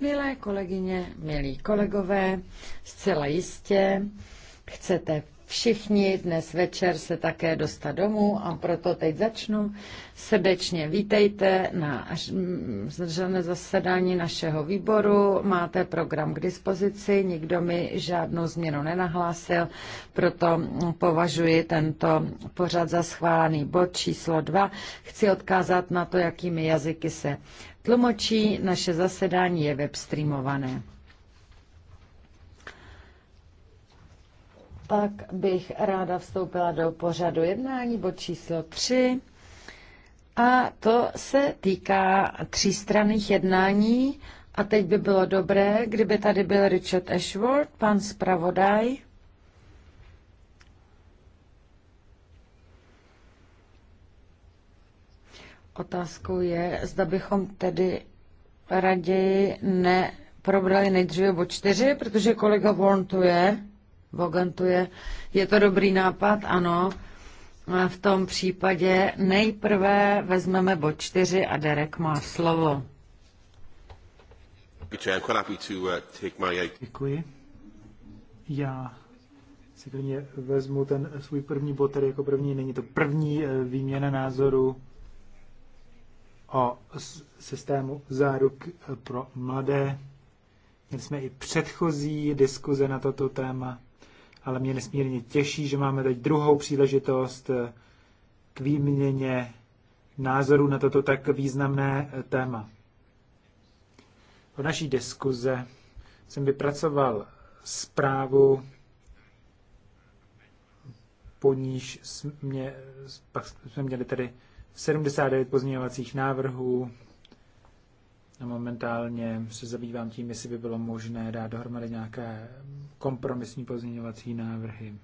Milé kolegyně, milí kolegové, zcela jistě chcete všichni dnes večer se také dostat domů a proto teď začnu. Srdečně vítejte na zdržené zasedání našeho výboru. Máte program k dispozici, nikdo mi žádnou změnu nenahlásil, proto považuji tento pořad za schválený bod číslo 2. Chci odkázat na to, jakými jazyky se Tlumočí naše zasedání je webstreamované. Pak bych ráda vstoupila do pořadu jednání, bod číslo 3. A to se týká třístranných jednání. A teď by bylo dobré, kdyby tady byl Richard Ashworth, pan zpravodaj. Otázkou je, zda bychom tedy raději neprobrali nejdříve bod čtyři, protože kolega Volntuje, Vogantuje, je to dobrý nápad, ano. A v tom případě nejprve vezmeme bod čtyři a Derek má slovo. Děkuji. Já si vezmu ten svůj první bod, tedy jako první, není to první eh, výměna názoru o systému záruk eh, pro mladé. Měli jsme i předchozí diskuze na toto téma, ale mě nesmírně těší, že máme teď druhou příležitost eh, k výměně názorů na toto tak významné eh, téma. O naší diskuze jsem vypracoval zprávu, po níž jsme, pak jsme měli tedy 79 pozměňovacích návrhů. A momentálně se zabývám tím, jestli by bylo možné dát dohromady nějaké kompromisní pozměňovací návrhy.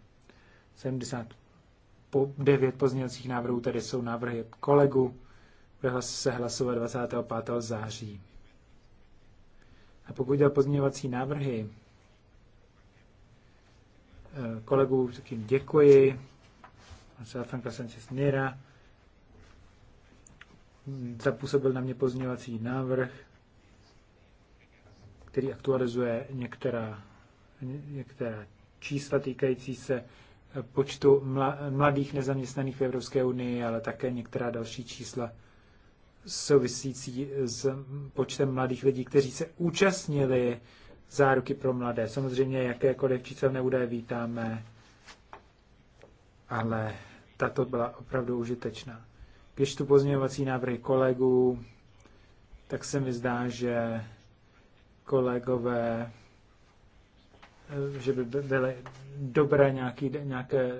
79 pozměňovacích návrhů tedy jsou návrhy kolegu. Bude se hlasovat 25. září. A pokud jde o pozměňovací návrhy, eh, kolegu tak jim děkuji. Franka Sanchez Nira, zapůsobil na mě pozměňovací návrh, který aktualizuje některá, některá čísla týkající se počtu mladých nezaměstnaných v Evropské unii, ale také některá další čísla souvisící s počtem mladých lidí, kteří se účastnili záruky pro mladé. Samozřejmě jakékoliv číselné údaje vítáme, ale tato byla opravdu užitečná. Když tu pozměňovací návrhy kolegů, tak se mi zdá, že kolegové eh, že by byly dobré nějaký, nějaké,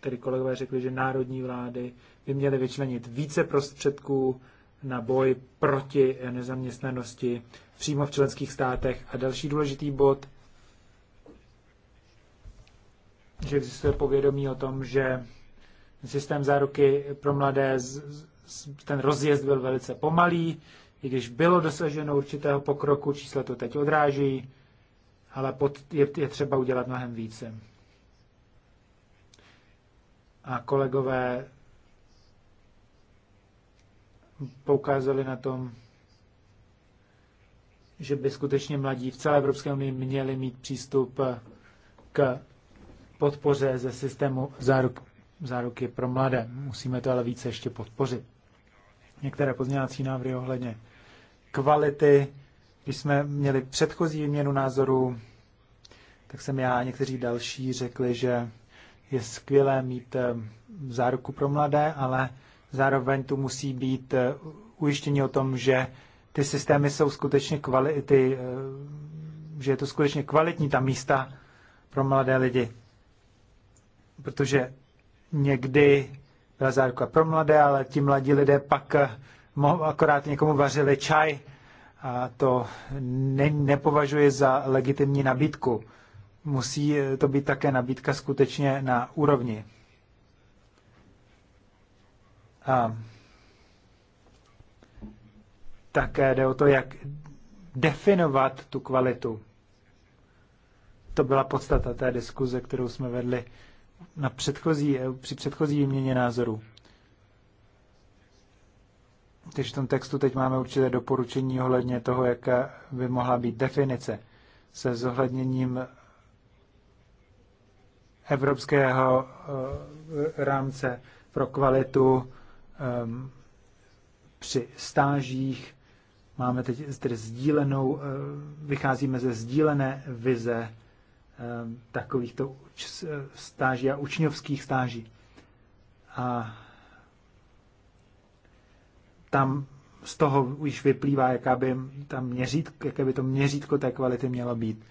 tedy kolegové řekli, že národní vlády by měly vyčlenit více prostředků na boj proti nezaměstnanosti přímo v členských státech. A další důležitý bod, že existuje povědomí o tom, že systém záruky pro mladé, ten rozjezd byl velice pomalý, i když bylo dosaženo určitého pokroku, čísla to teď odráží, ale pod, je, je třeba udělat mnohem více. A kolegové poukázali na tom, že by skutečně mladí v celé Evropské unii měli mít přístup k podpoře ze systému záruk záruky pro mladé. Musíme to ale více ještě podpořit. Některé pozměňovací návrhy ohledně kvality. Když jsme měli předchozí výměnu názoru. tak jsem já a někteří další řekli, že je skvělé mít eh, záruku pro mladé, ale zároveň tu musí být eh, ujištění o tom, že ty systémy jsou skutečně kvality, eh, že je to skutečně kvalitní ta místa pro mladé lidi. Protože někdy byla záruka pro mladé, ale ti mladí lidé pak eh, akorát někomu vařili čaj a to ne, nepovažuji za legitimní nabídku. Musí eh, to být také nabídka skutečně na úrovni. A také jde o to, jak definovat tu kvalitu. To byla podstata té diskuze, kterou jsme vedli na předchozí, při předchozí výměně názoru. Takže v tom textu teď máme určité doporučení ohledně toho, jaká by mohla být definice se zohledněním evropského eh, rámce pro kvalitu ehm, při stážích. Máme teď tedy sdílenou, eh, vycházíme ze sdílené vize Ehm, takovýchto stáží a učňovských stáží. A tam z toho už vyplývá, jaká by, tam měřítko, jaké by to měřítko té kvality mělo být.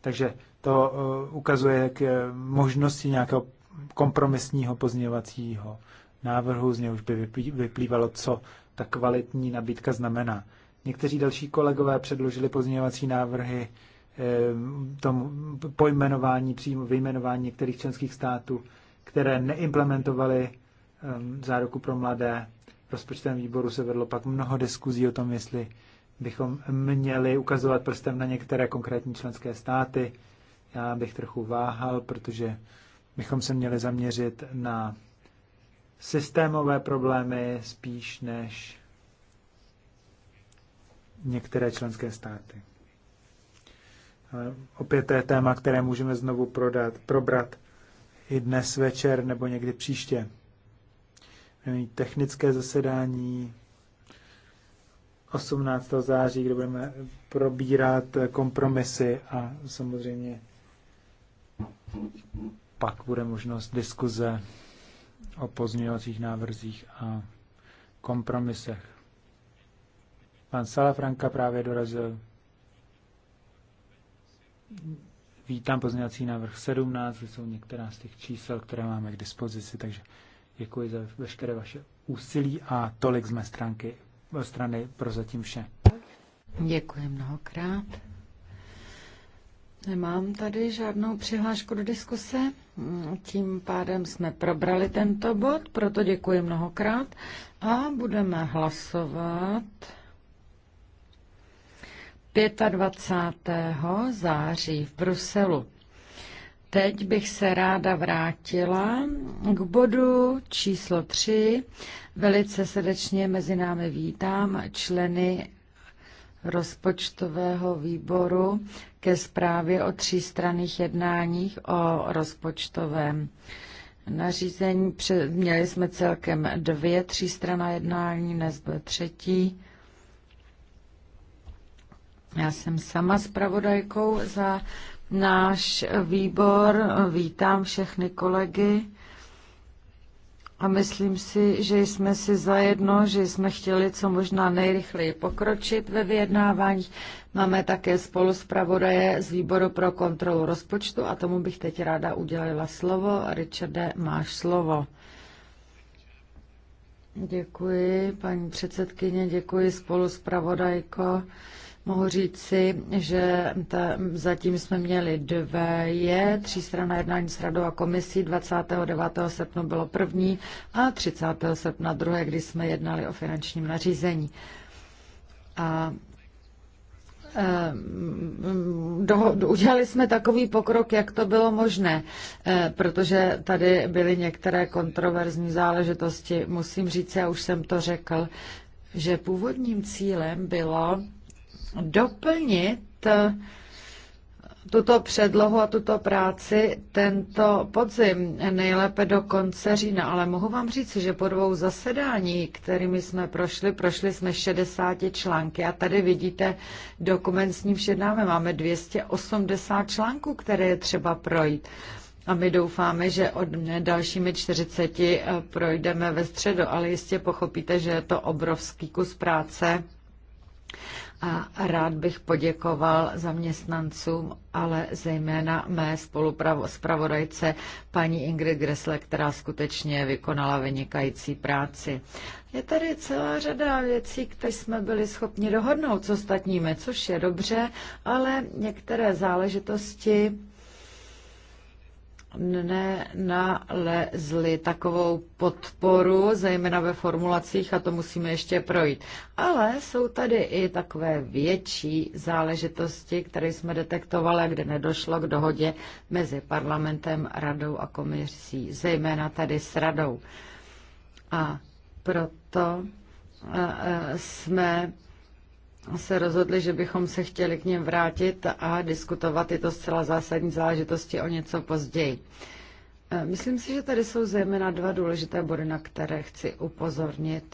Takže to eh, ukazuje k možnosti nějakého kompromisního pozněvacího návrhu, z něhož by vyplývalo, co ta kvalitní nabídka znamená. Někteří další kolegové předložili pozměňovací návrhy, Eh, tom pojmenování, přímo vyjmenování některých členských států, které neimplementovaly ehm, záruku pro mladé. V rozpočtovém výboru se vedlo pak mnoho diskuzí o tom, jestli bychom měli ukazovat prstem na některé konkrétní členské státy. Já bych trochu váhal, protože bychom se měli zaměřit na systémové problémy spíš než některé členské státy opět to je téma, které můžeme znovu prodat, probrat i dnes večer nebo někdy příště. Budeme mít technické zasedání 18. září, kde budeme probírat kompromisy a samozřejmě pak bude možnost diskuze o pozměňovacích návrzích a kompromisech. Pan Salafranka právě dorazil. Vítám pozměňovací návrh 17, kde jsou některá z těch čísel, které máme k dispozici, takže děkuji za veškeré vaše úsilí a tolik z mé stránky, strany pro zatím vše. Děkuji mnohokrát. Nemám tady žádnou přihlášku do diskuse. Tím pádem jsme probrali tento bod, proto děkuji mnohokrát a budeme hlasovat. 25. září v Bruselu. Teď bych se ráda vrátila k bodu číslo 3. Velice srdečně mezi námi vítám členy rozpočtového výboru ke zprávě o třístranných jednáních o rozpočtovém nařízení. Měli jsme celkem dvě třístranná jednání, dnes byl třetí. Já jsem sama zpravodajkou za náš výbor. Vítám všechny kolegy. A myslím si, že jsme si zajedno, že jsme chtěli co možná nejrychleji pokročit ve vyjednávání. Máme také spolu zpravodaje z výboru pro kontrolu rozpočtu a tomu bych teď ráda udělila slovo. Richarde, máš slovo. Děkuji, paní předsedkyně, děkuji spolu zpravodajko. Mohu říci, že ta, zatím jsme měli dvě je, třístranná jednání s radou a komisí 29. srpna bylo první a 30. srpna druhé, kdy jsme jednali o finančním nařízení. A do, eh, do, udělali jsme takový pokrok, jak to bylo možné, eh, protože tady byly některé kontroverzní záležitosti. Musím říct, já už jsem to řekl, že původním cílem bylo doplnit eh, tuto předlohu a tuto práci tento podzim, nejlépe do konce října. Ale mohu vám říct, že po dvou zasedání, kterými jsme prošli, prošli jsme 60 články. A tady vidíte dokument, s ním všednáme. Máme 280 článků, které je třeba projít. A my doufáme, že od dalšími 40 eh, projdeme ve středu, ale jistě pochopíte, že je to obrovský kus práce a rád bych poděkoval zaměstnancům, ale zejména mé spolupravodajce paní Ingrid Gressle, která skutečně vykonala vynikající práci. Je tady celá řada věcí, které jsme byli schopni dohodnout s ostatními, což je dobře, ale některé záležitosti nenalezli takovou podporu, zejména ve formulacích, a to musíme ještě projít. Ale jsou tady i takové větší záležitosti, které jsme detektovali, kde nedošlo k dohodě mezi parlamentem, radou a komisí, zejména tady s radou. A proto jsme se rozhodli, že bychom se chtěli k něm vrátit a diskutovat tyto zcela zásadní záležitosti o něco později. E, myslím si, že tady jsou zejména dva důležité body, na které chci upozornit.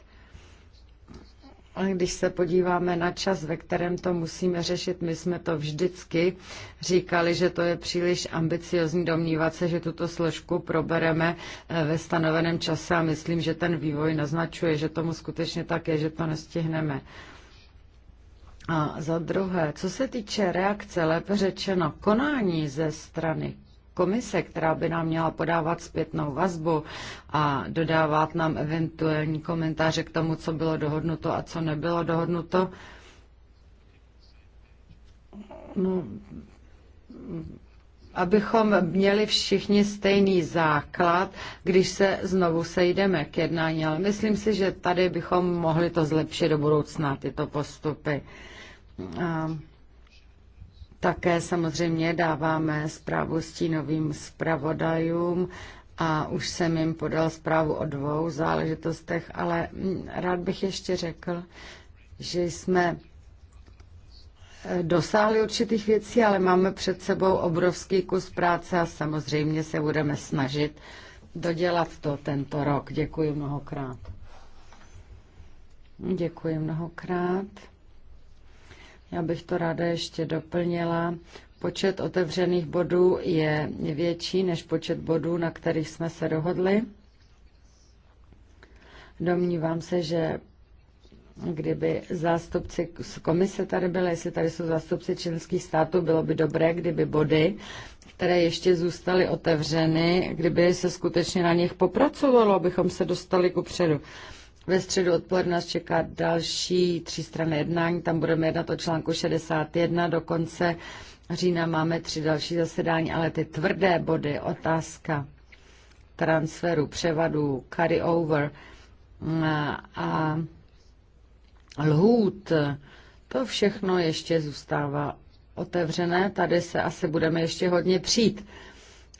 Když se podíváme na čas, ve kterém to musíme řešit, my jsme to vždycky říkali, že to je příliš ambiciozní domnívat se, že tuto složku probereme e, ve stanoveném čase a myslím, že ten vývoj naznačuje, že tomu skutečně tak je, že to nestihneme. A za druhé, co se týče reakce, lépe řečeno konání ze strany komise, která by nám měla podávat zpětnou vazbu a dodávat nám eventuální komentáře k tomu, co bylo dohodnuto a co nebylo dohodnuto, no, abychom měli všichni stejný základ, když se znovu sejdeme k jednání. Ale myslím si, že tady bychom mohli to zlepšit do budoucna, tyto postupy. A také samozřejmě dáváme zprávu stínovým zpravodajům a už jsem jim podal zprávu o dvou záležitostech, ale rád bych ještě řekl, že jsme dosáhli určitých věcí, ale máme před sebou obrovský kus práce a samozřejmě se budeme snažit dodělat to tento rok. Děkuji mnohokrát. Děkuji mnohokrát. Já bych to ráda ještě doplnila. Počet otevřených bodů je větší než počet bodů, na kterých jsme se dohodli. Domnívám se, že kdyby zástupci z komise tady byly, jestli tady jsou zástupci členských států, bylo by dobré, kdyby body, které ještě zůstaly otevřeny, kdyby se skutečně na nich popracovalo, abychom se dostali ku předu. Ve středu odpoledne nás čeká další tři strany jednání, tam budeme jednat o článku 61, konce října máme tři další zasedání, ale ty tvrdé body, otázka transferu, převadu, carry over a lhůt, to všechno ještě zůstává otevřené. Tady se asi budeme ještě hodně přijít.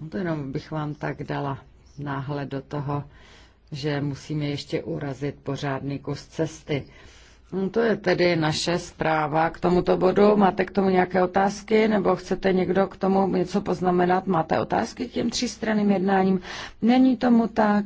No to jenom bych vám tak dala náhle do toho, že musíme ještě urazit pořádný kus cesty. No to je tedy naše zpráva k tomuto bodu. Máte k tomu nějaké otázky nebo chcete někdo k tomu něco poznamenat? Máte otázky k těm třístranným jednáním? Není tomu tak.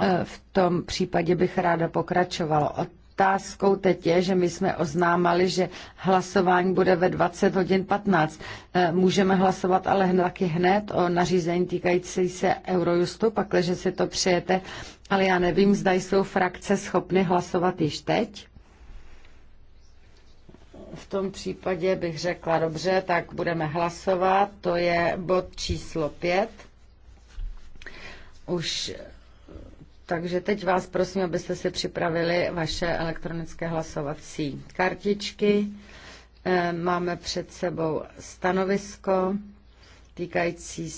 E, v tom případě bych ráda pokračovala. Od otázkou teď je, že my jsme oznámali, že hlasování bude ve 20 hodin 15. Eh, můžeme hlasovat ale taky hned o nařízení týkající se Eurojustu, pakliže si to přejete, ale já nevím, zda jsou frakce schopny hlasovat již teď. V tom případě bych řekla, dobře, tak budeme hlasovat. To je bod číslo 5. Už takže teď vás prosím, abyste si připravili vaše elektronické hlasovací kartičky. Eh, máme před sebou stanovisko týkající.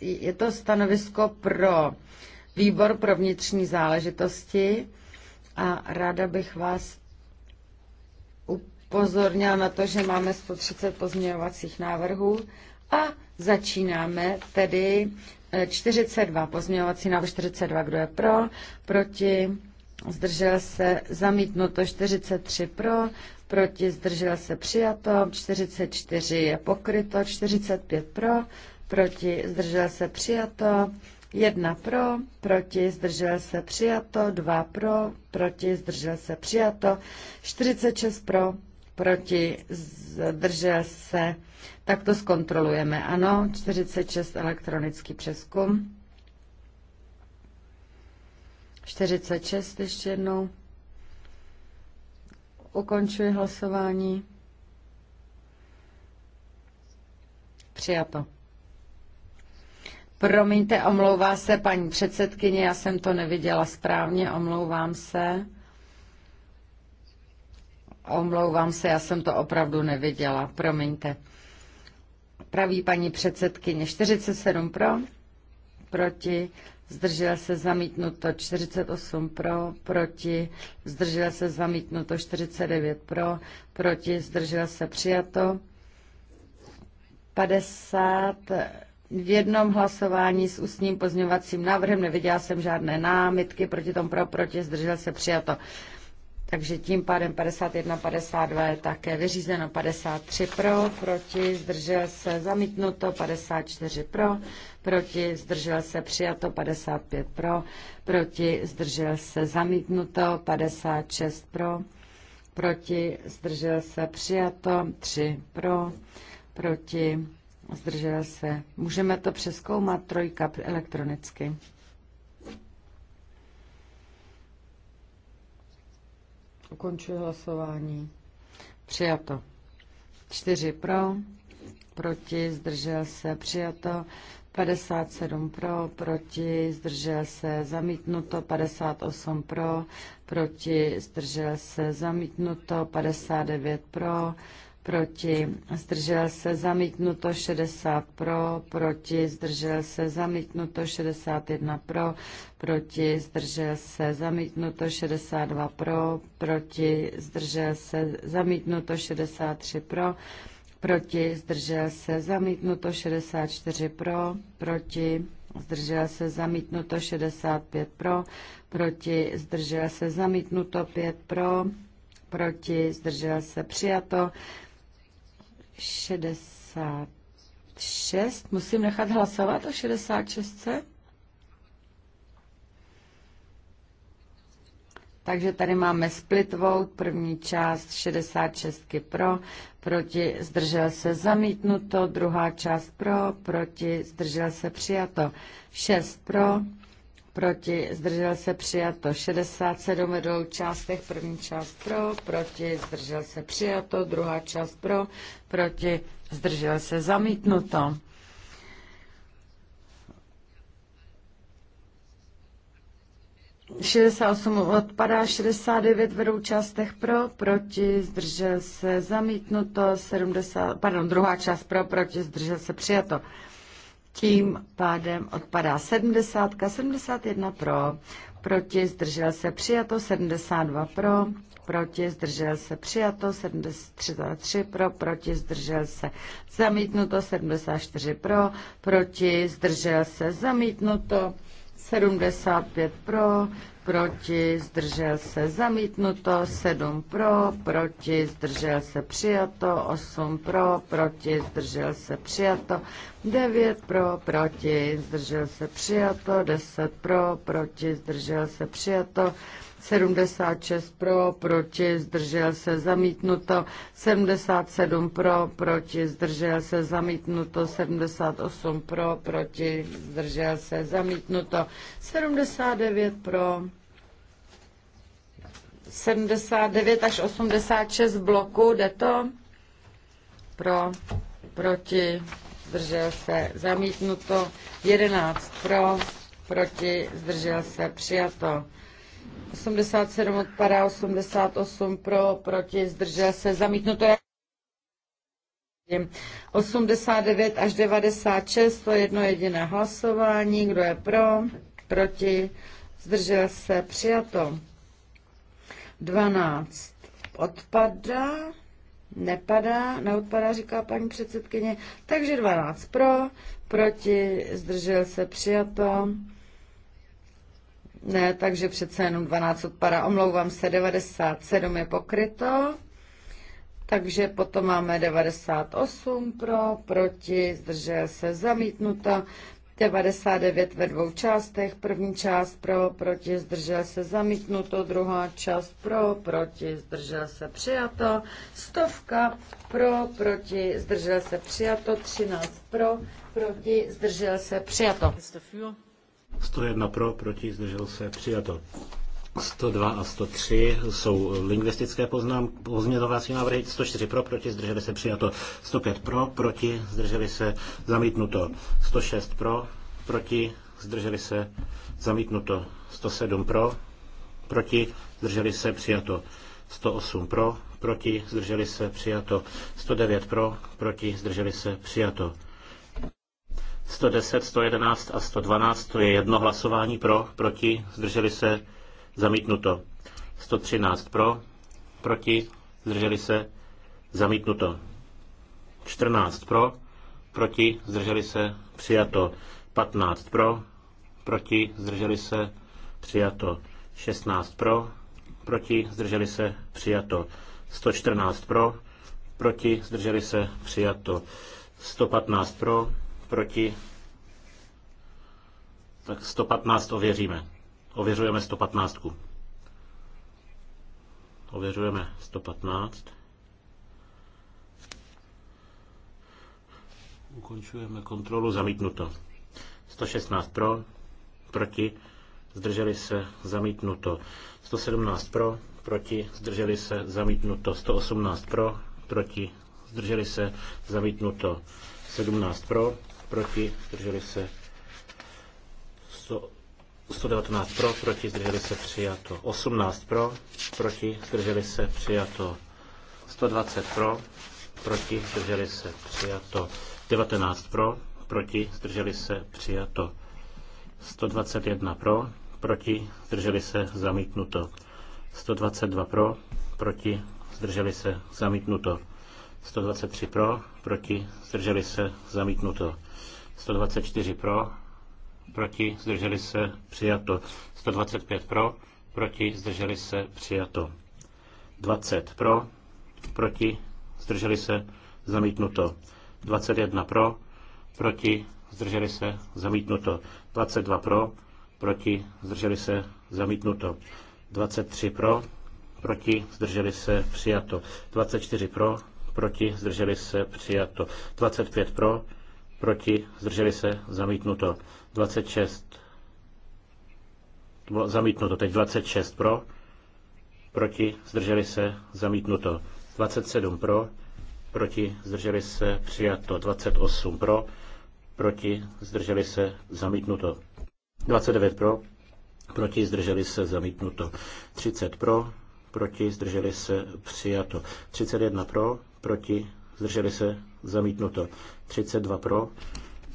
Je to stanovisko pro výbor pro vnitřní záležitosti a ráda bych vás upozornila na to, že máme 130 pozměňovacích návrhů a začínáme tedy 42, pozměňovací návrh 42, kdo je pro, proti, zdržel se, zamítnuto 43 pro, proti, zdržel se, přijato, 44 je pokryto, 45 pro, proti, zdržel se, přijato, 1 pro, proti, zdržel se, přijato, 2 pro, proti, zdržel se, přijato, 46 pro, proti, zdržel se, tak to zkontrolujeme. Ano, 46 elektronický přeskum. 46 ještě jednou. Ukončuji hlasování. Přijato. Promiňte, omlouvá se paní předsedkyně, já jsem to neviděla správně, omlouvám se. Omlouvám se, já jsem to opravdu neviděla, promiňte. Praví paní předsedkyně 47 pro, proti, zdržel se zamítnuto 48 pro, proti, zdržel se zamítnuto 49 pro, proti, zdržel se přijato 50 v jednom hlasování s ústním pozměňovacím návrhem. Neviděla jsem žádné námitky proti tomu pro, proti, zdržel se přijato. Takže tím pádem 51, 52 je také vyřízeno 53 pro, proti, zdržel se zamítnuto 54 pro, proti, zdržel se přijato 55 pro, proti, zdržel se zamítnuto 56 pro, proti, zdržel se přijato 3 pro, proti, zdržel se. Můžeme to přeskoumat trojka elektronicky. Ukončuji hlasování. Přijato. Čtyři pro, proti, zdržel se, přijato. 57 pro, proti, zdržel se, zamítnuto, 58 pro, proti, zdržel se, zamítnuto, 59 pro, proti, zdržel se zamítnuto 60 pro, proti, zdržel se zamítnuto 61 pro, proti, zdržel se zamítnuto 62 pro, proti, zdržel se zamítnuto 63 pro, proti, zdržel se zamítnuto 64 pro, proti, zdržel se zamítnuto 65 pro, proti, zdržel se zamítnuto 5 pro, proti, zdržel se přijato 66. Musím nechat hlasovat o 66. Takže tady máme split vote, první část 66 pro, proti zdržel se zamítnuto, druhá část pro, proti zdržel se přijato, 6 pro, proti, zdržel se přijato 67 ve dvou částech, první část pro, proti, zdržel se přijato, druhá část pro, proti, zdržel se zamítnuto. Šedesát osm odpadá, šedesát devět vedou částech pro, proti, zdržel se zamítnuto, sedmdesát, pardon, druhá část pro, proti, zdržel se přijato. Tím pádem odpadá 70, 71 pro, proti zdržel se přijato, 72 pro, proti zdržel se přijato, 73 pro, proti zdržel se zamítnuto, 74 pro, proti zdržel se zamítnuto, 75 pro, proti, zdržel se zamítnuto, 7 pro, proti, zdržel se přijato, 8 pro, proti, zdržel se přijato, 9 pro, proti, zdržel se přijato, 10 pro, proti, zdržel se přijato, 76 pro, proti, zdržel se, zamítnuto. 77 pro, proti, zdržel se, zamítnuto. 78 pro, proti, zdržel se, zamítnuto. 79 pro, 79 až 86 bloků, jde to? Pro, proti, zdržel se, zamítnuto. 11 pro, proti, zdržel se, přijato. 87 odpadá, 88 pro, proti, zdržel se, zamítnuto je. 89 až 96, to je jedno jediné hlasování, kdo je pro, proti, zdržel se, přijato. 12 odpadá, nepadá, neodpadá, říká paní předsedkyně, takže 12 pro, proti, zdržel se, přijato. Ne, takže přece jenom 12 odpadá. Omlouvám se, 97 je pokryto. Takže potom máme 98 pro, proti, zdržel se zamítnuto. 99 ve dvou částech. První část pro, proti, zdržel se zamítnuto. Druhá část pro, proti, zdržel se přijato. Stovka pro, proti, zdržel se přijato. 13 pro, proti, zdržel se přijato. 101 pro, proti, zdržel se, přijato. 102 a 103 jsou lingvistické poznám, pozměňovací návrhy, 104 pro, proti, zdrželi se, přijato. 105 pro, proti, zdrželi se, zamítnuto. 106 pro, proti, zdrželi se, zamítnuto. 107 pro, proti, zdrželi se, přijato. 108 pro, proti, zdrželi se, přijato. 109 pro, proti, zdrželi se, přijato. 110, 111 a 112, to je jedno hlasování pro, proti, zdrželi se, zamítnuto. 113 pro, proti, zdrželi se, zamítnuto. 14 pro, proti, zdrželi se, přijato. 15 pro, proti, zdrželi se, přijato. 16 pro, proti, zdrželi se, přijato. 114 pro, proti, zdrželi se, přijato. 115 pro, proti, tak 115 ověříme. Ověřujeme 115. Ověřujeme 115. Ukončujeme kontrolu zamítnuto. 116 pro, proti, zdrželi se, zamítnuto. 117 pro, proti, zdrželi se, zamítnuto. 118 pro, proti, zdrželi se, zamítnuto. 17 pro, proti, zdrželi se 100, 119 pro, proti, zdrželi se přijato 18 pro, proti, zdrželi se přijato 120 pro, proti, zdrželi se přijato 19 pro, proti, zdrželi se přijato 121 pro, proti, zdrželi se zamítnuto 122 pro, proti, zdrželi se zamítnuto 123 pro, proti, zdrželi se zamítnuto 124 pro, proti, zdrželi se, přijato. 125 pro, proti, zdrželi se, přijato. 20 pro, proti, zdrželi se, zamítnuto. 21 pro, proti, zdrželi se, zamítnuto. 22 pro, proti, zdrželi se, zamítnuto. 23 pro, proti, zdrželi se, přijato. 24 pro, proti, zdrželi se, přijato. 25 pro, proti, zdrželi se, zamítnuto. 26, zamítnuto, teď 26 pro, proti, zdrželi se, zamítnuto. 27 pro, proti, zdrželi se, přijato. 28 pro, proti, zdrželi se, zamítnuto. 29 pro, proti, zdrželi se, zamítnuto. 30 pro, proti, zdrželi se, přijato. 31 pro, proti, zdrželi se, zamítnuto. 32 pro,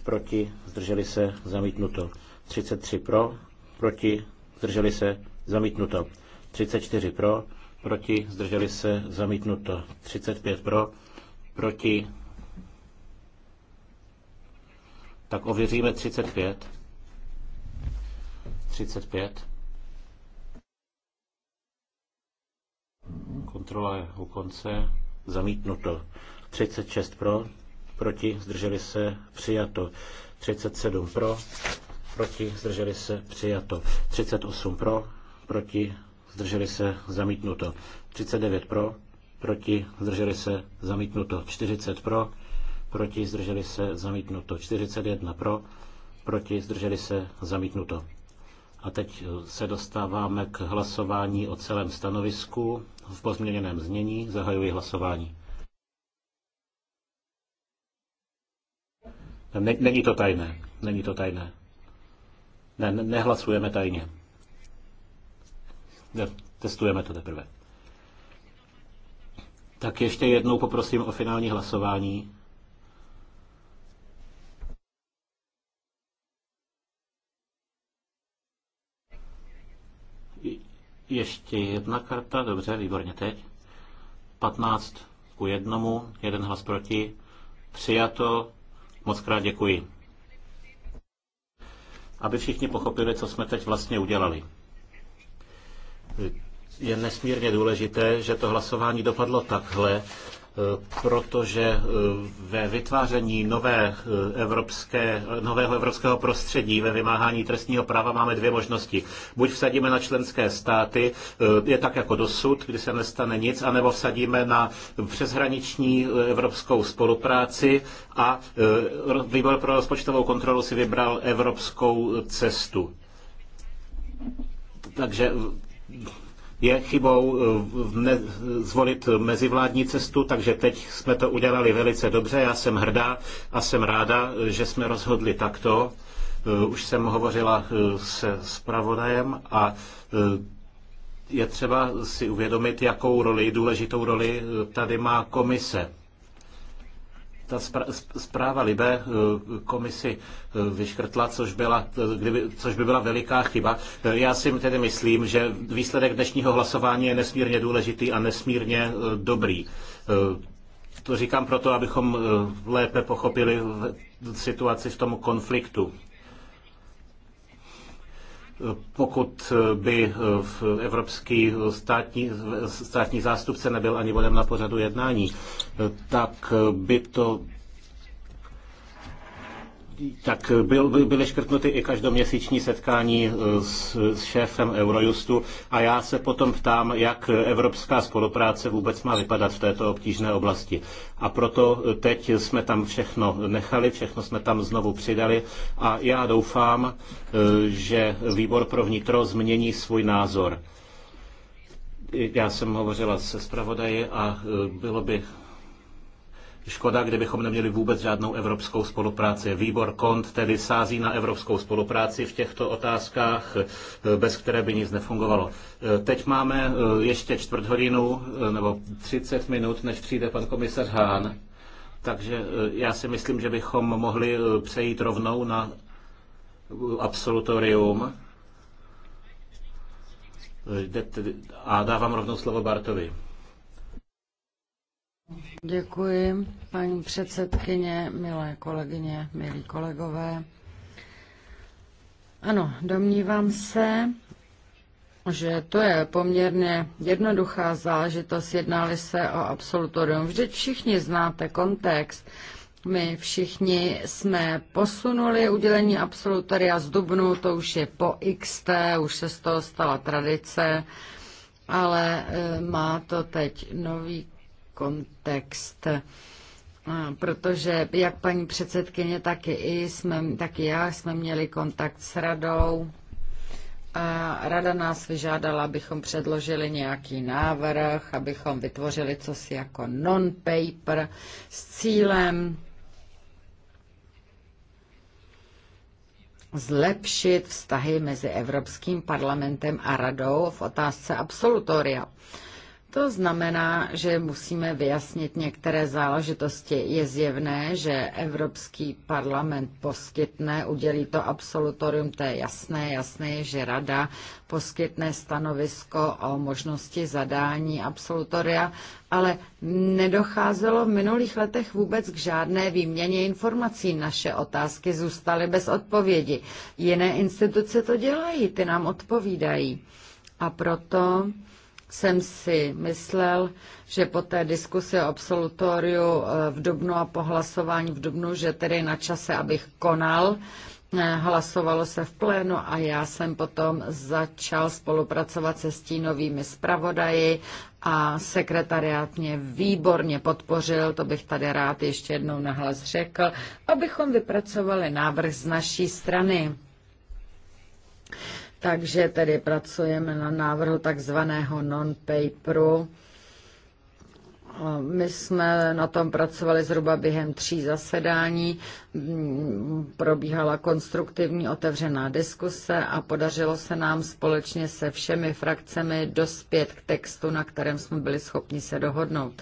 proti, zdrželi se, zamítnuto. 33 pro, proti, zdrželi se, zamítnuto. 34 pro, proti, zdrželi se, zamítnuto. 35 pro, proti. Tak ověříme 35. 35. Kontrola je u konce. Zamítnuto. 36 pro, proti, zdrželi se, přijato. 37 pro, proti, zdrželi se, přijato. 38 pro, proti, zdrželi se, zamítnuto. 39 pro, proti, zdrželi se, zamítnuto. 40 pro, proti, zdrželi se, zamítnuto. 41 pro, proti, zdrželi se, zamítnuto. A teď se dostáváme k hlasování o celém stanovisku v pozměněném znění. Zahajuji hlasování. Ne, není to tajné. Není to tajné. Ne, ne nehlasujeme tajně. Ne, testujeme to teprve. Tak ještě jednou poprosím o finální hlasování. Ještě jedna karta, dobře, výborně teď. 15 ku jednomu, jeden hlas proti, přijato, Moc krát děkuji. Aby všichni pochopili, co jsme teď vlastně udělali. Je nesmírně důležité, že to hlasování dopadlo takhle, protože eh, ve vytváření nové eh, evropské, nového evropského prostředí, ve vymáhání trestního práva máme dvě možnosti. Buď vsadíme na členské státy, eh, je tak jako dosud, kdy se nestane nic, anebo vsadíme na přeshraniční evropskou spolupráci a výbor pro rozpočtovou kontrolu si vybral evropskou cestu. Takže je chybou eh, zvolit mezivládní cestu, takže teď jsme to udělali velice dobře. Já jsem hrdá a jsem ráda, že jsme rozhodli takto. Eh, už jsem hovořila eh, se zpravodajem a je třeba si uvědomit, jakou roli, důležitou roli tady má komise ta zpráva Libe eh, komisi eh, vyškrtla, což, byla, eh, kdyby, což by byla veliká chyba. Já si tedy myslím, že výsledek dnešního hlasování je nesmírně důležitý a nesmírně dobrý. To říkám proto, abychom lépe pochopili situaci v tom konfliktu pokud by eh, v evropský státní, státní zástupce nebyl ani bodem na pořadu jednání, eh, tak by to tak byl, byly škrtnuty i každoměsíční setkání e, s, s šéfem Eurojustu a já se potom ptám, jak evropská spolupráce vůbec má vypadat v této obtížné oblasti. A proto e, teď jsme tam všechno nechali, všechno jsme tam znovu přidali a já doufám, e, že výbor pro vnitro změní svůj názor. Já jsem hovořila se zpravodaji a bylo by Škoda, kdybychom neměli vůbec žádnou evropskou spolupráci. Výbor KONT tedy sází na evropskou spolupráci v těchto otázkách, eh, bez které by nic nefungovalo. Eh, teď máme eh, ještě čtvrt hodinu nebo 30 minut, než přijde pan komisař Hán. Takže já si myslím, že bychom mohli přejít rovnou na absolutorium. A dávám rovnou slovo Bartovi. Děkuji, paní předsedkyně, milé kolegyně, milí kolegové. Ano, domnívám se, že to je poměrně jednoduchá záležitost, jednali se o absolutorium. Vždyť všichni znáte kontext. My všichni jsme posunuli udělení absolutoria z Dubnu, to už je po XT, už se z toho stala tradice, ale e, má to teď nový kontext. Protože jak paní předsedkyně, tak i, jsme, tak i já jsme měli kontakt s radou. A rada nás vyžádala, abychom předložili nějaký návrh, abychom vytvořili cosi jako non-paper s cílem zlepšit vztahy mezi Evropským parlamentem a radou v otázce absolutoria. To znamená, že musíme vyjasnit některé záležitosti. Je zjevné, že Evropský parlament poskytne, udělí to absolutorium, to je jasné, jasné je, že rada poskytne stanovisko o možnosti zadání absolutoria, ale nedocházelo v minulých letech vůbec k žádné výměně informací. Naše otázky zůstaly bez odpovědi. Jiné instituce to dělají, ty nám odpovídají. A proto jsem si myslel, že po té diskusi o absolutoriu eh, v Dubnu a po hlasování v Dubnu, že tedy na čase, abych konal, eh, hlasovalo se v plénu a já jsem potom začal spolupracovat se stínovými zpravodaji a sekretariát mě výborně podpořil, to bych tady rád ještě jednou nahlas řekl, abychom vypracovali návrh z naší strany. Takže tedy pracujeme na návrhu takzvaného non-paperu. My jsme na tom pracovali zhruba během tří zasedání, probíhala konstruktivní otevřená diskuse a podařilo se nám společně se všemi frakcemi dospět k textu, na kterém jsme byli schopni se dohodnout.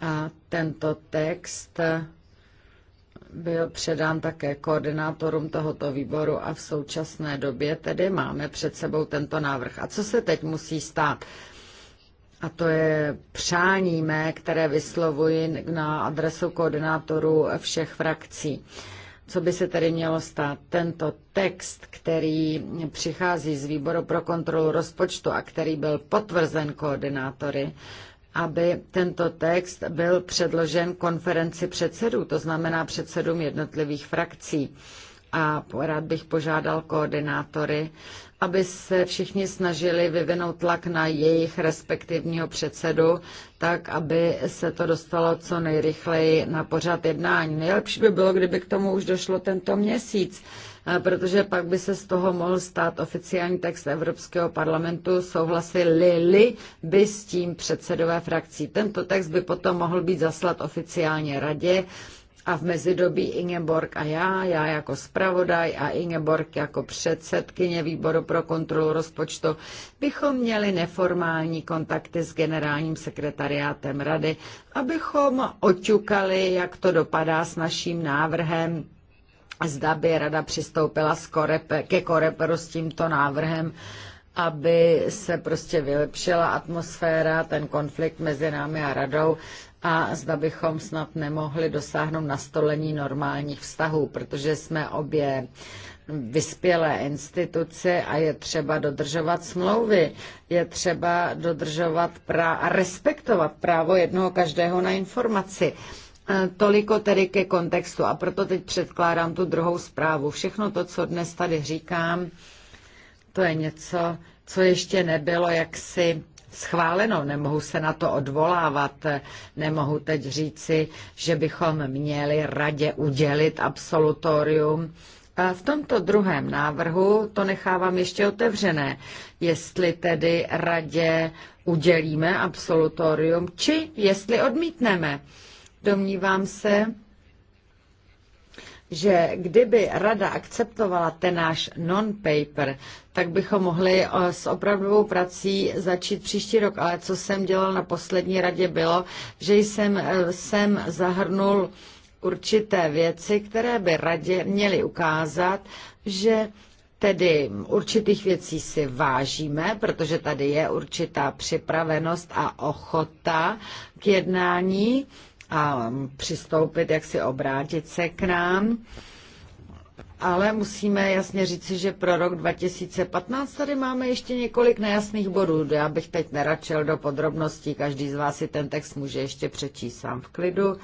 A tento text byl předán také koordinátorům tohoto výboru a v současné době tedy máme před sebou tento návrh. A co se teď musí stát? A to je přání mé, které vyslovuji na adresu koordinátorů všech frakcí. Co by se tedy mělo stát? Tento text, který přichází z výboru pro kontrolu rozpočtu a který byl potvrzen koordinátory, aby tento text byl předložen konferenci předsedů, to znamená předsedům jednotlivých frakcí. A rád bych požádal koordinátory, aby se všichni snažili vyvinout tlak na jejich respektivního předsedu, tak aby se to dostalo co nejrychleji na pořad jednání. Nejlepší by bylo, kdyby k tomu už došlo tento měsíc, eh, protože pak by se z toho mohl stát oficiální text Evropského parlamentu, souhlasili-li by s tím předsedové frakcí. Tento text by potom mohl být zaslat oficiálně radě, a v mezidobí Ingeborg a já, já jako zpravodaj a Ingeborg jako předsedkyně výboru pro kontrolu rozpočtu, bychom měli neformální kontakty s generálním sekretariátem rady, abychom oťukali, jak to dopadá s naším návrhem zda by rada přistoupila ke koreperu s tímto návrhem, aby se prostě vylepšila atmosféra, ten konflikt mezi námi a radou, a zda bychom snad nemohli dosáhnout nastolení normálních vztahů, protože jsme obě vyspělé instituce a je třeba dodržovat smlouvy, je třeba dodržovat prá- a respektovat právo jednoho každého na informaci. E, toliko tedy ke kontextu a proto teď předkládám tu druhou zprávu. Všechno to, co dnes tady říkám, to je něco, co ještě nebylo jaksi schváleno, nemohu se na to odvolávat, nemohu teď říci, že bychom měli radě udělit absolutorium. A v tomto druhém návrhu to nechávám ještě otevřené, jestli tedy radě udělíme absolutorium, či jestli odmítneme. Domnívám se, že kdyby rada akceptovala ten náš non-paper, tak bychom mohli eh, s opravdovou prací začít příští rok. Ale co jsem dělal na poslední radě bylo, že jsem, jsem eh, zahrnul určité věci, které by radě měly ukázat, že Tedy určitých věcí si vážíme, protože tady je určitá připravenost a ochota k jednání a přistoupit, jak si obrátit se k nám. Ale musíme jasně říci, že pro rok 2015 tady máme ještě několik nejasných bodů. Já bych teď neračel do podrobností, každý z vás si ten text může ještě přečíst sám v klidu.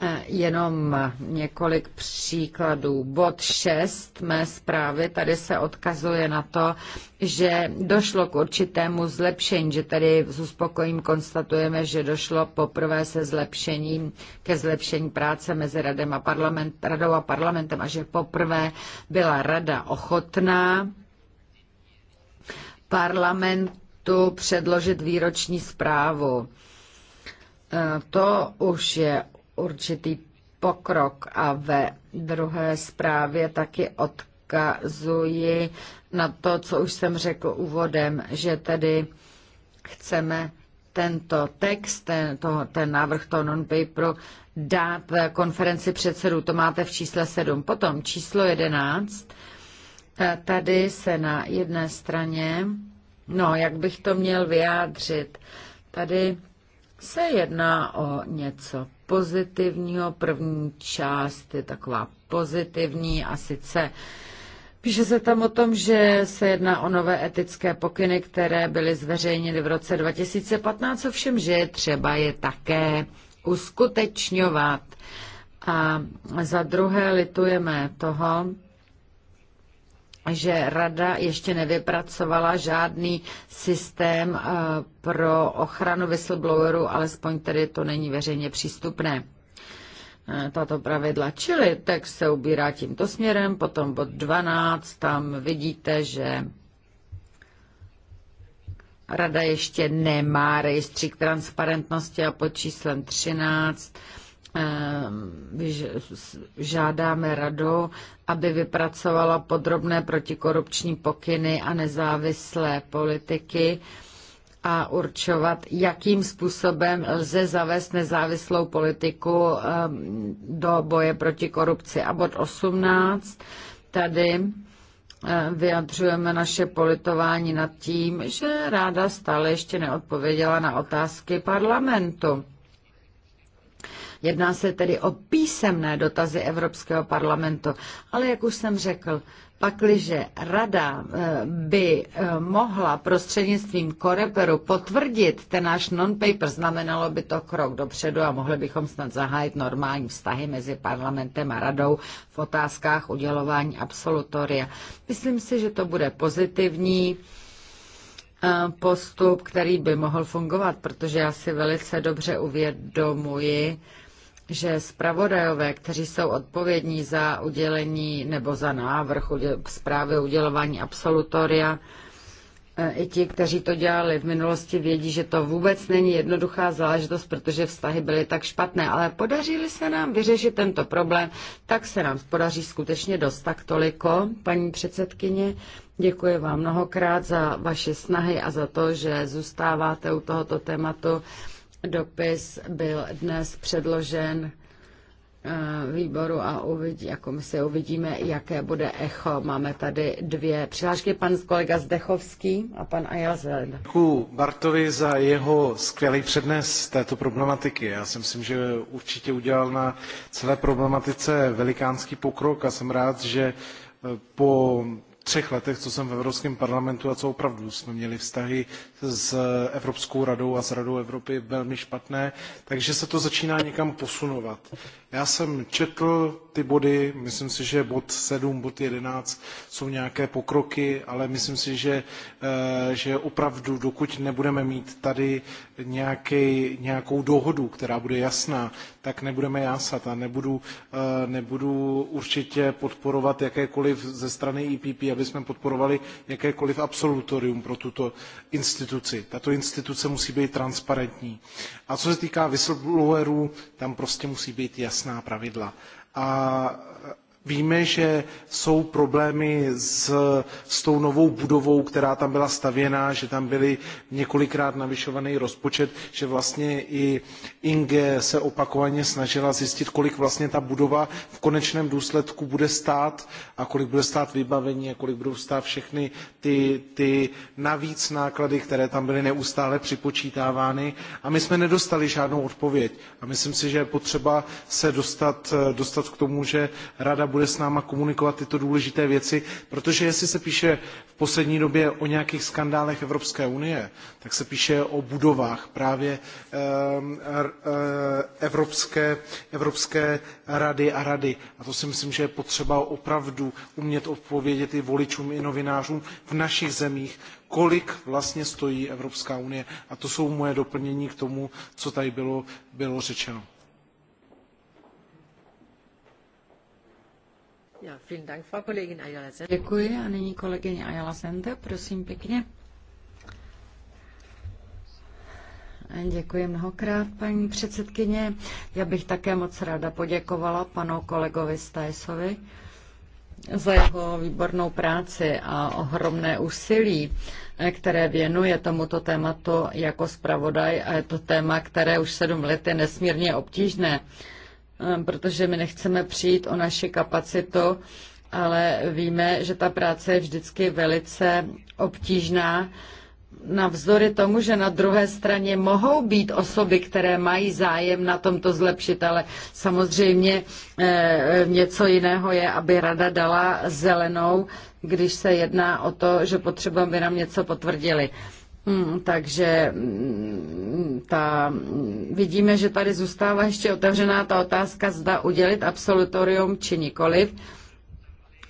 Eh, jenom několik příkladů. Bod 6 mé zprávy, tady se odkazuje na to, že došlo k určitému zlepšení, že tady s uspokojím konstatujeme, že došlo poprvé se zlepšením ke zlepšení práce mezi radem a parlament, radou a parlamentem a že poprvé byla rada ochotná parlamentu předložit výroční zprávu. Eh, to už je určitý pokrok a ve druhé zprávě taky odkazuji na to, co už jsem řekl úvodem, že tedy chceme tento text, ten, to, ten návrh toho non-paperu dát konferenci předsedů. To máte v čísle 7. Potom číslo 11. Tady se na jedné straně, no jak bych to měl vyjádřit, tady se jedná o něco pozitivního. První část je taková pozitivní a sice Píše se tam o tom, že se jedná o nové etické pokyny, které byly zveřejněny v roce 2015, ovšem, že je třeba je také uskutečňovat. A za druhé litujeme toho, že rada ještě nevypracovala žádný systém eh, pro ochranu whistleblowerů, alespoň tedy to není veřejně přístupné eh, tato pravidla. Čili tak se ubírá tímto směrem, potom bod 12, tam vidíte, že Rada ještě nemá rejstřík transparentnosti a pod číslem 13 Ehm, žádáme radu, aby vypracovala podrobné protikorupční pokyny a nezávislé politiky a určovat, jakým způsobem lze zavést nezávislou politiku ehm, do boje proti korupci. A bod 18 tady eh, vyjadřujeme naše politování nad tím, že ráda stále ještě neodpověděla na otázky parlamentu. Jedná se tedy o písemné dotazy Evropského parlamentu. Ale jak už jsem řekl, pakliže rada eh, by eh, mohla prostřednictvím koreperu potvrdit ten náš non-paper, znamenalo by to krok dopředu a mohli bychom snad zahájit normální vztahy mezi parlamentem a radou v otázkách udělování absolutoria. Myslím si, že to bude pozitivní eh, postup, který by mohl fungovat, protože já si velice dobře uvědomuji, že zpravodajové, kteří jsou odpovědní za udělení nebo za návrh udě, zprávy udělování absolutoria, e, i ti, kteří to dělali v minulosti, vědí, že to vůbec není jednoduchá záležitost, protože vztahy byly tak špatné. Ale podařili se nám vyřešit tento problém, tak se nám podaří skutečně dost tak toliko, paní předsedkyně. Děkuji vám mnohokrát za vaše snahy a za to, že zůstáváte u tohoto tématu. Dopis byl dnes předložen eh, výboru a uvidí, jako my si uvidíme, jaké bude echo. Máme tady dvě přihlášky, pan kolega Zdechovský a pan Ajazel. Děkuji Bartovi za jeho skvělý přednes této problematiky. Já si myslím, že určitě udělal na celé problematice velikánský pokrok a jsem rád, že eh, po třech letech, co jsem v Evropském parlamentu a co opravdu jsme měli vztahy s Evropskou radou a s Radou Evropy velmi špatné, takže se to začíná někam posunovat. Já jsem četl ty body, myslím si, že bod 7, bod 11 jsou nějaké pokroky, ale myslím si, že, eh, že opravdu, dokud nebudeme mít tady nějaký, nějakou dohodu, která bude jasná, tak nebudeme jásat a nebudu, eh, nebudu určitě podporovat jakékoliv ze strany IPP, e aby jsme podporovali jakékoliv absolutorium pro tuto instituci. Tato instituce musí být transparentní. A co se týká whistleblowerů, tam prostě musí být jasná pravidla. A Víme, že jsou problémy s, s tou novou budovou, která tam byla stavěna, že tam byly několikrát navyšovaný rozpočet, že vlastně i Inge se opakovaně snažila zjistit, kolik vlastně ta budova v konečném důsledku bude stát a kolik bude stát vybavení a kolik budou stát všechny ty, ty navíc náklady, které tam byly neustále připočítávány. A my jsme nedostali žádnou odpověď. A myslím si, že je potřeba se dostat, dostat k tomu, že rada bude bude s námi komunikovat tyto důležité věci, protože jestli se píše v poslední době o nějakých skandálech Evropské unie, tak se píše o budovách právě ehm, eh, Evropské, Evropské rady a rady. A to si myslím, že je potřeba opravdu umět odpovědět i voličům, i novinářům v našich zemích, kolik vlastně stojí Evropská unie. A to jsou moje doplnění k tomu, co tady bylo, bylo řečeno. Děkuji a nyní kolegyně Ayala Sende, prosím pěkně. Děkuji mnohokrát, paní předsedkyně. Já bych také moc ráda poděkovala panu kolegovi Stajsovi za jeho výbornou práci a ohromné úsilí, které věnuje tomuto tématu jako zpravodaj a je to téma, které už sedm let je nesmírně obtížné. Ehm, protože my nechceme přijít o naši kapacitu, ale víme, že ta práce je vždycky velice obtížná. Navzdory tomu, že na druhé straně mohou být osoby, které mají zájem na tomto zlepšit, ale samozřejmě ehm, něco jiného je, aby rada dala zelenou, když se jedná o to, že potřebujeme, aby nám něco potvrdili. Hmm, takže hmm, ta, vidíme, že tady zůstává ještě otevřená ta otázka, zda udělit absolutorium či nikoliv.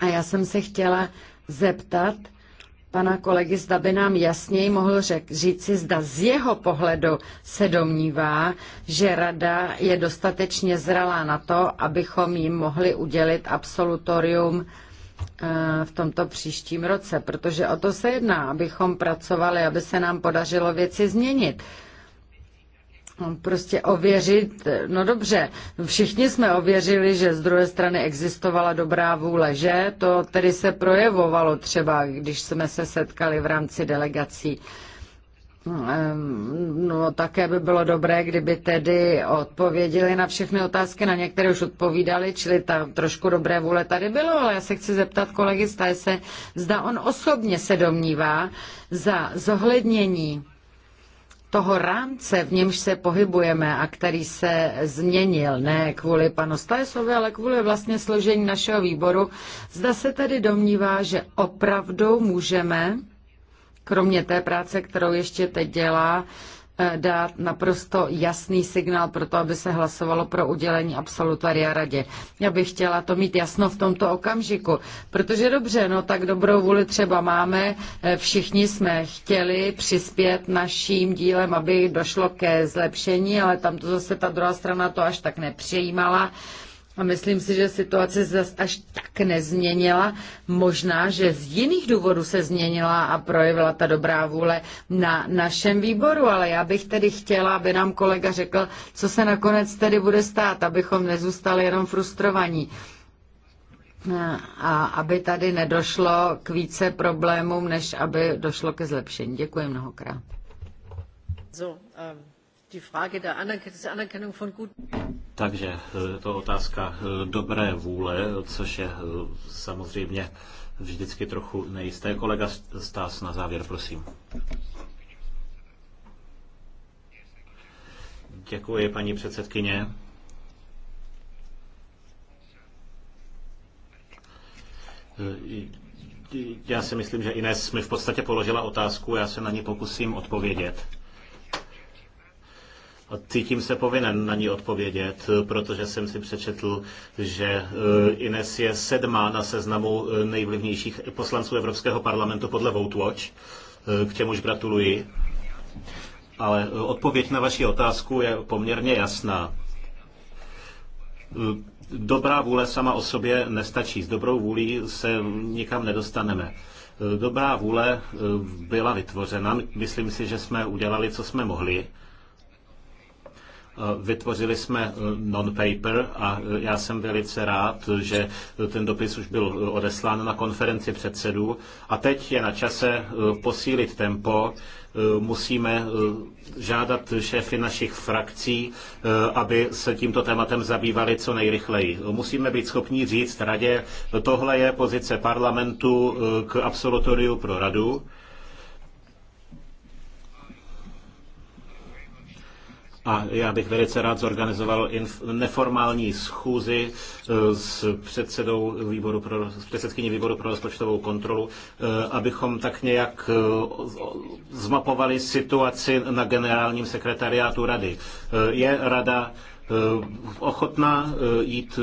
A já jsem se chtěla zeptat pana kolegy, zda by nám jasněji mohl řek, říci, zda z jeho pohledu se domnívá, že rada je dostatečně zralá na to, abychom jim mohli udělit absolutorium Eh, v tomto příštím roce, protože o to se jedná, abychom pracovali, aby se nám podařilo věci změnit prostě ověřit, no dobře, všichni jsme ověřili, že z druhé strany existovala dobrá vůle, že to tedy se projevovalo třeba, když jsme se setkali v rámci delegací. Uh, No, také by bylo dobré, kdyby tedy odpověděli na všechny otázky, na některé už odpovídali, čili ta trošku dobré vůle tady bylo, ale já se chci zeptat kolegy se, zda on osobně se domnívá za zohlednění toho rámce, v němž se pohybujeme a který se změnil, ne kvůli panu Stajesovi, ale kvůli vlastně složení našeho výboru, zda se tedy domnívá, že opravdu můžeme kromě té práce, kterou ještě teď dělá, eh, dát naprosto jasný signál pro to, aby se hlasovalo pro udělení absolutaria radě. Já bych chtěla to mít jasno v tomto okamžiku, protože dobře, no tak dobrou vůli třeba máme, eh, všichni jsme chtěli přispět naším dílem, aby došlo ke zlepšení, ale tam to zase ta druhá strana to až tak nepřijímala. A myslím si, že situace zas až tak nezměnila. Možná, že z jiných důvodů se změnila a projevila ta dobrá vůle na našem výboru, ale já bych tedy chtěla, aby nám kolega řekl, co se nakonec tedy bude stát, abychom nezůstali jenom frustrovaní. A aby tady nedošlo k více problémům, než aby došlo ke zlepšení. Děkuji mnohokrát. So, um... Takže eh, to otázka eh, dobré vůle, což je eh, samozřejmě vždycky trochu nejisté. Kolega Stás na závěr, prosím. Děkuji, paní předsedkyně. Já si myslím, že Ines mi v podstatě položila otázku, já se na ní pokusím odpovědět. Cítím se povinen na ní odpovědět, protože jsem si přečetl, že e, Ines je sedmá na seznamu e, nejvlivnějších poslanců Evropského parlamentu podle VoteWatch, e, k čemuž gratuluji. Ale odpověď na vaši otázku je poměrně jasná. Dobrá vůle sama o sobě nestačí. S dobrou vůlí se nikam nedostaneme dobrá vůle byla vytvořena. Myslím si, že jsme udělali, co jsme mohli. Eh, vytvořili jsme eh, non-paper a eh, já jsem velice rád, že ten dopis už byl odeslán na konferenci předsedů a teď je na čase posílit tempo, musíme žádat šéfy našich frakcí, aby se tímto tématem zabývali co nejrychleji. Musíme být schopni říct radě, tohle je pozice parlamentu k absolutoriu pro radu a já bych velice rád zorganizoval neformální schůzi e, s předsedou výboru pro, s předsedkyní výboru pro rozpočtovou kontrolu, e, abychom tak nějak e, zmapovali situaci na generálním sekretariátu rady. Je rada ochotná jít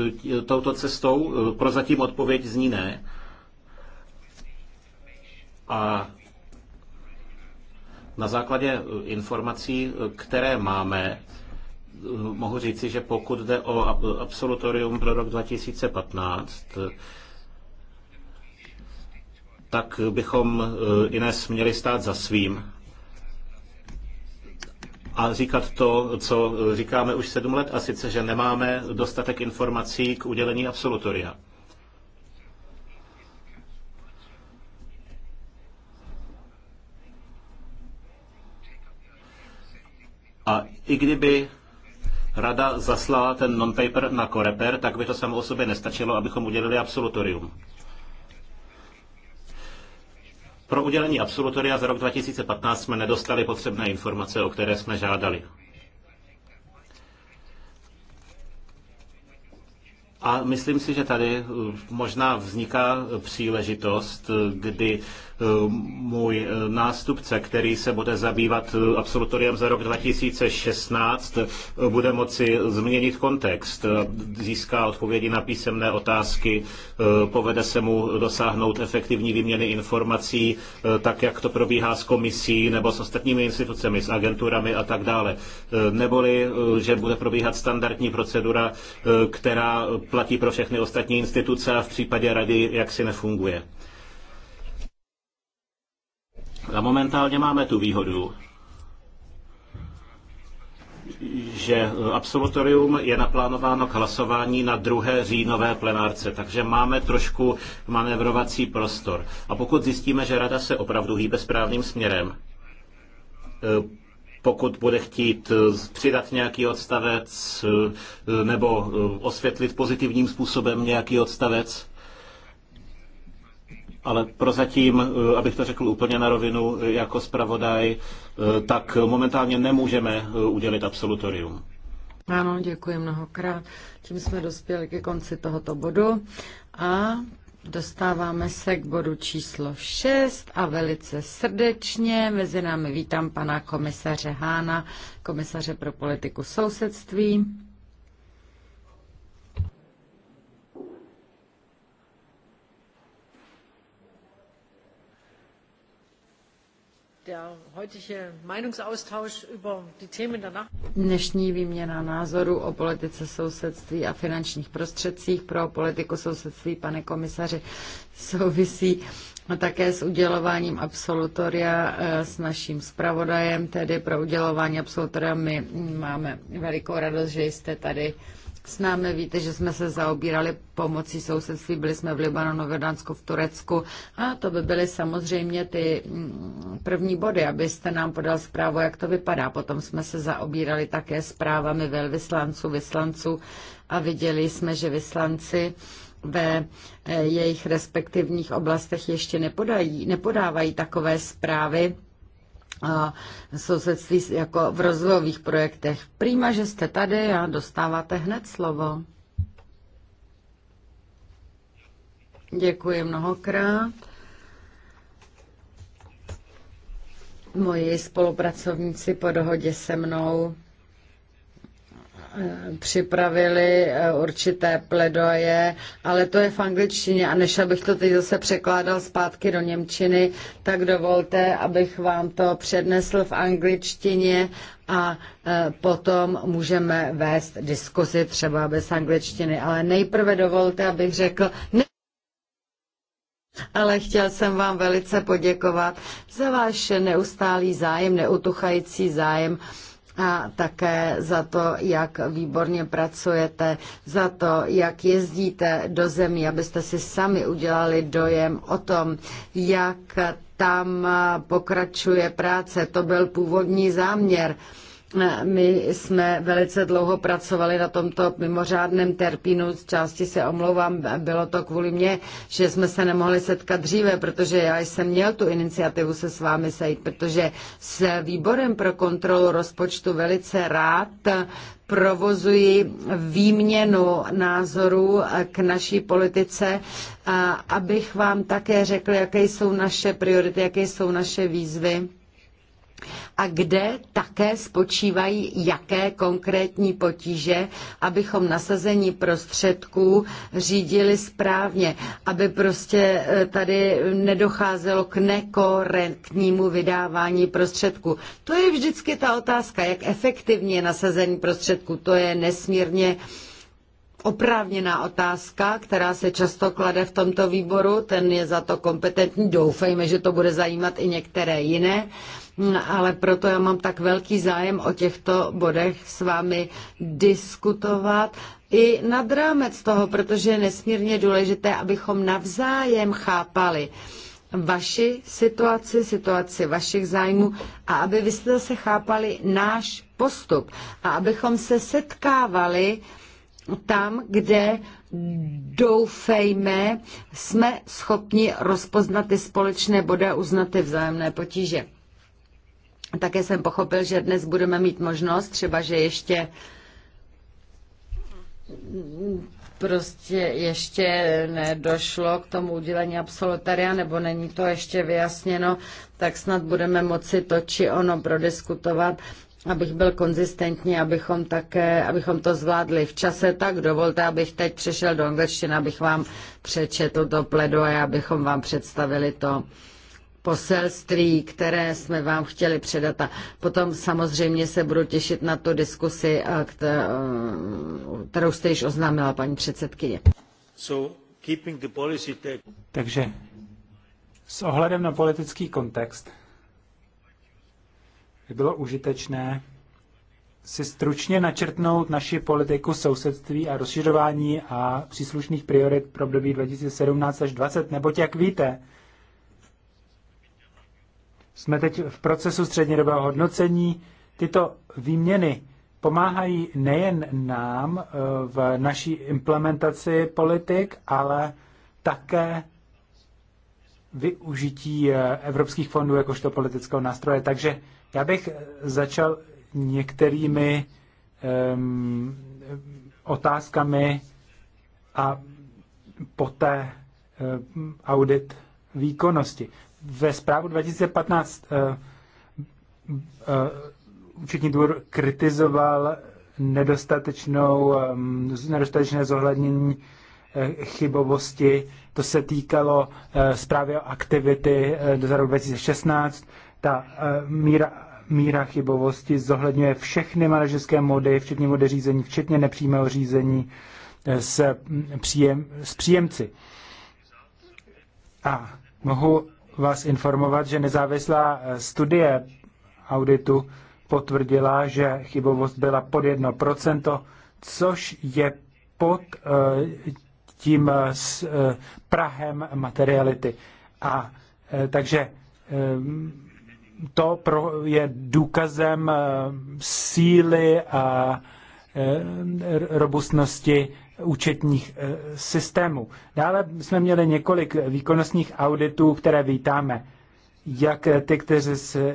touto cestou? Prozatím odpověď zní ne. A na základě eh, informací, eh, které máme, eh, mohu říci, že pokud jde o absolutorium pro rok 2015, tak bychom Ines měli stát za svým a říkat to, co říkáme už sedm let, a sice, že nemáme dostatek informací k udělení absolutoria. A i kdyby rada zaslala ten non-paper na Koreper, tak by to samo o sobě nestačilo, abychom udělili absolutorium. Pro udělení absolutoria za rok 2015 jsme nedostali potřebné informace, o které jsme žádali. A myslím si, že tady eh, možná vzniká příležitost, eh, kdy Eh, můj eh, nástupce, který se bude zabývat eh, absolutoriem za rok 2016, bude moci změnit kontext, získá odpovědi na písemné otázky, povede se mu dosáhnout efektivní výměny informací, tak jak to probíhá s komisí nebo s ostatními institucemi, s agenturami a tak dále. Neboli, že bude probíhat standardní procedura, která platí pro všechny ostatní instituce a v případě rady jaksi nefunguje. A momentálně máme tu výhodu, že absolutorium je naplánováno k hlasování na druhé říjnové plenárce, takže máme trošku manévrovací prostor. A pokud zjistíme, že rada se opravdu hýbe správným směrem, e, pokud bude chtít e, přidat nějaký odstavec e, nebo osvětlit pozitivním způsobem nějaký odstavec, ale prozatím, eh, abych to řekl úplně na rovinu, eh, jako zpravodaj, eh, tak momentálně nemůžeme udělit absolutorium. Ano, děkuji mnohokrát. Tím jsme dospěli ke konci tohoto bodu a dostáváme se k bodu číslo 6 a velice srdečně mezi námi vítám pana komisaře Hána, komisaře pro politiku sousedství. Dnešní výměna názoru o politice sousedství a finančních prostředcích pro politiku sousedství, pane komisaři, souvisí také s udělováním absolutoria eh, s naším zpravodajem, tedy pro udělování absolutoria my máme velikou radost, že jste tady s námi. Víte, že jsme se zaobírali pomocí sousedství, byli jsme v Libanonu, v Jordánsku, v Turecku a to by byly samozřejmě ty mm, první body, abyste nám podal zprávu, jak to vypadá. Potom jsme se zaobírali také zprávami velvyslanců, vyslanců a viděli jsme, že vyslanci ve eh, jejich respektivních oblastech ještě nepodají, nepodávají takové zprávy, sousedství jako v rozvojových projektech. Prýma, že jste tady a dostáváte hned slovo. Děkuji mnohokrát. Moji spolupracovníci po dohodě se mnou Eh, připravili eh, určité pledoje, ale to je v angličtině a než abych to teď zase překládal zpátky do Němčiny, tak dovolte, abych vám to přednesl v angličtině a eh, potom můžeme vést diskuzi třeba bez angličtiny. Ale nejprve dovolte, abych řekl... Ne- ale chtěl jsem vám velice poděkovat za váš neustálý zájem, neutuchající zájem a také za to, jak výborně pracujete, za to, jak jezdíte do zemí, abyste si sami udělali dojem o tom, jak tam pokračuje práce. To byl původní záměr my jsme velice dlouho pracovali na tomto mimořádném terpínu, z části se omlouvám, bylo to kvůli mně, že jsme se nemohli setkat dříve, protože já jsem měl tu iniciativu se s vámi sejít, protože s výborem pro kontrolu rozpočtu velice rád provozuji výměnu názorů k naší politice, abych vám také řekl, jaké jsou naše priority, jaké jsou naše výzvy a kde také spočívají jaké konkrétní potíže, abychom nasazení prostředků řídili správně, aby prostě eh, tady nedocházelo k nekorektnímu vydávání prostředků. To je vždycky ta otázka, jak efektivně je nasazení prostředků. To je nesmírně oprávněná otázka, která se často klade v tomto výboru, ten je za to kompetentní, doufejme, že to bude zajímat i některé jiné. No, ale proto já mám tak velký zájem o těchto bodech s vámi diskutovat i nad rámec toho, protože je nesmírně důležité, abychom navzájem chápali vaši situaci, situaci vašich zájmů a aby vy jste zase chápali náš postup a abychom se setkávali tam, kde doufejme, jsme schopni rozpoznat ty společné body a uznat ty vzájemné potíže. Také jsem pochopil, že dnes budeme mít možnost, třeba že ještě prostě ještě nedošlo k tomu udělení absolutaria, nebo není to ještě vyjasněno, tak snad budeme moci to či ono prodiskutovat, abych byl konzistentní, abychom, také, abychom to zvládli v čase, tak dovolte, abych teď přešel do angličtiny, abych vám přečetl to a abychom vám představili to poselství, které jsme vám chtěli předat. A potom samozřejmě se budu těšit na tu diskusi, eh, kterou jste již oznámila, paní předsedkyně. So, Takže s ohledem na politický kontext by bylo užitečné si stručně načrtnout naši politiku sousedství a rozšiřování a příslušných priorit pro období 2017 až 2020, neboť jak víte, jsme teď v procesu střednědobého hodnocení. Tyto výměny pomáhají nejen nám eh, v naší implementaci politik, ale také využití eh, evropských fondů jakožto politického nástroje. Takže já bych eh, začal některými um, otázkami a poté um, audit výkonnosti ve zprávu 2015 eh, eh, účetní dvůr kritizoval nedostatečnou, eh, nedostatečné zohlednění chybovosti. To se týkalo zprávy o aktivity za rok 2016. Ta míra, míra chybovosti zohledňuje všechny manažerské mody, včetně mody řízení, včetně nepřímého řízení s, příjem, s příjemci. A mohu vás informovat, že nezávislá eh, studie auditu potvrdila, že chybovost byla pod 1%, což je pod eh, tím eh, s prahem materiality. A takže to je důkazem síly a robustnosti účetních eh, systémů. Dále jsme měli několik výkonnostních auditů, které vítáme. Jak eh, ty, které se,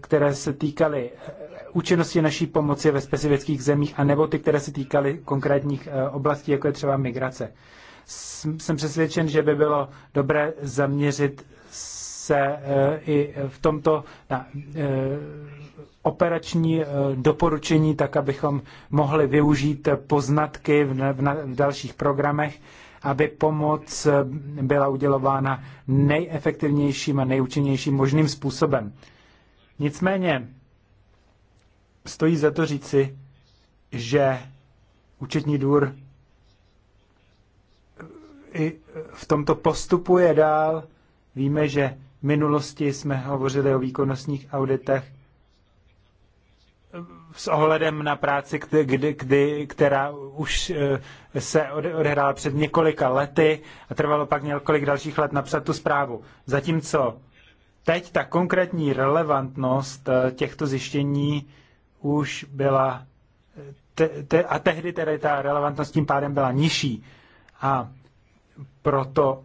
které se týkaly eh, účinnosti naší pomoci ve specifických zemích, anebo ty, které se týkaly konkrétních oblastí, jako je třeba migrace. Jsem přesvědčen, že by bylo dobré zaměřit se eh, i v tomto na, eh, operační eh, doporučení, tak abychom mohli využít poznatky v, v, v dalších programech, aby pomoc byla udělována nejefektivnějším a nejúčinnějším možným způsobem. Nicméně stojí za to říci, že účetní důr i v tomto postupuje dál. Víme, že minulosti jsme hovořili o výkonnostních auditech s ohledem na práci, kdy, kdy, která už eh, se odehrála před několika lety a trvalo pak několik dalších let napsat tu zprávu. Zatímco teď ta konkrétní relevantnost eh, těchto zjištění už byla te, te, a tehdy tedy ta relevantnost tím pádem byla nižší a proto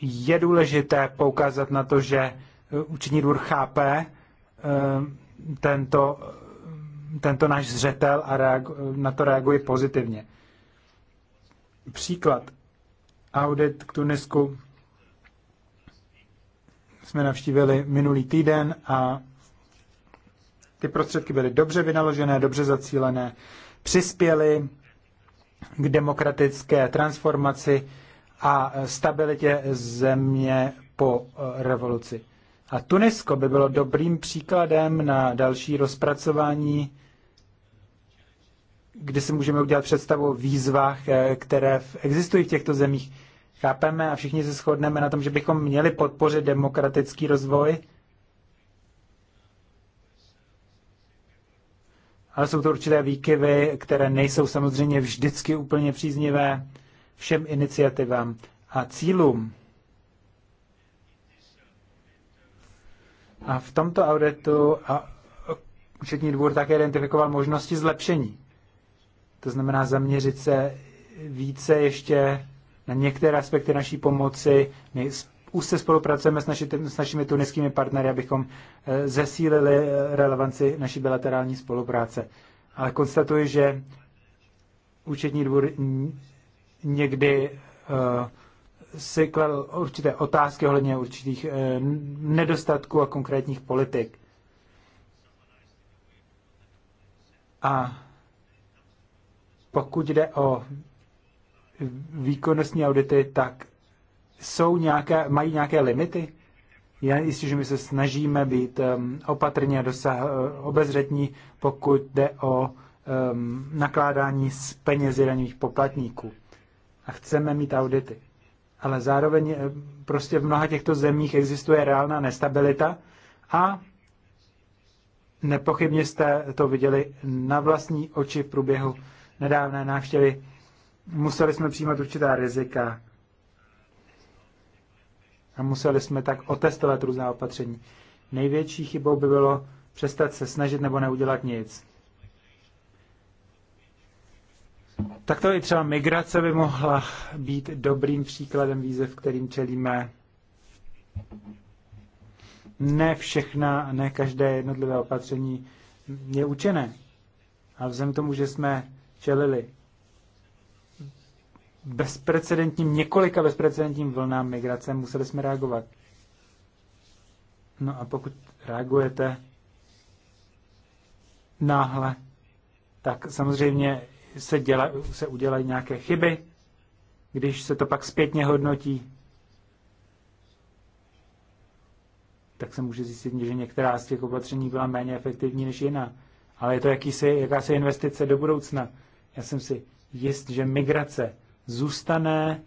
je důležité poukázat na to, že eh, učení dvůr chápe eh, tento, eh, tento náš zřetel a na to reaguje pozitivně. Příklad. Audit k Tunisku jsme navštívili minulý týden a ty prostředky byly dobře vynaložené, dobře zacílené, přispěly k demokratické transformaci a stabilitě země po eh, revoluci. A Tunisko by bylo dobrým příkladem na další rozpracování, kdy si můžeme udělat představu o výzvách, eh, které existují v těchto zemích. Chápeme a všichni se shodneme na tom, že bychom měli podpořit demokratický rozvoj, ale jsou to určité výkyvy, které nejsou samozřejmě vždycky úplně příznivé všem iniciativám a cílům. A v tomto auditu a Účetní dvůr také identifikoval možnosti zlepšení. To znamená zaměřit se více ještě na některé aspekty naší pomoci. My úzce spolupracujeme s, naši, s našimi tuniskými partnery, abychom eh, zesílili eh, relevanci naší bilaterální spolupráce. Ale konstatuji, že účetní dvůr někdy eh, si kladl určité otázky ohledně určitých eh, nedostatků a konkrétních politik. A pokud jde o výkonnostní audity, tak jsou nějaké, mají nějaké limity? Já jistě, že my se snažíme být um, eh, opatrně dosah, obezřetní, pokud jde o um, nakládání s penězi daňových poplatníků a chceme mít audity. Ale zároveň eh, prostě v mnoha těchto zemích existuje reálná nestabilita a nepochybně jste to viděli na vlastní oči v průběhu nedávné návštěvy. Museli jsme přijímat určitá rizika a museli jsme tak otestovat různá opatření. Největší chybou by bylo přestat se snažit nebo neudělat nic. Takto i třeba migrace by mohla být dobrým příkladem výzev, kterým čelíme. Ne všechna, ne každé jednotlivé opatření je učené. A vzhledem k tomu, že jsme čelili bezprecedentním, několika bezprecedentním vlnám migrace, museli jsme reagovat. No a pokud reagujete náhle, tak samozřejmě se, děla, se udělají nějaké chyby, když se to pak zpětně hodnotí, tak se může zjistit, že některá z těch opatření byla méně efektivní než jiná. Ale je to jakýsi, jakási investice do budoucna. Já jsem si jist, že migrace zůstane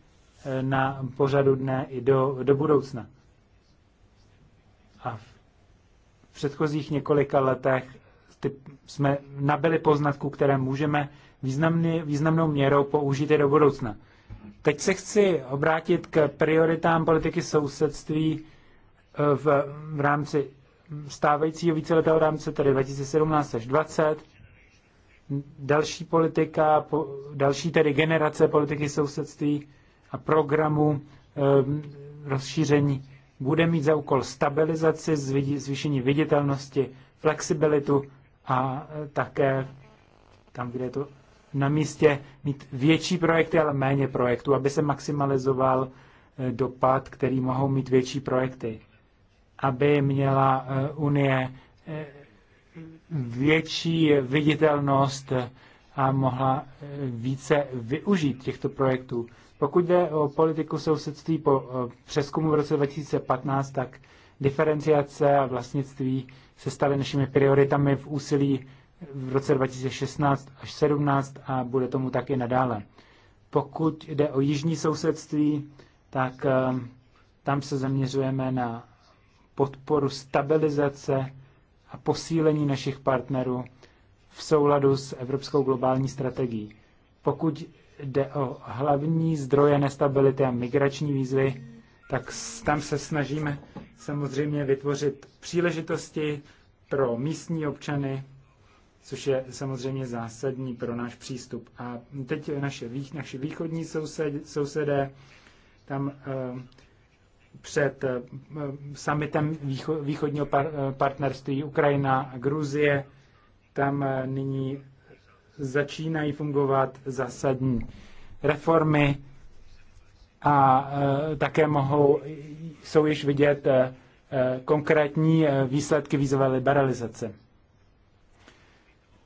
eh, na pořadu dne i do, do budoucna. A v předchozích několika letech ty, jsme nabili poznatků, které můžeme významný, významnou měrou použít i do budoucna. Teď se chci obrátit k prioritám politiky sousedství eh, v, v rámci stávajícího víceletého rámce, tedy 2017 až 2020. Další politika, po, další tedy generace politiky sousedství a programu um, rozšíření bude mít za úkol stabilizaci, zvýšení viditelnosti, flexibilitu a eh, také tam, kde je to na místě mít větší projekty, ale méně projektů, aby se maximalizoval eh, dopad, který mohou mít větší projekty. Aby měla eh, Unie eh, větší viditelnost a mohla více využít těchto projektů. Pokud jde o politiku sousedství po přeskumu v roce 2015, tak diferenciace a vlastnictví se staly našimi prioritami v úsilí v roce 2016 až 17 a bude tomu taky nadále. Pokud jde o jižní sousedství, tak eh, tam se zaměřujeme na podporu stabilizace a posílení našich partnerů v souladu s Evropskou globální strategií. Pokud jde o hlavní zdroje nestability a migrační výzvy, tak tam se snažíme samozřejmě vytvořit příležitosti pro místní občany, což je samozřejmě zásadní pro náš přístup. A teď naše, naše východní soused, sousedé, tam eh, před eh, summitem východního eh, partnerství Ukrajina a Gruzie, tam nyní začínají fungovat zásadní reformy a také mohou, jsou již vidět konkrétní výsledky vízové liberalizace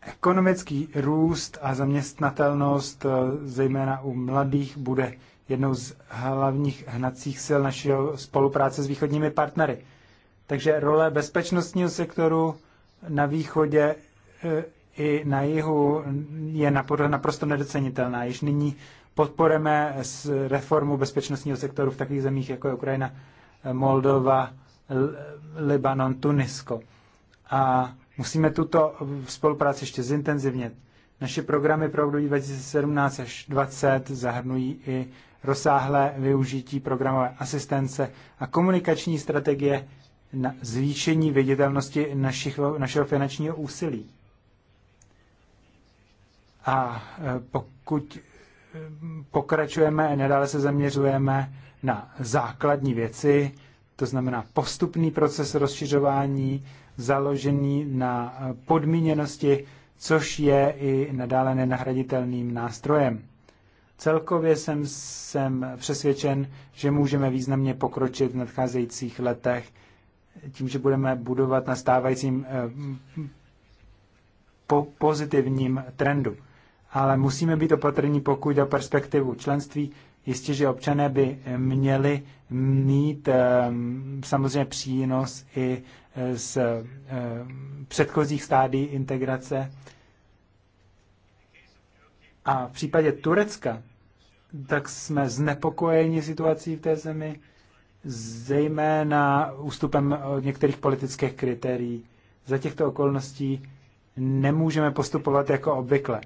ekonomický růst a zaměstnatelnost, eh, zejména u mladých, bude jednou z hlavních hnacích sil našeho spolupráce s východními partnery. Takže role bezpečnostního sektoru na východě eh, i na jihu je naprosto nedocenitelná. Již nyní podporujeme reformu bezpečnostního sektoru v takových zemích, jako je Ukrajina, Moldova, Libanon, Tunisko. A Musíme tuto spolupráci ještě zintenzivnit. Naše programy pro období 2017 až 2020 zahrnují i rozsáhlé využití programové asistence a komunikační strategie na zvýšení viditelnosti našich, našeho finančního úsilí. A e, pokud e, pokračujeme, nadále se zaměřujeme na základní věci, to znamená postupný proces rozšiřování, založený na podmíněnosti, což je i nadále nenahraditelným nástrojem. Celkově jsem, jsem přesvědčen, že můžeme významně pokročit v nadcházejících letech tím, že budeme budovat na stávajícím eh, po pozitivním trendu. Ale musíme být opatrní, pokud a o perspektivu členství, Jistě, že občané by eh, měli mít ehm, samozřejmě přínos i eh, z ehm, předchozích stádí integrace. A v případě Turecka, tak jsme znepokojeni situací v té zemi, zejména ústupem některých politických kritérií. Za těchto okolností nemůžeme postupovat jako obvykle.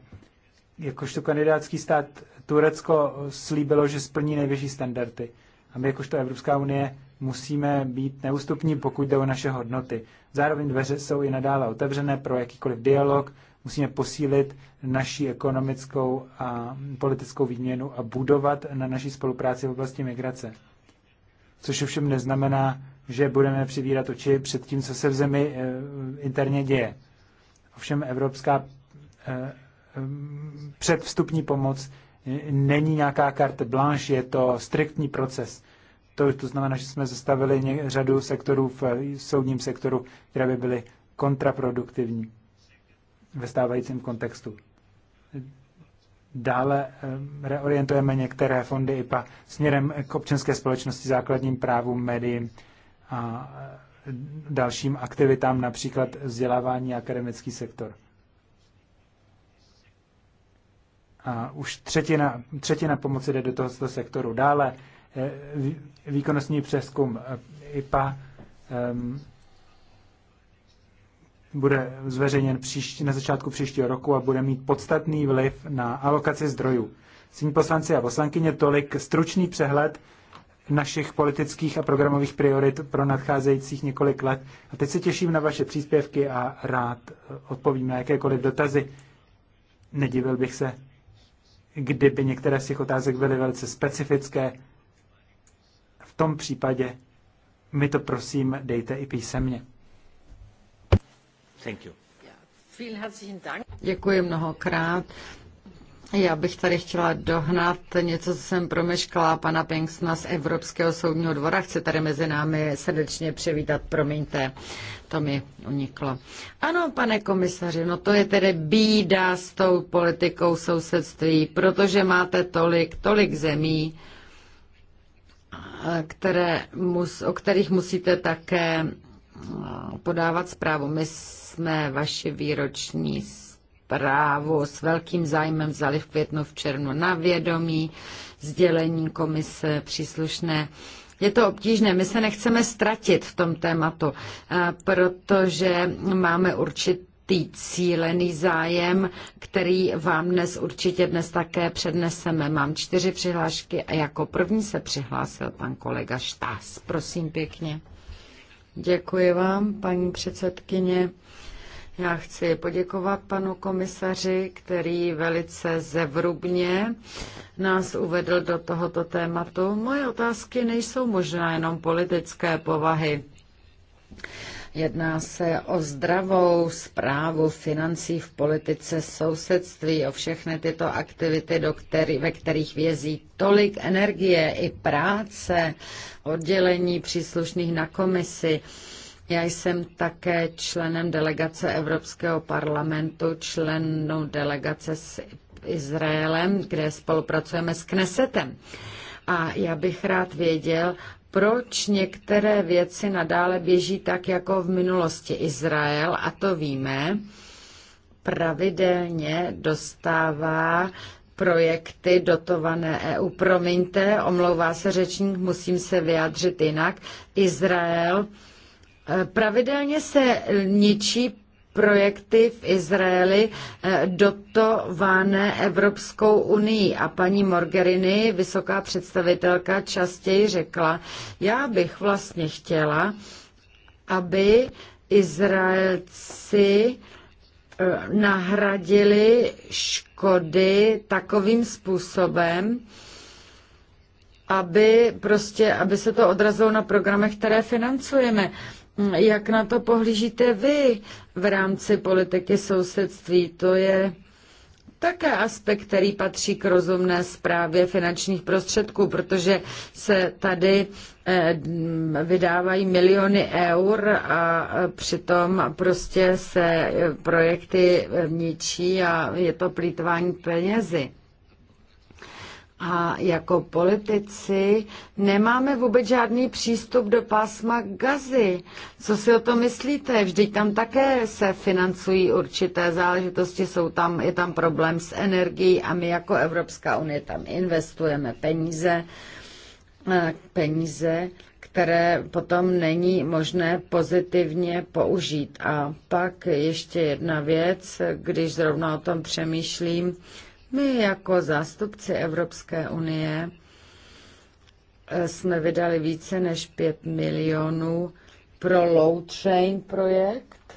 Jakožto kandidátský stát Turecko slíbilo, že splní nejvyšší standardy. A my, jakožto Evropská unie, musíme být neústupní, pokud jde o naše hodnoty. Zároveň dveře jsou i nadále otevřené pro jakýkoliv dialog. Musíme posílit naši ekonomickou a politickou výměnu a budovat na naší spolupráci v oblasti migrace. Což ovšem neznamená, že budeme přivírat oči před tím, co se v zemi eh, interně děje. Ovšem evropská eh, eh, předvstupní pomoc není nějaká carte blanche, je to striktní proces. To, to znamená, že jsme zastavili řadu sektorů v soudním sektoru, které by byly kontraproduktivní ve stávajícím kontextu. Dále eh, reorientujeme některé fondy IPA směrem k občanské společnosti, základním právům, médiím a dalším aktivitám, například vzdělávání a akademický sektor. a už třetina, třetina pomoci jde do tohoto sektoru. Dále eh, výkonnostní přeskum eh, IPA um, ehm, bude zveřejněn příští, na začátku příštího roku a bude mít podstatný vliv na alokaci zdrojů. Sní poslanci a poslankyně, tolik stručný přehled našich politických a programových priorit pro nadcházejících několik let. A teď se těším na vaše příspěvky a rád eh, odpovím na jakékoliv dotazy. Nedivil bych se, kdyby některé z těch otázek byly velice specifické. V tom případě mi to prosím dejte i písemně. Thank you. Děkuji mnohokrát. Já bych tady chtěla dohnat něco, co jsem promeškala pana Pengsna z Evropského soudního dvora. Chci tady mezi námi srdečně přivítat, promiňte, to mi uniklo. Ano, pane komisaři, no to je tedy bída s tou politikou sousedství, protože máte tolik, tolik zemí, které, mus, o kterých musíte také eh, podávat zprávu. My jsme vaši výroční zprávu s velkým zájmem vzali v květnu, v černu na vědomí, sdělení komise příslušné. Je to obtížné, my se nechceme ztratit v tom tématu, eh, protože máme určitý tý cílený zájem, který vám dnes určitě dnes také předneseme. Mám čtyři přihlášky a jako první se přihlásil pan kolega Štás. Prosím pěkně. Děkuji vám, paní předsedkyně. Já chci poděkovat panu komisaři, který velice zevrubně nás uvedl do tohoto tématu. Moje otázky nejsou možná jenom politické povahy. Jedná se o zdravou zprávu financí v politice sousedství, o všechny tyto aktivity, do který, ve kterých vězí tolik energie i práce, oddělení příslušných na komisi. Já jsem také členem delegace Evropského parlamentu, členou delegace s Izraelem, kde spolupracujeme s Knesetem. A já bych rád věděl, proč některé věci nadále běží tak, jako v minulosti Izrael, a to víme, pravidelně dostává projekty dotované EU. Promiňte, omlouvá se řečník, musím se vyjádřit jinak. Izrael Eh, pravidelně se eh, ničí projekty v Izraeli eh, dotované Evropskou unii. A paní Morgerini, vysoká představitelka, častěji řekla, já bych vlastně chtěla, aby Izraelci nahradili škody takovým způsobem, aby, prostě, aby se to odrazilo na programech, které financujeme. Jak na to pohlížíte vy v rámci politiky sousedství? To je také aspekt, který patří k rozumné zprávě finančních prostředků, protože se tady eh, vydávají miliony eur a eh, přitom prostě se eh, projekty ničí a je to plýtvání penězi. A jako politici nemáme vůbec žádný přístup do pásma gazy. Co si o to myslíte? Vždyť tam také se financují určité záležitosti, jsou tam, je tam problém s energií a my jako Evropská unie tam investujeme peníze, eh, peníze, které potom není možné pozitivně použít. A pak ještě jedna věc, když zrovna o tom přemýšlím, my jako zástupci Evropské unie eh, jsme vydali více než 5 milionů pro Low Train projekt.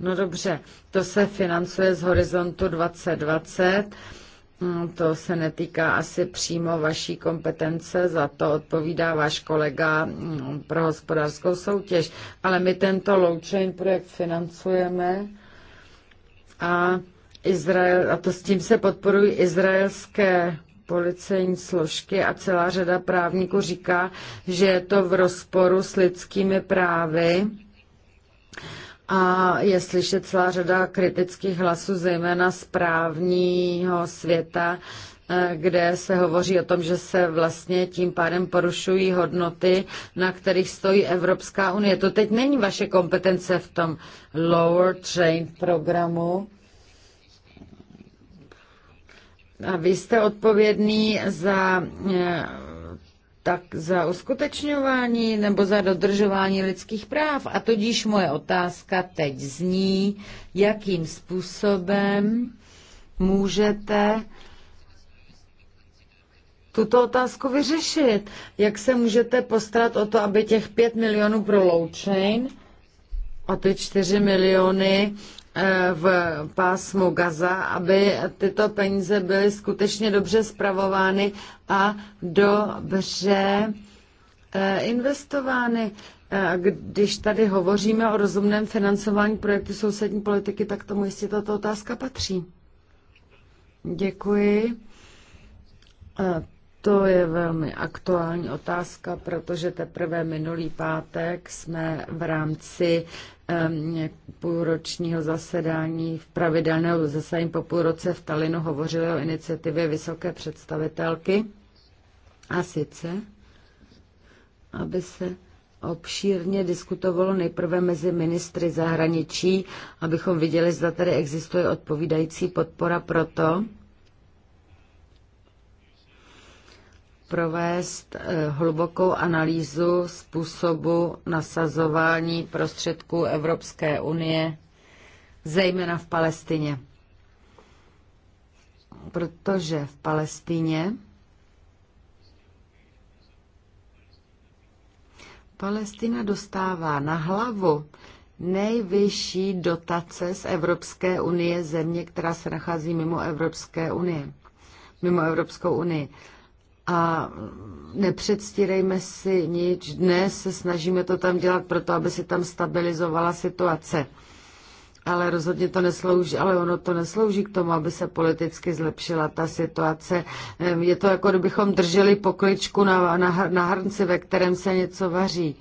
No dobře, to se financuje z horizontu 2020. Mm, to se netýká asi přímo vaší kompetence, za to odpovídá váš kolega mm, pro hospodářskou soutěž. Ale my tento low chain projekt financujeme a Izrael, a to s tím se podporují izraelské policejní složky a celá řada právníků říká, že je to v rozporu s lidskými právy. A je slyšet celá řada kritických hlasů, zejména z právního světa, eh, kde se hovoří o tom, že se vlastně tím pádem porušují hodnoty, na kterých stojí Evropská unie. To teď není vaše kompetence v tom Lower Train programu a vy jste odpovědný za eh, tak za uskutečňování nebo za dodržování lidských práv. A tudíž moje otázka teď zní, jakým způsobem můžete tuto otázku vyřešit. Jak se můžete postarat o to, aby těch 5 milionů pro Chain a ty 4 miliony Eh, v pásmu Gaza, aby tyto peníze byly skutečně dobře zpravovány a dobře eh, investovány. Eh, když tady hovoříme o rozumném financování projektu sousední politiky, tak tomu jistě tato otázka patří. Děkuji. To je velmi aktuální otázka, protože teprve minulý pátek jsme v rámci Ehm, půlročního zasedání, v pravidelného zasedání po půl roce v Talinu hovořili o iniciativě vysoké představitelky a sice, aby se obšírně diskutovalo nejprve mezi ministry zahraničí, abychom viděli, zda tady existuje odpovídající podpora pro to, provést eh, hlubokou analýzu způsobu nasazování prostředků Evropské unie, zejména v Palestině. Protože v Palestině Palestina dostává na hlavu nejvyšší dotace z Evropské unie země, která se nachází mimo Evropské unie. Mimo Evropskou unii. A nepředstírejme si nic, dnes se snažíme to tam dělat proto, aby se tam stabilizovala situace. Ale rozhodně to neslouží, ale ono to neslouží k tomu, aby se politicky zlepšila ta situace. Je to jako kdybychom drželi pokličku na, na, na hrnci, ve kterém se něco vaří.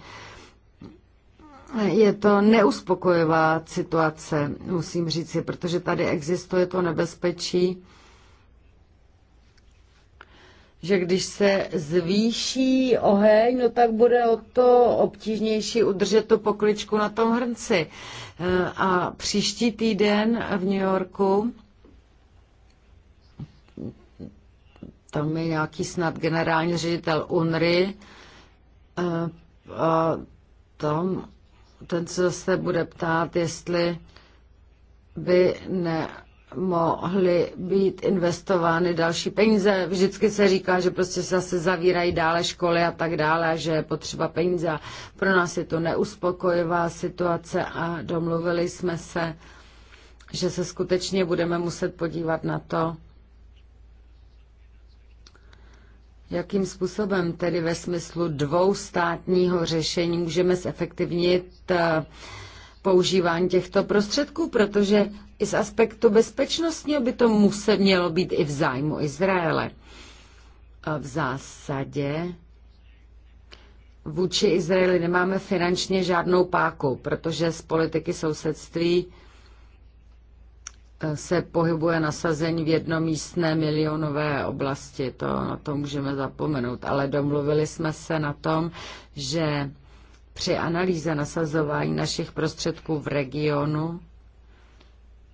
Je to neuspokojivá situace, musím říci, protože tady existuje to nebezpečí, že když se zvýší oheň, no tak bude o to obtížnější udržet tu pokličku na tom hrnci. E, a příští týden v New Yorku tam je nějaký snad generální ředitel UNRY e, a tam ten co se bude ptát, jestli by ne mohly být investovány další peníze. Vždycky se říká, že prostě se zase zavírají dále školy a tak dále, že je potřeba peníze. Pro nás je to neuspokojivá situace a domluvili jsme se, že se skutečně budeme muset podívat na to, Jakým způsobem tedy ve smyslu dvoustátního řešení můžeme zefektivnit eh, používání těchto prostředků, protože i z aspektu bezpečnostního by to muset mělo být i v zájmu Izraele. A v zásadě vůči Izraeli nemáme finančně žádnou páku, protože z politiky sousedství eh, se pohybuje nasazení v jednomístné milionové oblasti. To na to můžeme zapomenout, ale domluvili jsme se na tom, že při analýze nasazování našich prostředků v regionu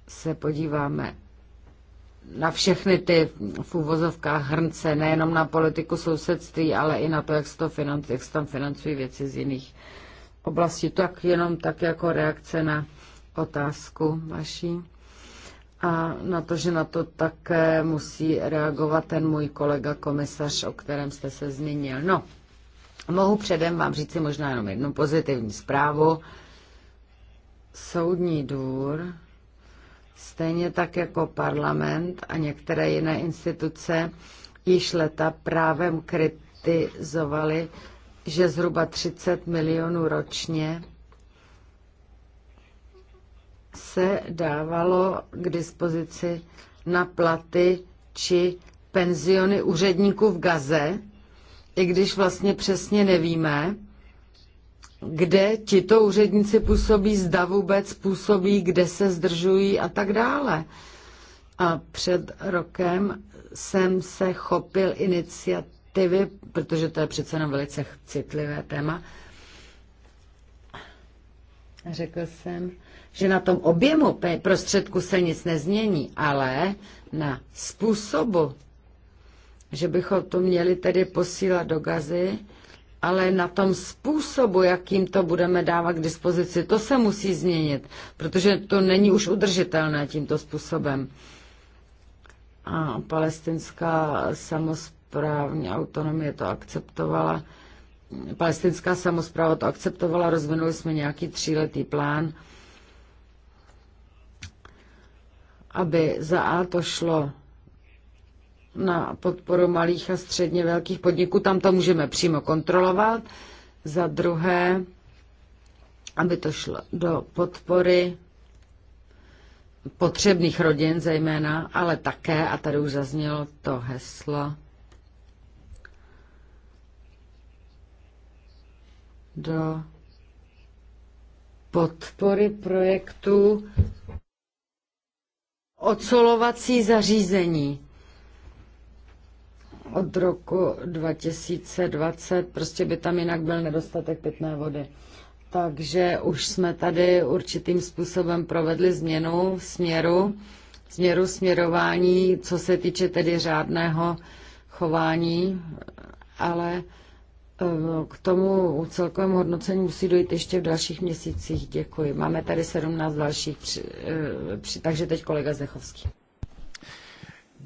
se podíváme na všechny ty v úvozovkách hrnce, nejenom na politiku sousedství, ale i na to, jak, se to financ, jak se tam financují věci z jiných oblastí. Tak jenom tak jako reakce na otázku vaší a na to, že na to také musí reagovat ten můj kolega komisař, o kterém jste se zmínil. No, Mohu předem vám říci možná jenom jednu pozitivní zprávu. Soudní důr, stejně tak jako parlament a některé jiné instituce, již leta právem kritizovali, že zhruba 30 milionů ročně se dávalo k dispozici na platy či penziony úředníků v Gaze, i když vlastně přesně nevíme, kde tito úředníci působí, zda vůbec působí, kde se zdržují a tak dále. A před rokem jsem se chopil iniciativy, protože to je přece jenom velice citlivé téma. Řekl jsem, že na tom objemu prostředku se nic nezmění, ale na způsobu že bychom to měli tedy posílat do gazy, ale na tom způsobu, jakým to budeme dávat k dispozici, to se musí změnit, protože to není už udržitelné tímto způsobem. A palestinská samozprávní autonomie to akceptovala. Palestinská samozpráva to akceptovala, rozvinuli jsme nějaký tříletý plán, aby za A to šlo na podporu malých a středně velkých podniků, tam to můžeme přímo kontrolovat. Za druhé, aby to šlo do podpory potřebných rodin zejména, ale také, a tady už zaznělo to heslo, do podpory projektu ocolovací zařízení od roku 2020, prostě by tam jinak byl nedostatek pitné vody. Takže už jsme tady určitým způsobem provedli změnu směru, směru směrování, co se týče tedy řádného chování, ale eh, k tomu celkovému hodnocení musí dojít ještě v dalších měsících. Děkuji. Máme tady 17 dalších, při, eh, při, takže teď kolega Zdechovský.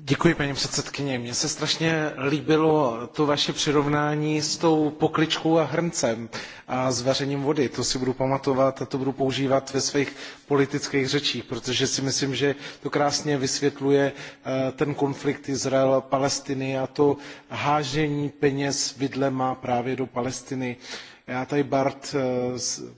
Děkuji, paní předsedkyně. Mně se strašně líbilo to vaše přirovnání s tou pokličkou a hrncem a s vařením vody. To si budu pamatovat a to budu používat ve svých politických řečích, protože si myslím, že to krásně vysvětluje eh, ten konflikt Izrael-Palestiny a to hážení peněz vidlema právě do Palestiny. Uh, já tady Bart eh,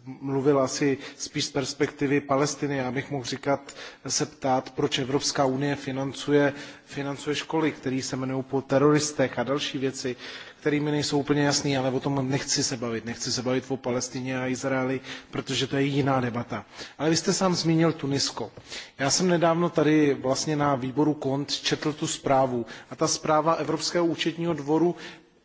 mluvil asi spíš z perspektivy Palestiny. Já bych mohl říkat, se ptát, proč Evropská unie financuje, financuje školy, které se jmenují po teroristech a další věci, které mi nejsou úplně jasné, ale o tom nechci se bavit. Nechci se bavit o Palestině a Izraeli, protože to je jiná debata. Ale vy jste sám zmínil Tunisko. Já jsem nedávno tady vlastně na výboru KONT četl tu zprávu a ta zpráva Evropského účetního dvoru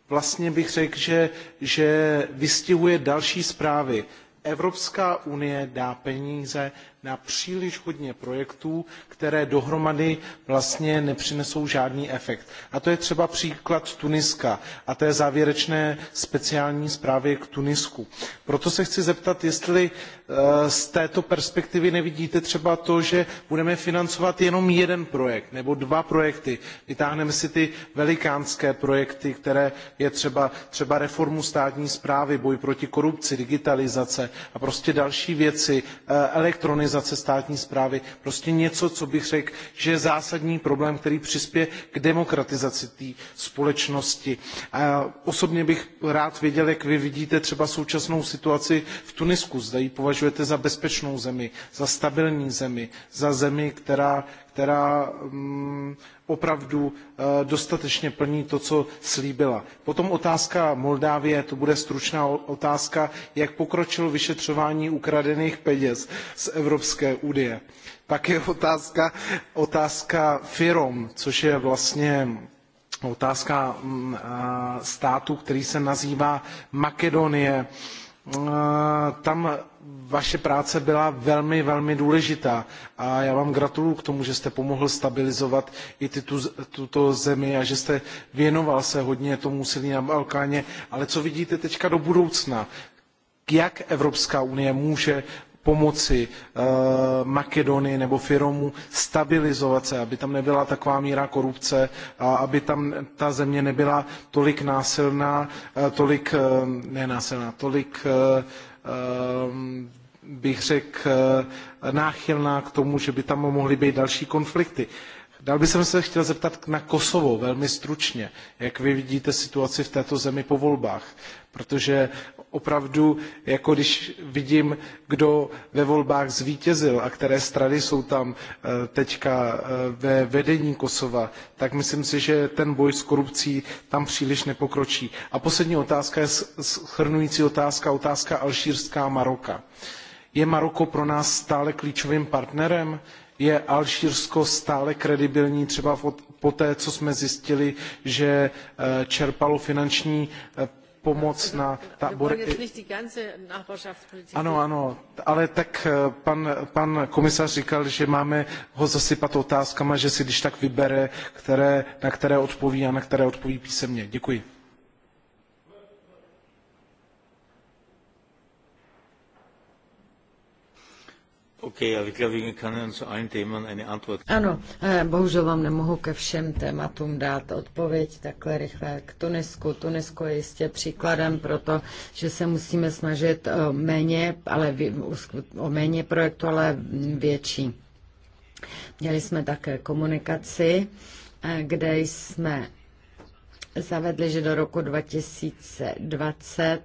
vlastně bych řekl, že, že vystihuje další zprávy. Evropská unie dá peníze na příliš hodně projektů, které dohromady vlastně nepřinesou žádný efekt. A to je třeba příklad Tuniska a té závěrečné speciální zprávy k Tunisku. Proto se chci zeptat, jestli eh, z této perspektivy nevidíte třeba to, že budeme financovat jenom jeden projekt nebo dva projekty. Vytáhneme si ty velikánské projekty, které je třeba, třeba reformu státní správy, boj proti korupci, digitalizace a prostě další věci, eh, elektronizace modernizace státní správy, prostě něco, co bych řekl, že je zásadní problém, který přispěje k demokratizaci té společnosti. A osobně bych rád věděl, jak vy vidíte třeba současnou situaci v Tunisku. Zda ji považujete za bezpečnou zemi, za stabilní zemi, za zemi, která, která mm, opravdu eh, dostatečně plní to, co slíbila. Potom otázka Moldávie, to bude stručná otázka, jak pokročilo vyšetřování ukradených peněz z Evropské unie. Pak je otázka, otázka FIROM, což je vlastně otázka mm, eh, státu, který se nazývá Makedonie. Eh, tam vaše práce byla velmi, velmi důležitá a já vám gratuluju k tomu, že jste pomohl stabilizovat i ty, tu, tuto zemi a že jste věnoval se hodně tomu úsilí na Balkáně. Ale co vidíte teďka do budoucna? Jak Evropská unie může pomoci eh, Makedonii nebo Firomu stabilizovat se, aby tam nebyla taková míra korupce a aby tam ta země nebyla tolik násilná, eh, tolik, eh, ne násilná, tolik eh, Ehm, bych řekl, eh, náchylná k tomu, že by tam mohly být další konflikty. Dal bych se chtěl zeptat na Kosovo velmi stručně. Jak vy vidíte situaci v této zemi po volbách? Protože opravdu, jako když vidím, kdo ve volbách zvítězil a které strany jsou tam eh, teďka eh, ve vedení Kosova, tak myslím si, že ten boj s korupcí tam příliš nepokročí. A poslední otázka je shrnující otázka, otázka alžírská Maroka. Je Maroko pro nás stále klíčovým partnerem? je Alžírsko stále kredibilní třeba po té, co jsme zjistili, že eh, čerpalo finanční eh, pomoc na tábory. Ano, ano, ale tak eh, pan, pan komisař říkal, že máme ho zasypat otázkami, že si když tak vybere, které, na které odpoví a na které odpoví písemně. Děkuji. Ano, eh, bohužel vám nemohu ke všem tématům dát odpověď takhle rychle k Tunisku. Tunisko je jistě příkladem pro to, že se musíme snažit o méně, ale o méně projektu, ale větší. Měli jsme také komunikaci, eh, kde jsme zavedli, že do roku 2020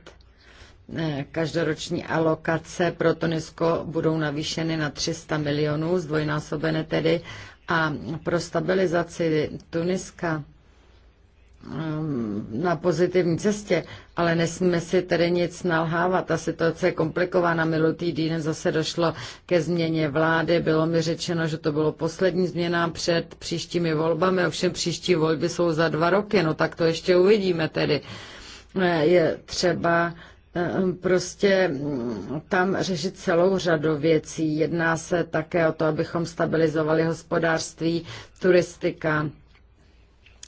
Eh, každoroční alokace pro Tunisko budou navýšeny na 300 milionů, zdvojnásobené tedy, a pro stabilizaci Tuniska ehm, na pozitivní cestě, ale nesmíme si tedy nic nalhávat. Ta situace je komplikovaná. Minulý týden zase došlo ke změně vlády. Bylo mi řečeno, že to bylo poslední změna před příštími volbami. Ovšem příští volby jsou za dva roky. No tak to ještě uvidíme tedy. Eh, je třeba Ehm, prostě mm, tam řešit celou řadu věcí. Jedná se také o to, abychom stabilizovali hospodářství, turistika.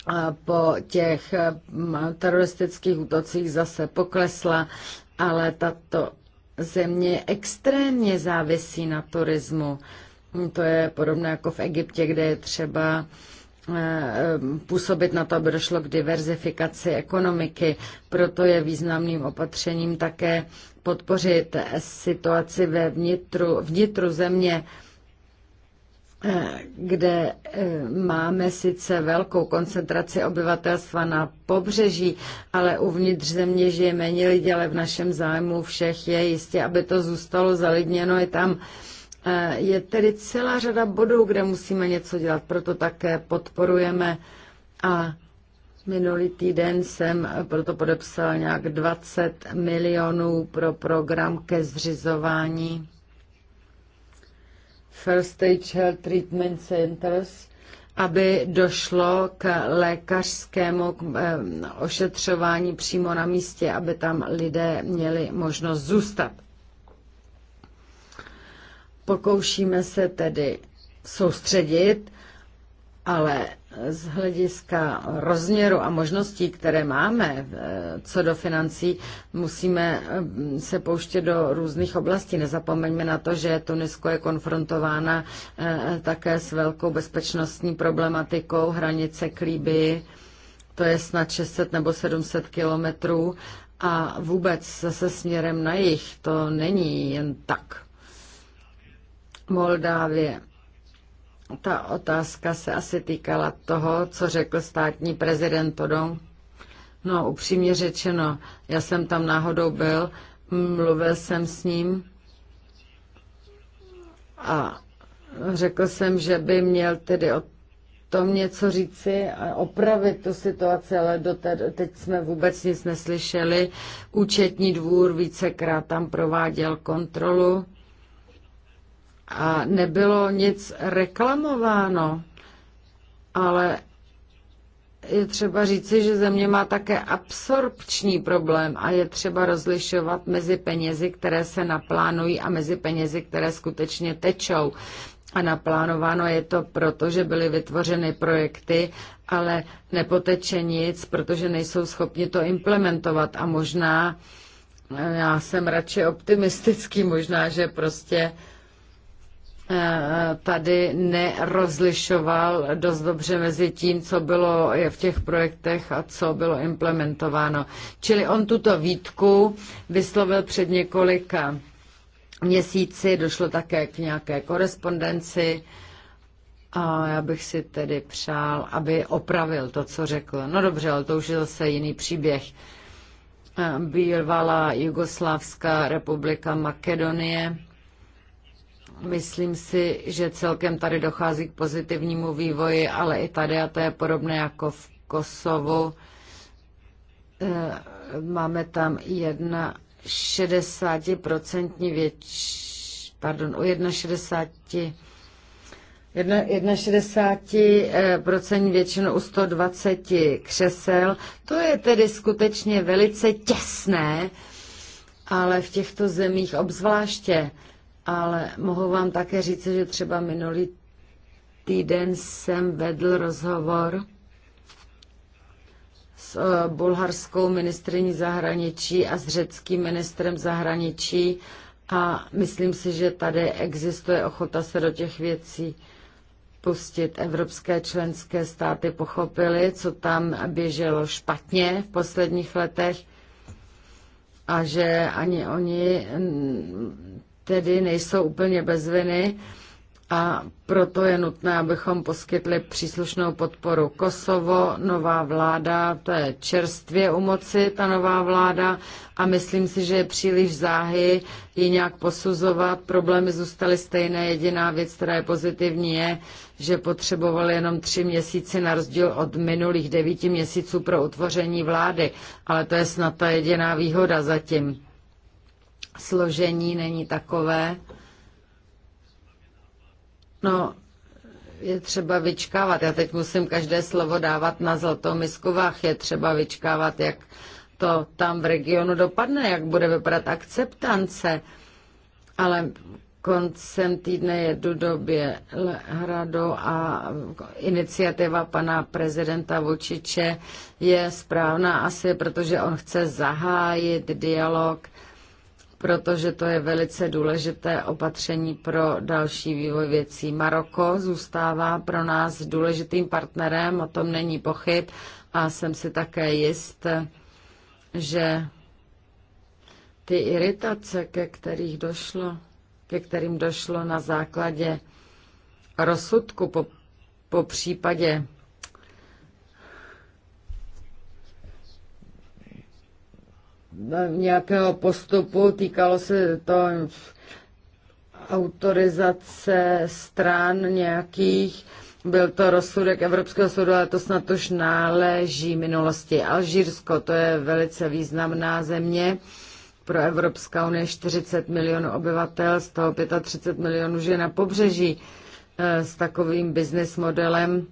A po těch ehm, teroristických útocích zase poklesla, ale tato země extrémně závisí na turismu. To je podobné jako v Egyptě, kde je třeba Eh, působit na to, aby došlo k diverzifikaci ekonomiky. Proto je významným opatřením také podpořit situaci ve vnitru, vnitru země, eh, kde eh, máme sice velkou koncentraci obyvatelstva na pobřeží, ale uvnitř země žije méně lidí, ale v našem zájmu všech je jistě, aby to zůstalo zalidněno i tam E, je tedy celá řada bodů, kde musíme něco dělat, proto také podporujeme a Minulý týden jsem e, proto podepsal nějak 20 milionů pro program ke zřizování First Stage Health Treatment Centers, aby došlo k lékařskému e, ošetřování přímo na místě, aby tam lidé měli možnost zůstat. Pokoušíme se tedy soustředit, ale z hlediska rozměru a možností, které máme eh, co do financí, musíme mm, se pouštět do různých oblastí. Nezapomeňme na to, že Tunisko je konfrontována eh, také s velkou bezpečnostní problematikou hranice k Líbii, to je snad 600 nebo 700 kilometrů a vůbec se směrem na jich to není jen tak. Moldávie. Ta otázka se asi týkala toho, co řekl státní prezident Todong. No, upřímně řečeno, já jsem tam náhodou byl, mluvil jsem s ním a řekl jsem, že by měl tedy o tom něco říci a opravit tu situaci, ale té, teď jsme vůbec nic neslyšeli. Účetní dvůr vícekrát tam prováděl kontrolu a nebylo nic reklamováno, ale je třeba říci, že země má také absorpční problém a je třeba rozlišovat mezi penězi, které se naplánují a mezi penězi, které skutečně tečou. A naplánováno je to proto, že byly vytvořeny projekty, ale nepoteče nic, protože nejsou schopni to implementovat. A možná, já jsem radši optimistický, možná, že prostě Eh, tady nerozlišoval dost dobře mezi tím, co bylo v těch projektech a co bylo implementováno. Čili on tuto výtku vyslovil před několika měsíci, došlo také k nějaké korespondenci a já bych si tedy přál, aby opravil to, co řekl. No dobře, ale to už je zase jiný příběh. Eh, bývalá Jugoslávská republika Makedonie Myslím si, že celkem tady dochází k pozitivnímu vývoji, ale i tady, a to je podobné jako v Kosovu, eh, máme tam jedna 60% věč, pardon, jedna 1,60 61% eh, většinu u 120 křesel. To je tedy skutečně velice těsné, ale v těchto zemích obzvláště ale mohu vám také říct, že třeba minulý týden jsem vedl rozhovor s eh, bulharskou ministriní zahraničí a s řeckým ministrem zahraničí a myslím si, že tady existuje ochota se do těch věcí pustit. Evropské členské státy pochopily, co tam běželo špatně v posledních letech a že ani oni tedy nejsou úplně bez viny a proto je nutné, abychom poskytli příslušnou podporu. Kosovo, nová vláda, to je čerstvě u moci, ta nová vláda a myslím si, že je příliš záhy ji nějak posuzovat. Problémy zůstaly stejné, jediná věc, která je pozitivní, je, že potřebovali jenom tři měsíce na rozdíl od minulých devíti měsíců pro utvoření vlády, ale to je snad ta jediná výhoda zatím složení není takové. No, je třeba vyčkávat. Já teď musím každé slovo dávat na zlatou misku vách. Je třeba vyčkávat, jak to tam v regionu dopadne, jak bude vypadat akceptance. Ale koncem týdne jedu do Bělehradu a iniciativa pana prezidenta Vučiče je správná asi, protože on chce zahájit dialog protože to je velice důležité opatření pro další vývoj věcí. Maroko zůstává pro nás důležitým partnerem, o tom není pochyb a jsem si také jist, že ty iritace, ke, kterých došlo, ke kterým došlo na základě rozsudku po, po případě nějakého postupu, týkalo se to autorizace stran nějakých, byl to rozsudek Evropského soudu, ale to snad už náleží minulosti. Alžírsko, to je velice významná země pro Evropská unie, 40 milionů obyvatel, z toho 35 milionů žije na pobřeží eh, s takovým business modelem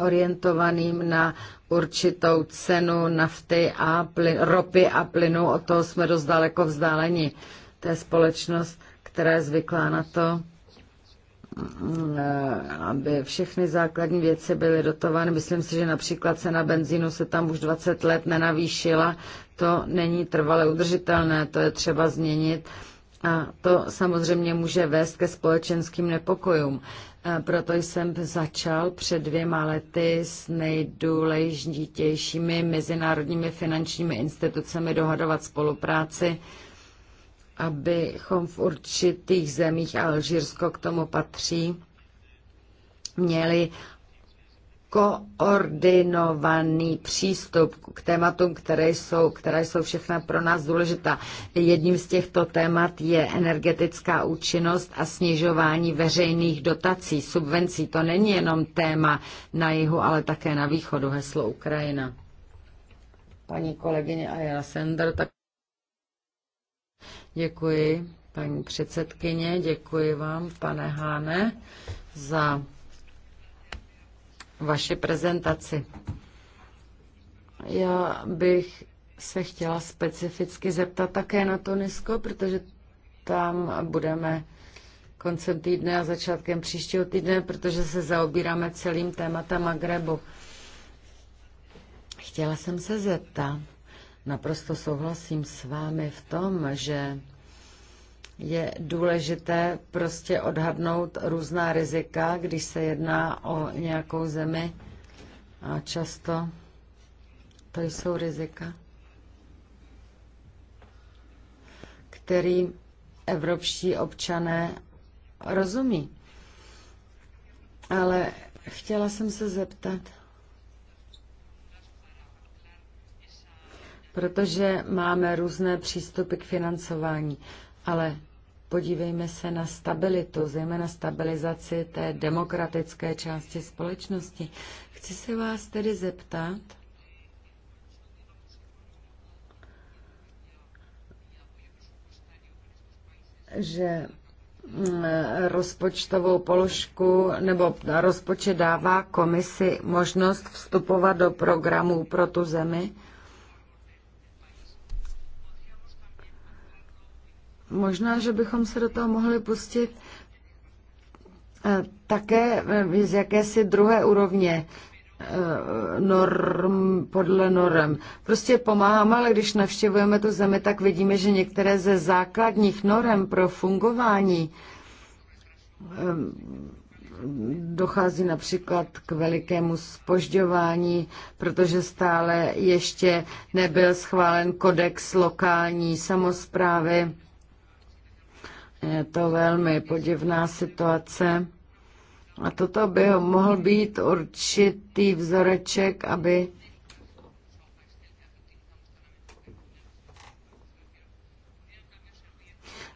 orientovaným na určitou cenu nafty a plyn, ropy a plynu. o toho jsme dost daleko vzdáleni. To je společnost, která je zvyklá na to, eh, aby všechny základní věci byly dotovány. Myslím si, že například cena benzínu se tam už 20 let nenavýšila. To není trvale udržitelné, to je třeba změnit. A to samozřejmě může vést ke společenským nepokojům. Proto jsem začal před dvěma lety s nejdůležitějšími mezinárodními finančními institucemi dohadovat spolupráci, abychom v určitých zemích, a Alžírsko k tomu patří, měli koordinovaný přístup k tématům, které jsou, které jsou všechna pro nás důležitá. Jedním z těchto témat je energetická účinnost a snižování veřejných dotací, subvencí. To není jenom téma na jihu, ale také na východu, heslo Ukrajina. Paní kolegyně Aja Sender, tak děkuji, paní předsedkyně, děkuji vám, pane Háne, za vaši prezentaci. Já bych se chtěla specificky zeptat také na Tunisko, protože tam budeme koncem týdne a začátkem příštího týdne, protože se zaobíráme celým tématem Magrebu. Chtěla jsem se zeptat, naprosto souhlasím s vámi v tom, že je důležité prostě odhadnout různá rizika, když se jedná o nějakou zemi. A často to jsou rizika, kterým evropští občané rozumí. Ale chtěla jsem se zeptat, protože máme různé přístupy k financování ale podívejme se na stabilitu, zejména stabilizaci té demokratické části společnosti. Chci se vás tedy zeptat, že mm, rozpočtovou položku nebo rozpočet dává komisi možnost vstupovat do programů pro tu zemi Možná, že bychom se do toho mohli pustit eh, také eh, z jakési druhé úrovně eh, norm, podle norm. Prostě pomáháme, ale když navštěvujeme tu zemi, tak vidíme, že některé ze základních norm pro fungování dochází například k velikému spožďování, protože stále ještě nebyl schválen kodex lokální samozprávy je to velmi podivná situace. A toto by mohl být určitý vzoreček, aby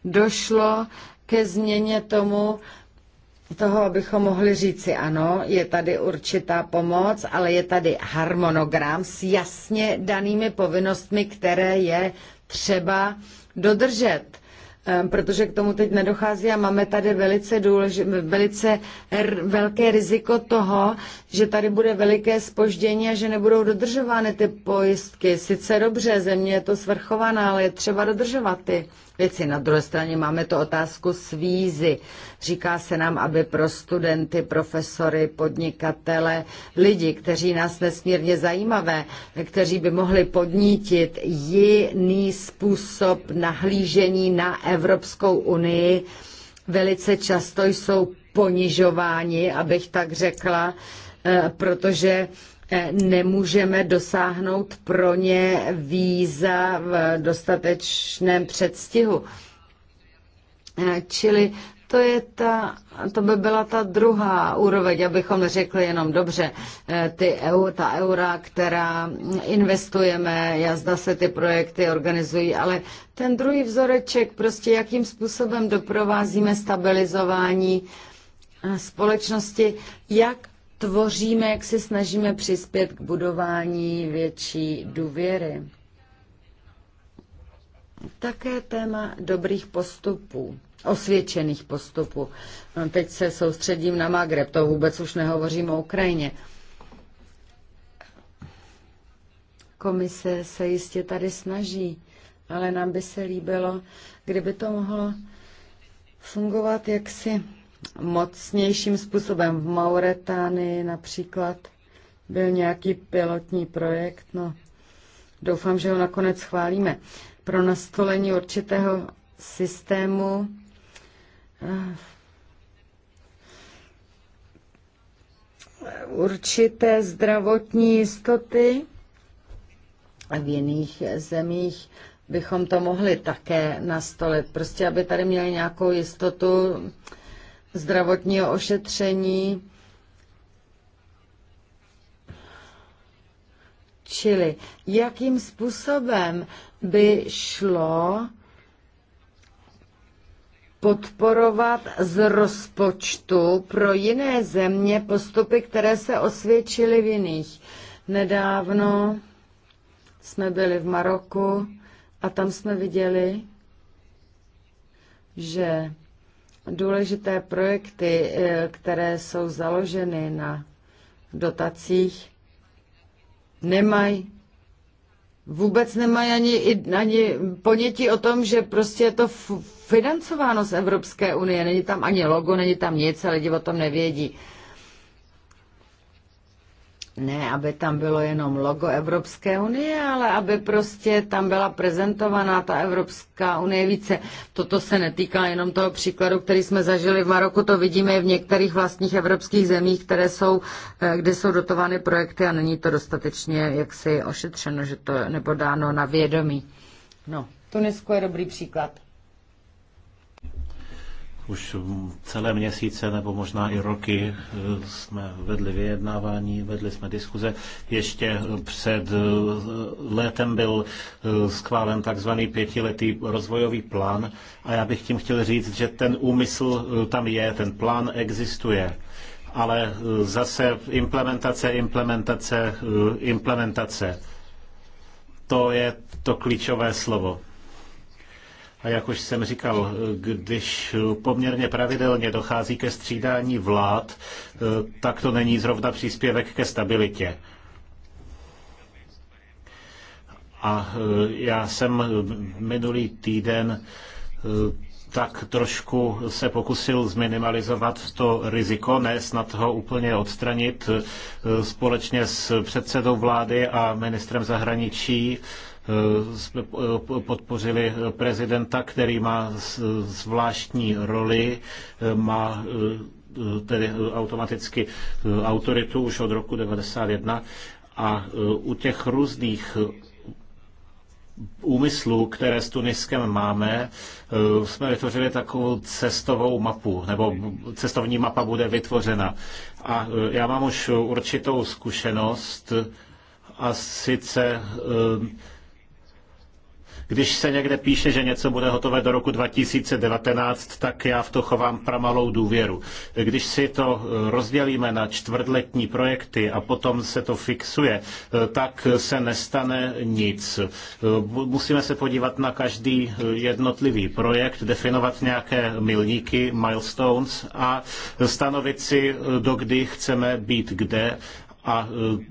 došlo ke změně tomu, toho, abychom mohli říci ano, je tady určitá pomoc, ale je tady harmonogram s jasně danými povinnostmi, které je třeba dodržet. Ehm, protože k tomu teď nedochází a máme tady velice, důleži, velice velké riziko toho, že tady bude veliké spoždění a že nebudou dodržovány ty pojistky. Sice dobře, země je to svrchovaná, ale je třeba dodržovat ty věci. Na druhé straně máme tu otázku s vízy. Říká se nám, aby pro studenty, profesory, podnikatele, lidi, kteří nás nesmírně zajímavé, kteří by mohli podnítit jiný způsob nahlížení na Evropskou unii, velice často jsou ponižováni, abych tak řekla, eh, protože nemůžeme dosáhnout pro ně víza v dostatečném předstihu. Eh, čili to, je ta, to by byla ta druhá úroveň, abychom řekli jenom dobře, eh, ty EU, ta eura, která investujeme, jazda se ty projekty organizují, ale ten druhý vzoreček, prostě jakým způsobem doprovázíme stabilizování eh, společnosti, jak tvoříme, jak se snažíme přispět k budování větší důvěry. Také téma dobrých postupů, osvědčených postupů. No, teď se soustředím na Magreb, to vůbec už nehovořím o Ukrajině. Komise se jistě tady snaží, ale nám by se líbilo, kdyby to mohlo fungovat jaksi mocnějším způsobem. V Mauretánii například byl nějaký pilotní projekt, no doufám, že ho nakonec chválíme, pro nastolení určitého systému eh, určité zdravotní jistoty. V jiných zemích bychom to mohli také nastolit. Prostě, aby tady měli nějakou jistotu, zdravotního ošetření, čili jakým způsobem by šlo podporovat z rozpočtu pro jiné země postupy, které se osvědčily v jiných. Nedávno jsme byli v Maroku a tam jsme viděli, že důležité projekty, eh, které jsou založeny na dotacích, nemají vůbec nemají ani, ani ponětí o tom, že prostě je to financováno z Evropské unie. Není tam ani logo, není tam nic, a lidi o tom nevědí ne, aby tam bylo jenom logo Evropské unie, ale aby prostě tam byla prezentovaná ta Evropská unie více. Toto se netýká jenom toho příkladu, který jsme zažili v Maroku, to vidíme i v některých vlastních evropských zemích, které jsou, eh, kde jsou dotovány projekty a není to dostatečně jaksi ošetřeno, že to nebo dáno na vědomí. No, Tunisko je dobrý příklad. Už celé měsíce nebo možná i roky eh, jsme vedli vyjednávání, vedli jsme diskuze. Ještě před eh, létem byl eh, schválen takzvaný pětiletý rozvojový plán a já bych tím chtěl říct, že ten úmysl tam je, ten plán existuje ale zase implementace, implementace, implementace. To je to klíčové slovo. A jak už jsem říkal, když poměrně pravidelně dochází ke střídání vlád, tak to není zrovna příspěvek ke stabilitě. A já jsem minulý týden tak trošku se pokusil zminimalizovat to riziko, ne snad ho úplně odstranit společně s předsedou vlády a ministrem zahraničí Eh, jsme eh, podpořili prezidenta, který má zvláštní roli, eh, má tedy automaticky autoritu už od roku 1991 a u těch různých úmyslů, které s Tuniskem máme, jsme vytvořili takovou cestovou mapu, nebo cestovní mapa bude vytvořena. A já mám už určitou zkušenost, a sice když se někde píše, že něco bude hotové do roku 2019, tak já v to chovám pramalou důvěru. Když si to eh, rozdělíme na čtvrtletní projekty a potom se to fixuje, eh, tak se nestane nic. Eh, musíme se podívat na každý jednotlivý projekt, definovat nějaké milníky, milestones a stanovit si, dokdy chceme být kde a e,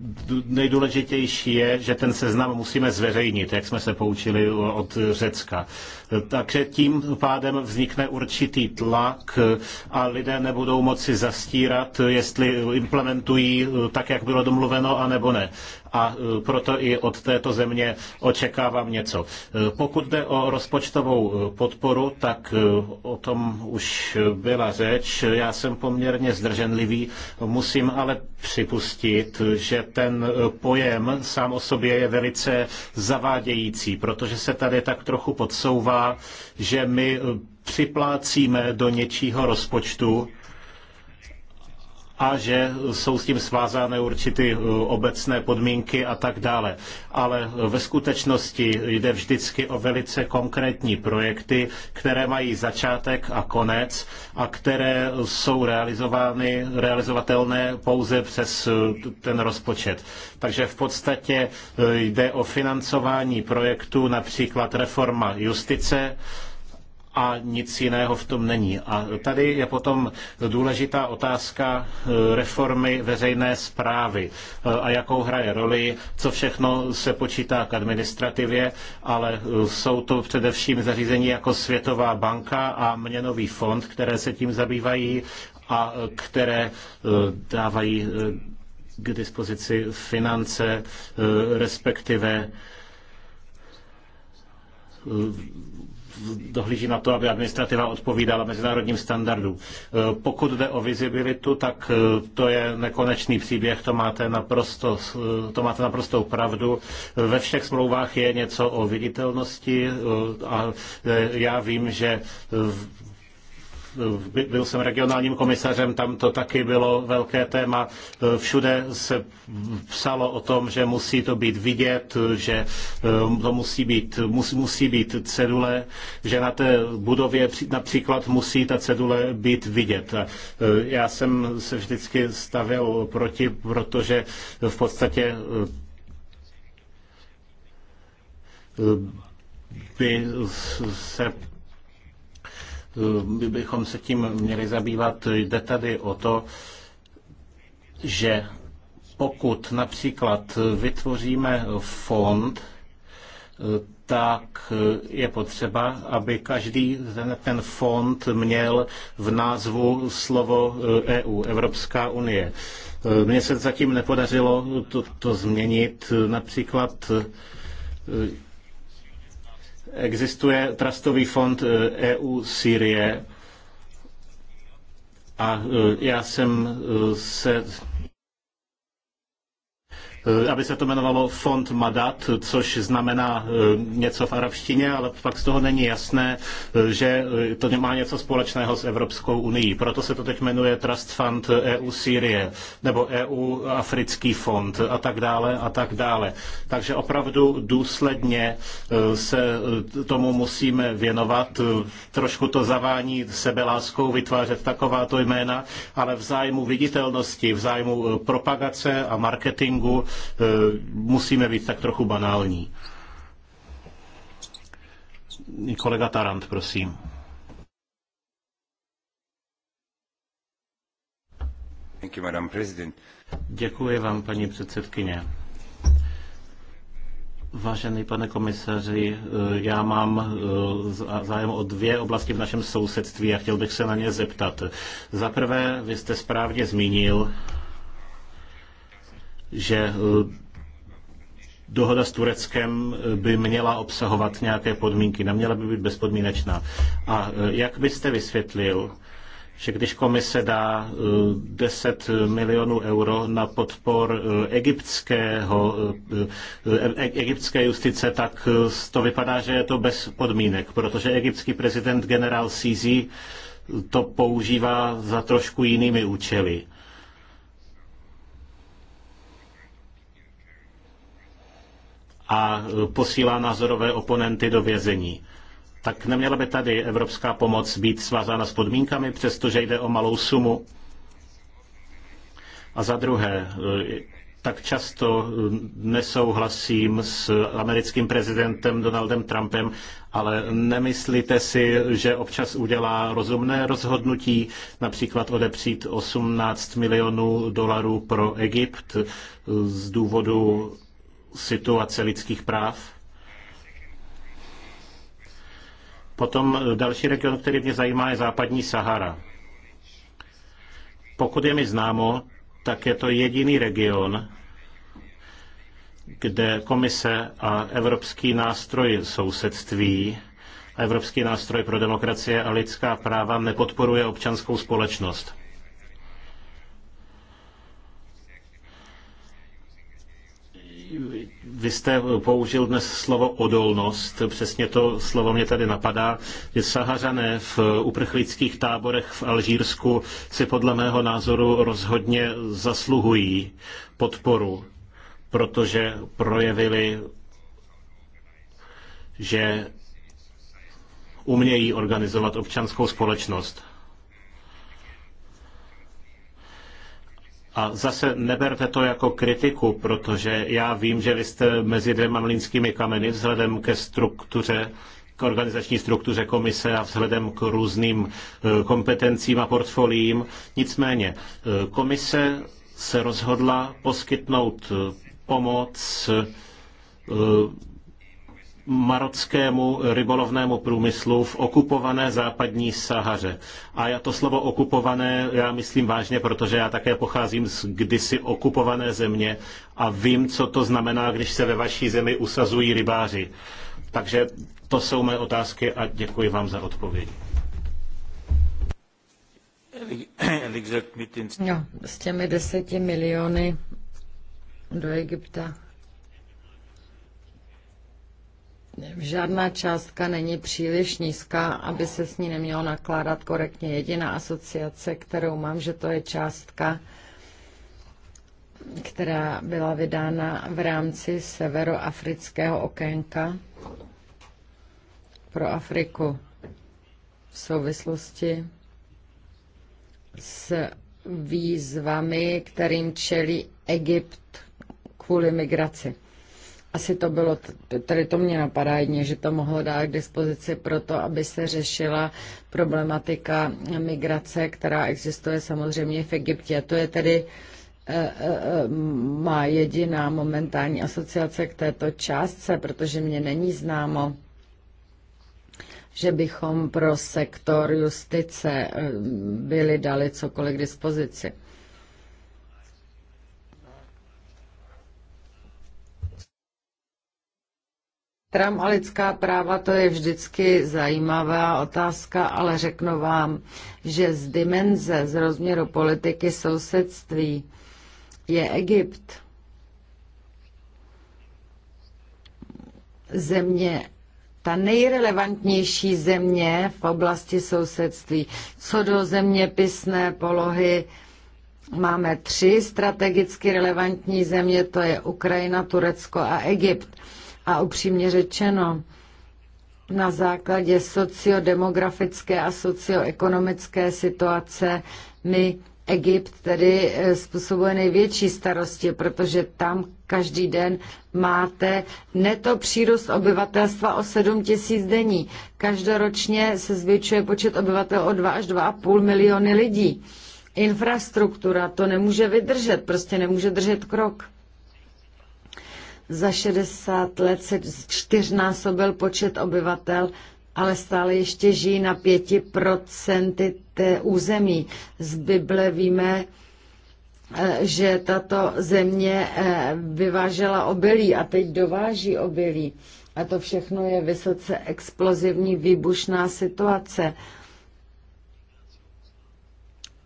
nejdůležitější je, že ten seznam musíme zveřejnit, jak jsme se poučili od Řecka. E, takže tím pádem vznikne určitý tlak a lidé nebudou moci zastírat, jestli implementují e, tak, jak bylo domluveno, anebo ne a e, proto i od této země očekávám něco. E, pokud jde o rozpočtovou e, podporu, tak o tom už byla řeč. Já jsem poměrně zdrženlivý, musím ale připustit, že ten pojem sám o sobě je velice zavádějící, protože se tady tak trochu podsouvá, že my připlácíme do něčího rozpočtu, a že jsou s tím svázány určité eh, obecné podmínky a tak dále. Ale ve skutečnosti jde vždycky o velice konkrétní projekty, které mají začátek a konec a které jsou realizovány, realizovatelné pouze přes eh, ten rozpočet. Takže v podstatě eh, jde o financování projektů, například reforma justice, a nic jiného v tom není. A tady je potom důležitá otázka eh, reformy veřejné zprávy eh, a jakou hraje roli, co všechno se počítá k administrativě, ale eh, jsou to především zařízení jako Světová banka a Měnový fond, které se tím zabývají a které dávají k dispozici finance, respektive dohlíží na to, aby administrativa odpovídala mezinárodním standardům. E, pokud jde o vizibilitu, tak e, to je nekonečný příběh, to máte naprosto, e, to máte naprostou pravdu. Ve všech smlouvách je něco o viditelnosti a já vím, že byl jsem regionálním komisařem, tam to taky bylo velké téma. Všude se psalo o tom, že musí to být vidět, že eh, to musí být, musí, musí být cedule, že na té budově například musí ta cedule být vidět. Eh, já jsem se vždycky stavěl proti, protože v podstatě eh, by se my bychom se tím měli zabývat. Jde tady o to, že pokud například vytvoříme fond, tak je potřeba, aby každý ten, ten fond měl v názvu slovo EU, Evropská unie. Mně se zatím nepodařilo to, to změnit. Například Existuje trustový fond EU eh, e Sýrie a eh, já jsem eh, se Eh, aby se to jmenovalo Fond Madat, což znamená eh, něco v arabštině, ale pak z toho není jasné, eh, že to má něco společného s Evropskou unii. Proto se to teď jmenuje Trust Fund EU Sýrie, nebo EU Africký fond a tak dále a tak dále. Takže opravdu důsledně se tomu musíme věnovat. Trošku to zavání sebeláskou vytvářet takováto jména, ale v zájmu viditelnosti, v zájmu propagace a marketingu Eh, musíme být tak trochu banální. Kolega Tarant, prosím. Děkuji vám, paní předsedkyně. Vážený pane komisaři, eh, já mám eh, zájem o dvě oblasti v našem sousedství a chtěl bych se na ně zeptat. Za prvé, vy jste správně zmínil, že eh, dohoda s Tureckem eh, by měla obsahovat nějaké podmínky, neměla by být bezpodmínečná. A eh, jak byste vysvětlil, že když komise dá 10 milionů euro na podpor egyptského, e, egyptské justice, tak to vypadá, že je to bez podmínek, protože egyptský prezident generál Sisi to používá za trošku jinými účely. a posílá názorové oponenty do vězení. Tak neměla by tady evropská pomoc být svázána s podmínkami, přestože jde o malou sumu? A za druhé, tak často nesouhlasím s americkým prezidentem Donaldem Trumpem, ale nemyslíte si, že občas udělá rozumné rozhodnutí, například odepřít 18 milionů dolarů pro Egypt z důvodu situace lidských práv. Potom další region, který mě zajímá, je západní Sahara. Pokud je mi známo, tak je to jediný region, kde komise a evropský nástroj sousedství a evropský nástroj pro demokracie a lidská práva nepodporuje občanskou společnost. Vy jste použil dnes slovo odolnost, přesně to slovo mě tady napadá. Sahařané v uprchlických táborech v Alžírsku si podle mého názoru rozhodně zasluhují podporu, protože projevili, že umějí organizovat občanskou společnost. A zase neberte to jako kritiku, protože já vím, že vy jste mezi dvěma mlínskými kameny vzhledem ke struktuře k organizační struktuře komise a vzhledem k různým eh, kompetencím a portfoliím. Nicméně, eh, komise se rozhodla poskytnout eh, pomoc marockému rybolovnému průmyslu v okupované západní Sahaře. A já to slovo okupované, já myslím vážně, protože já také pocházím z kdysi okupované země a vím, co to znamená, když se ve vaší zemi usazují rybáři. Takže to jsou mé otázky a děkuji vám za odpovědi. No, s těmi deseti miliony do Egypta žádná částka není příliš nízká, aby se s ní nemělo nakládat korektně. Jediná asociace, kterou mám, že to je částka, která byla vydána v rámci severoafrického okénka pro Afriku v souvislosti s výzvami, kterým čelí Egypt kvůli migraci. Asi to bylo, tady to mě napadá jedně, že to mohlo dát k dispozici to, aby se řešila problematika migrace, která existuje samozřejmě v Egyptě. to je tedy eh, eh, má jediná momentální asociace k této částce, protože mě není známo, že bychom pro sektor justice eh, byli dali cokoliv k dispozici. Tram a lidská práva to je vždycky zajímavá otázka, ale řeknu vám, že z dimenze, z rozměru politiky sousedství je Egypt země, ta nejrelevantnější země v oblasti sousedství. Co do zeměpisné polohy, máme tři strategicky relevantní země, to je Ukrajina, Turecko a Egypt. A upřímně řečeno, na základě sociodemografické a socioekonomické situace mi Egypt tedy eh, způsobuje největší starosti, protože tam každý den máte neto přírost obyvatelstva o 7 tisíc denní. Každoročně se zvětšuje počet obyvatel o 2 až 2,5 miliony lidí. Infrastruktura to nemůže vydržet, prostě nemůže držet krok. Za 60 let se čtyřnásobil počet obyvatel, ale stále ještě žijí na 5% té území. Z Bible víme, eh, že tato země eh, vyvážela obilí a teď dováží obilí. A to všechno je vysoce explozivní výbušná situace.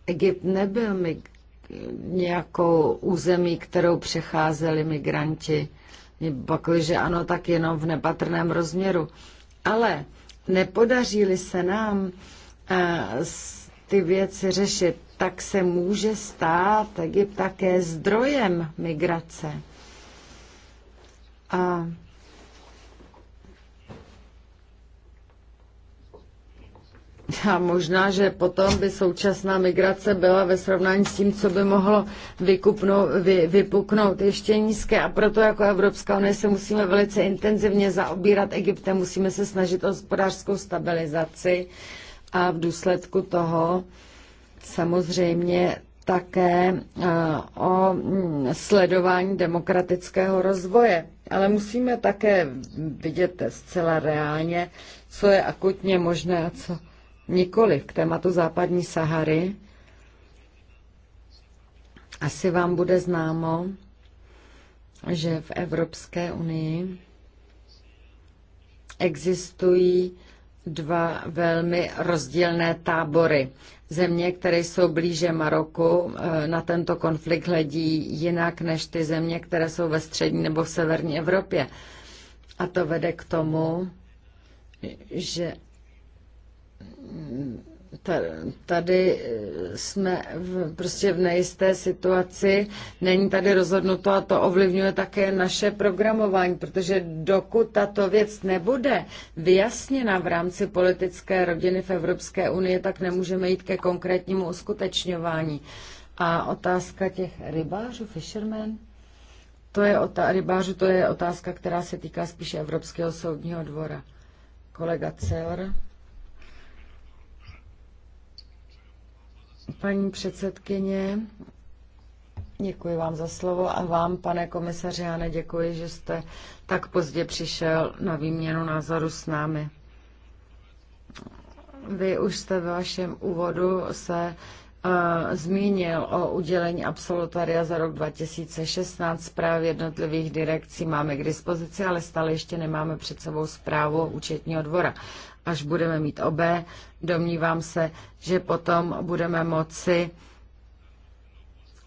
Egypt nebyl mi nějakou území, kterou přecházeli migranti pakliže ano, tak jenom v nepatrném rozměru. Ale nepodaří-li se nám eh, ty věci řešit, tak se může stát Egypt také zdrojem migrace. A A možná, že potom by současná migrace byla ve srovnání s tím, co by mohlo vykupnout, vy, vypuknout, ještě nízké. A proto jako Evropská unie se musíme velice intenzivně zaobírat Egyptem, musíme se snažit o hospodářskou stabilizaci a v důsledku toho samozřejmě také o mm, sledování demokratického rozvoje. Ale musíme také vidět zcela reálně, co je akutně možné a co nikoli k tématu západní Sahary. Asi vám bude známo, že v Evropské unii existují dva velmi rozdílné tábory. Země, které jsou blíže Maroku, eh, na tento konflikt hledí jinak než ty země, které jsou ve střední nebo v severní Evropě. A to vede k tomu, že tady eh, jsme v, prostě v nejisté situaci, není tady rozhodnuto a to ovlivňuje také naše programování, protože dokud tato věc nebude vyjasněna v rámci politické rodiny v Evropské unii, tak nemůžeme jít ke konkrétnímu uskutečňování. A otázka těch rybářů, fishermen, to je ota- rybářů, to je otázka, která se týká spíše Evropského soudního dvora. Kolega Celr. Paní předsedkyně, děkuji vám za slovo a vám, pane komisaři já děkuji, že jste tak pozdě přišel na výměnu názoru s námi. Vy už jste ve vašem úvodu se eh, zmínil o udělení absolutoria za rok 2016. Zprávy jednotlivých direkcí máme k dispozici, ale stále ještě nemáme před sebou zprávu účetního dvora. Až budeme mít obé, Domnívám se, že potom budeme moci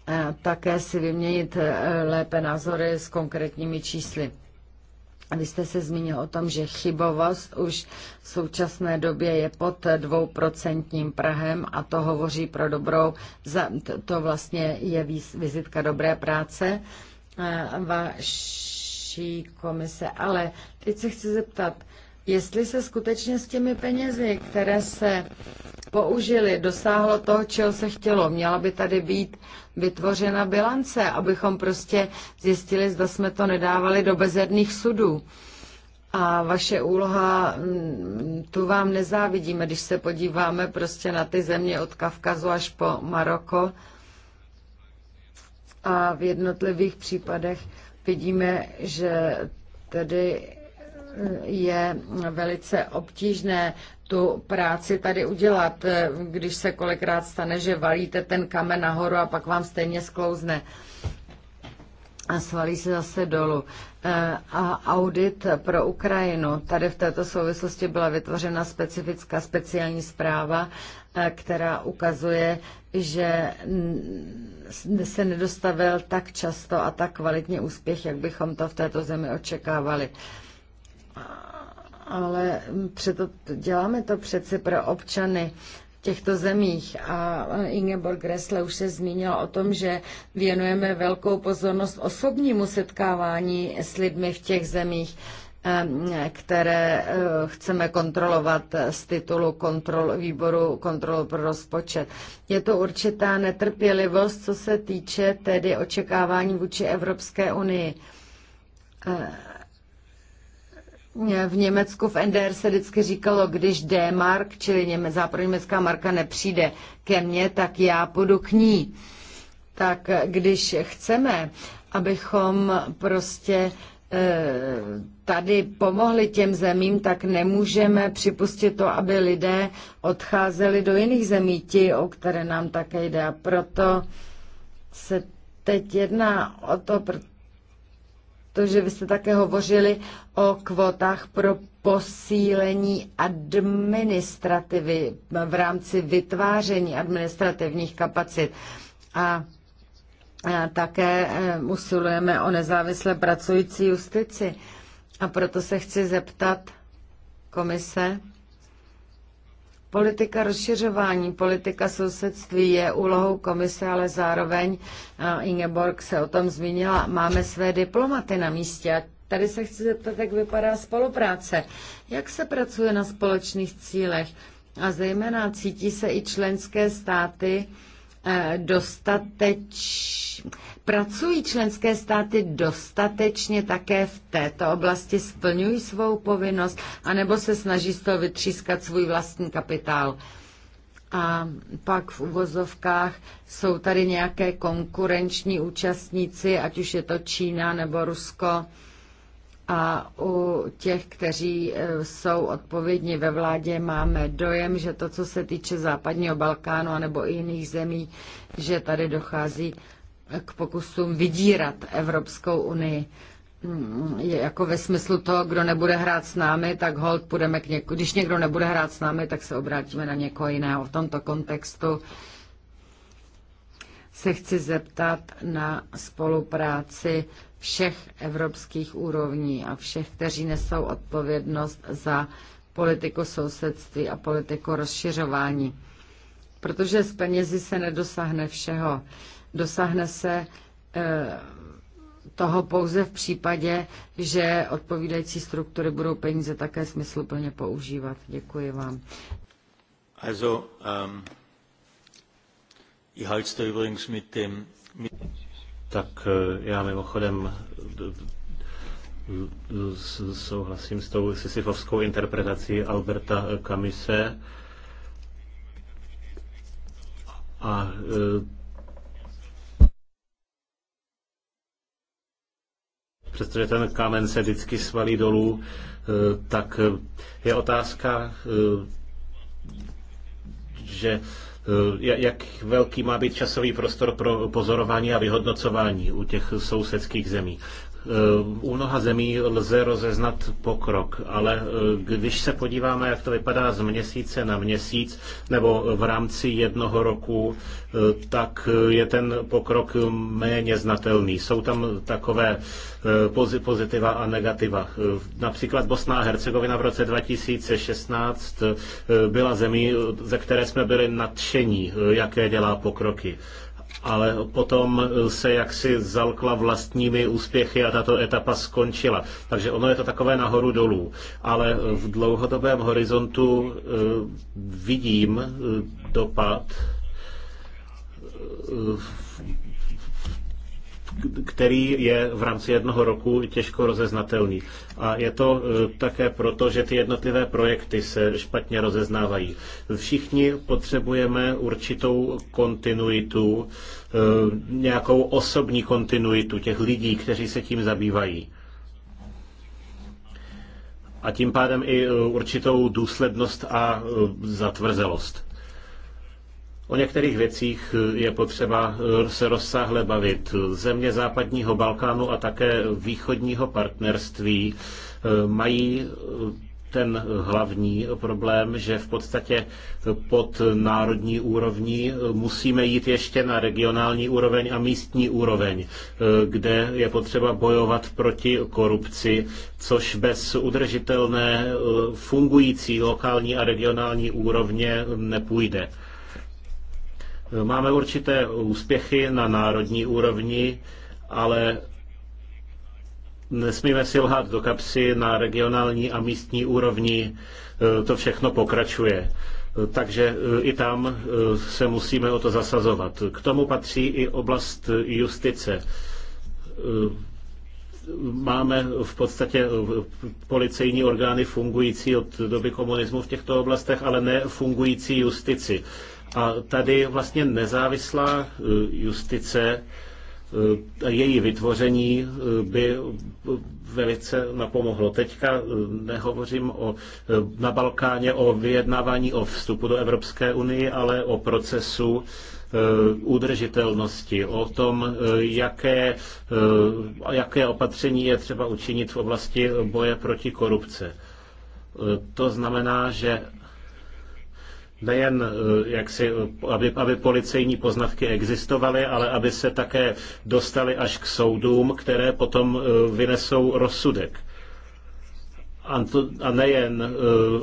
eh, také si vyměnit eh, lépe názory s konkrétními čísly. Vy jste se zmínil o tom, že chybovost už v současné době je pod dvouprocentním Prahem a to hovoří pro dobrou, to vlastně je vizitka dobré práce eh, vaší komise. Ale teď se chci zeptat, jestli se skutečně s těmi penězi, které se použili, dosáhlo toho, čeho se chtělo. Měla by tady být vytvořena bilance, abychom prostě zjistili, zda jsme to nedávali do bezerných sudů. A vaše úloha, mm, tu vám nezávidíme, když se podíváme prostě na ty země od Kavkazu až po Maroko. A v jednotlivých případech vidíme, že tedy je velice obtížné tu práci tady udělat, když se kolikrát stane, že valíte ten kamen nahoru a pak vám stejně sklouzne a svalí se zase dolů. E, a audit pro Ukrajinu. Tady v této souvislosti byla vytvořena specifická speciální zpráva, e, která ukazuje, že se nedostavil tak často a tak kvalitně úspěch, jak bychom to v této zemi očekávali ale přeto, děláme to přece pro občany těchto zemích. A Ingeborg Gressle už se zmínila o tom, že věnujeme velkou pozornost osobnímu setkávání s lidmi v těch zemích, které eh, chceme kontrolovat z titulu kontrol, výboru kontrol pro rozpočet. Je to určitá netrpělivost, co se týče tedy očekávání vůči Evropské unii. Eh, v Německu v NDR se vždycky říkalo, když D-mark, čili něme, západoněmecká marka nepřijde ke mně, tak já půjdu k ní. Tak když chceme, abychom prostě e, tady pomohli těm zemím, tak nemůžeme připustit to, aby lidé odcházeli do jiných zemí, ti, o které nám také jde. A proto se teď jedná o to, protože že vy jste také hovořili o kvotách pro posílení administrativy v rámci vytváření administrativních kapacit. A také e, usilujeme o nezávisle pracující justici. A proto se chci zeptat komise, Politika rozšiřování, politika sousedství je úlohou komise, ale zároveň Ingeborg se o tom zmínila, máme své diplomaty na místě a Tady se chci zeptat, jak vypadá spolupráce. Jak se pracuje na společných cílech? A zejména cítí se i členské státy eh, dostateč, Pracují členské státy dostatečně také v této oblasti, splňují svou povinnost, anebo se snaží z toho vytřískat svůj vlastní kapitál? A pak v uvozovkách jsou tady nějaké konkurenční účastníci, ať už je to Čína nebo Rusko. A u těch, kteří e, jsou odpovědní ve vládě, máme dojem, že to, co se týče západního Balkánu anebo i jiných zemí, že tady dochází k pokusům vydírat Evropskou unii. Hmm, je jako ve smyslu toho, kdo nebude hrát s námi, tak hold půjdeme k někomu. Když někdo nebude hrát s námi, tak se obrátíme na někoho jiného. V tomto kontextu se chci zeptat na spolupráci všech evropských úrovní a všech, kteří nesou odpovědnost za politiku sousedství a politiku rozšiřování. Protože z penězi se nedosáhne všeho. Dosáhne se eh, toho pouze v případě, že odpovídající struktury budou peníze také smysluplně používat. Děkuji vám. Also, um, ich halte übrigens mit dem, mit... Tak eh, já mimochodem souhlasím s tou sisyfovskou interpretací Alberta Kamise. Eh, A přestože ten kámen se vždycky svalí dolů, eh, tak eh, je otázka, eh, že jak velký má být časový prostor pro pozorování a vyhodnocování u těch sousedských zemí. Eh, u mnoha zemí lze rozeznat pokrok, ale eh, když se podíváme, jak to vypadá z měsíce na měsíc nebo v rámci jednoho roku, eh, tak je ten pokrok méně znatelný. Jsou tam takové pozitiva a negativa. Například Bosna a Hercegovina v roce 2016 byla zemí, ze které jsme byli nadšení, jaké dělá pokroky ale potom eh, se jaksi zalkla vlastními úspěchy a tato etapa skončila. Takže ono je to takové nahoru dolů. Ale eh, v dlouhodobém horizontu eh, vidím dopad který je v rámci jednoho roku těžko rozeznatelný. A je to e, také proto, že ty jednotlivé projekty se špatně rozeznávají. Všichni potřebujeme určitou kontinuitu, e, nějakou osobní kontinuitu těch lidí, kteří se tím zabývají a tím pádem i e, určitou důslednost a zatvrzelost. O některých věcích je potřeba eh, se rozsáhle bavit. Země západního Balkánu a také východního partnerství eh, mají eh, ten hlavní problém, že v podstatě pod národní úrovní musíme jít ještě na regionální úroveň a místní úroveň, kde je potřeba bojovat proti korupci, což bez udržitelné fungující lokální a regionální úrovně nepůjde. Máme určité úspěchy na národní úrovni, ale nesmíme si lhát do kapsy na regionální a místní úrovni. E, to všechno pokračuje. E, takže e, i tam se musíme o to zasazovat. K tomu patří i oblast justice máme v podstatě policejní orgány fungující od doby komunismu v těchto oblastech, ale ne fungující justici. A tady vlastně nezávislá e, justice e, její vytvoření e, by velice napomohlo. Teďka nehovořím o, na Balkáně o vyjednávání o vstupu do Evropské unie, ale o procesu udržitelnosti, o tom, jaké, jaké opatření je třeba učinit v oblasti boje proti korupce. To znamená, že nejen eh, jak si, eh, aby, aby policejní poznatky existovaly, ale aby se také dostaly až k soudům, které potom eh, vynesou rozsudek. A nejen,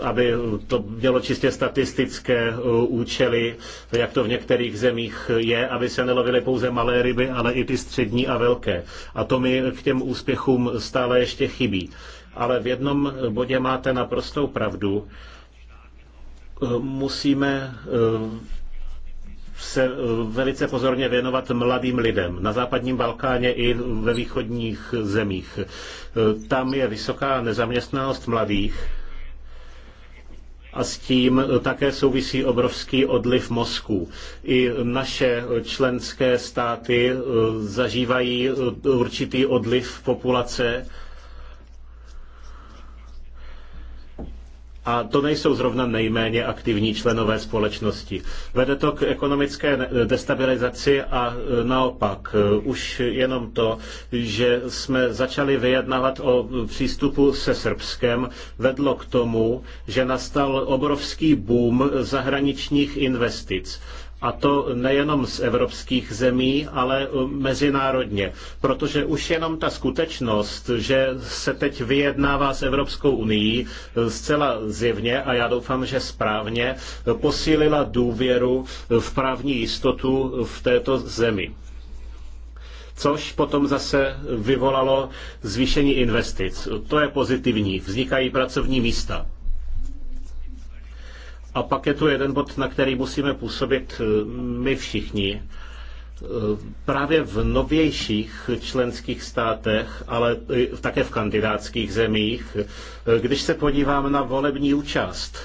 aby to mělo čistě statistické účely, jak to v některých zemích je, aby se nelovily pouze malé ryby, ale i ty střední a velké. A to mi k těm úspěchům stále ještě chybí. Ale v jednom bodě máte naprostou pravdu musíme eh, se eh, velice pozorně věnovat mladým lidem na západním Balkáně i ve východních zemích. Eh, tam je vysoká nezaměstnanost mladých a s tím také souvisí obrovský odliv mozků. I naše členské státy zažívají určitý odliv populace a to nejsou zrovna nejméně aktivní členové společnosti. Vede to k ekonomické destabilizaci a e, naopak e, už jenom to, že jsme začali vyjednávat o přístupu se Srbskem, vedlo k tomu, že nastal obrovský boom zahraničních investic a to nejenom z evropských zemí, ale e, mezinárodně. Protože už jenom ta skutečnost, že se teď vyjednává s Evropskou unii e, zcela zjevně, a já doufám, že správně, e, posílila důvěru v právní jistotu v této zemi což potom zase vyvolalo zvýšení investic. To je pozitivní, vznikají pracovní místa. A pak je tu jeden bod, na který musíme působit eh, my všichni. Eh, právě v novějších členských státech, ale také v kandidátských zemích, eh, když se podívám na volební účast,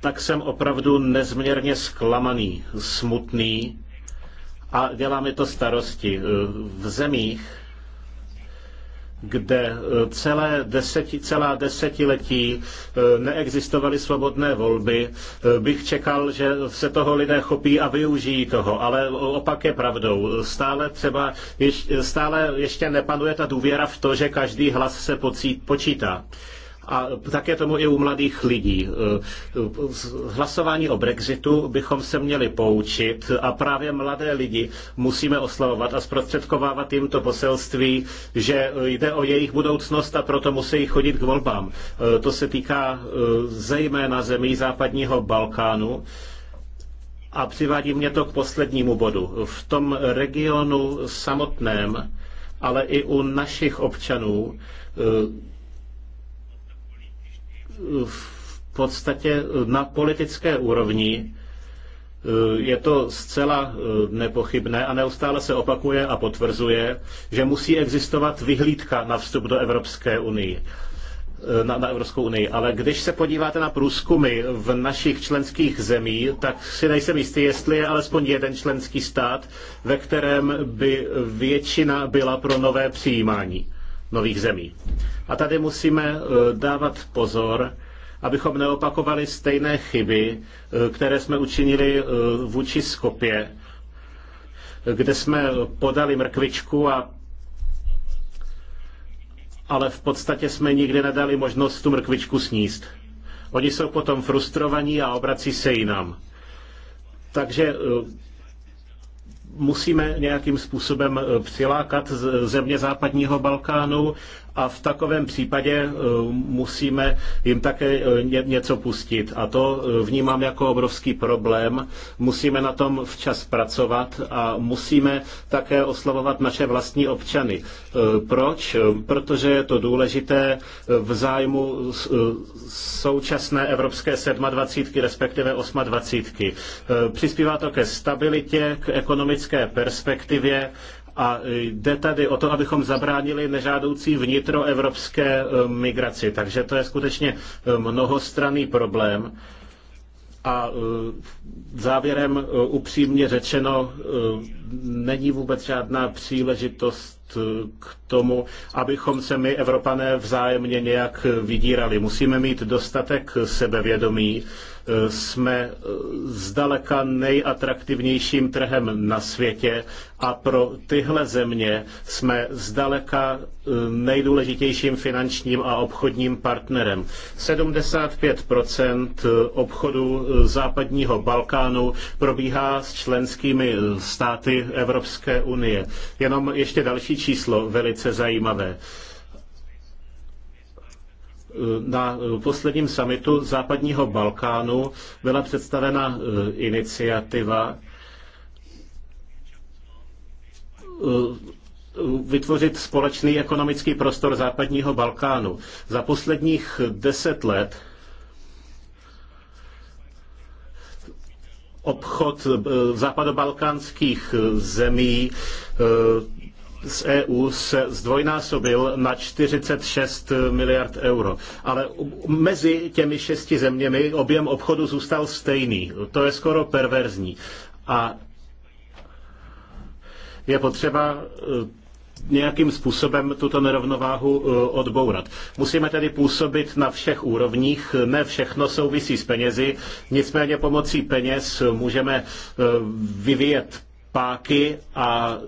tak jsem opravdu nezměrně zklamaný, smutný a dělá mi to starosti. V zemích, kde eh, celé deseti, celá desetiletí eh, neexistovaly svobodné volby, eh, bych čekal, že se toho lidé chopí a využijí toho, ale opak je pravdou. Stále třeba, ještě, stále ještě nepanuje ta důvěra v to, že každý hlas se počítá a také tomu i u mladých lidí. E, hlasování o Brexitu bychom se měli poučit a právě mladé lidi musíme oslavovat a zprostředkovávat jim to poselství, že jde o jejich budoucnost a proto musí chodit k volbám. E, to se týká e, zejména zemí západního Balkánu. A přivádí mě to k poslednímu bodu. V tom regionu samotném, ale i u našich občanů, v podstatě na politické úrovni e, je to zcela e, nepochybné a neustále se opakuje a potvrzuje, že musí existovat vyhlídka na vstup do Evropské unie. Na, na Evropskou unii. Ale když se podíváte na průzkumy v našich členských zemí, tak si nejsem jistý, jestli je alespoň jeden členský stát, ve kterém by většina byla pro nové přijímání nových zemí. A tady musíme e, dávat pozor, abychom neopakovali stejné chyby, e, které jsme učinili e, vůči Skopě, kde jsme podali mrkvičku a ale v podstatě jsme nikdy nedali možnost tu mrkvičku sníst. Oni jsou potom frustrovaní a obrací se jinam. Takže musíme nějakým způsobem eh, přilákat země západního Balkánu a v takovém případě eh, musíme jim také eh, něco pustit. A to vnímám jako obrovský problém. Musíme na tom včas pracovat a musíme také oslavovat naše vlastní občany. Proč? Protože je to důležité v zájmu současné evropské 27, respektive 28. Přispívá to ke stabilitě, k ekonomické historické perspektivě a jde tady o to, abychom zabránili nežádoucí vnitroevropské e, migraci. Takže to je skutečně e, mnohostranný problém. A e, závěrem upřímně řečeno, není vůbec žádná příležitost k tomu, abychom se my, Evropané, vzájemně nějak vydírali. Musíme mít dostatek sebevědomí jsme eh, zdaleka nejatraktivnějším trhem na světě a pro tyhle země jsme zdaleka eh, nejdůležitějším finančním a obchodním partnerem. 75 eh, obchodu západního Balkánu probíhá s členskými státy Evropské unie. Jenom ještě další číslo velice zajímavé. Eh, na eh, posledním samitu západního Balkánu byla představena eh, iniciativa vytvořit společný ekonomický prostor západního Balkánu. Za posledních deset let obchod západobalkánských zemí z EU se zdvojnásobil na 46 miliard euro. Ale mezi těmi šesti zeměmi objem obchodu zůstal stejný. To je skoro perverzní. A je potřeba eh, nějakým způsobem tuto nerovnováhu eh, odbourat. Musíme tedy působit na všech úrovních, ne všechno souvisí s penězi, nicméně pomocí peněz můžeme eh, vyvíjet páky a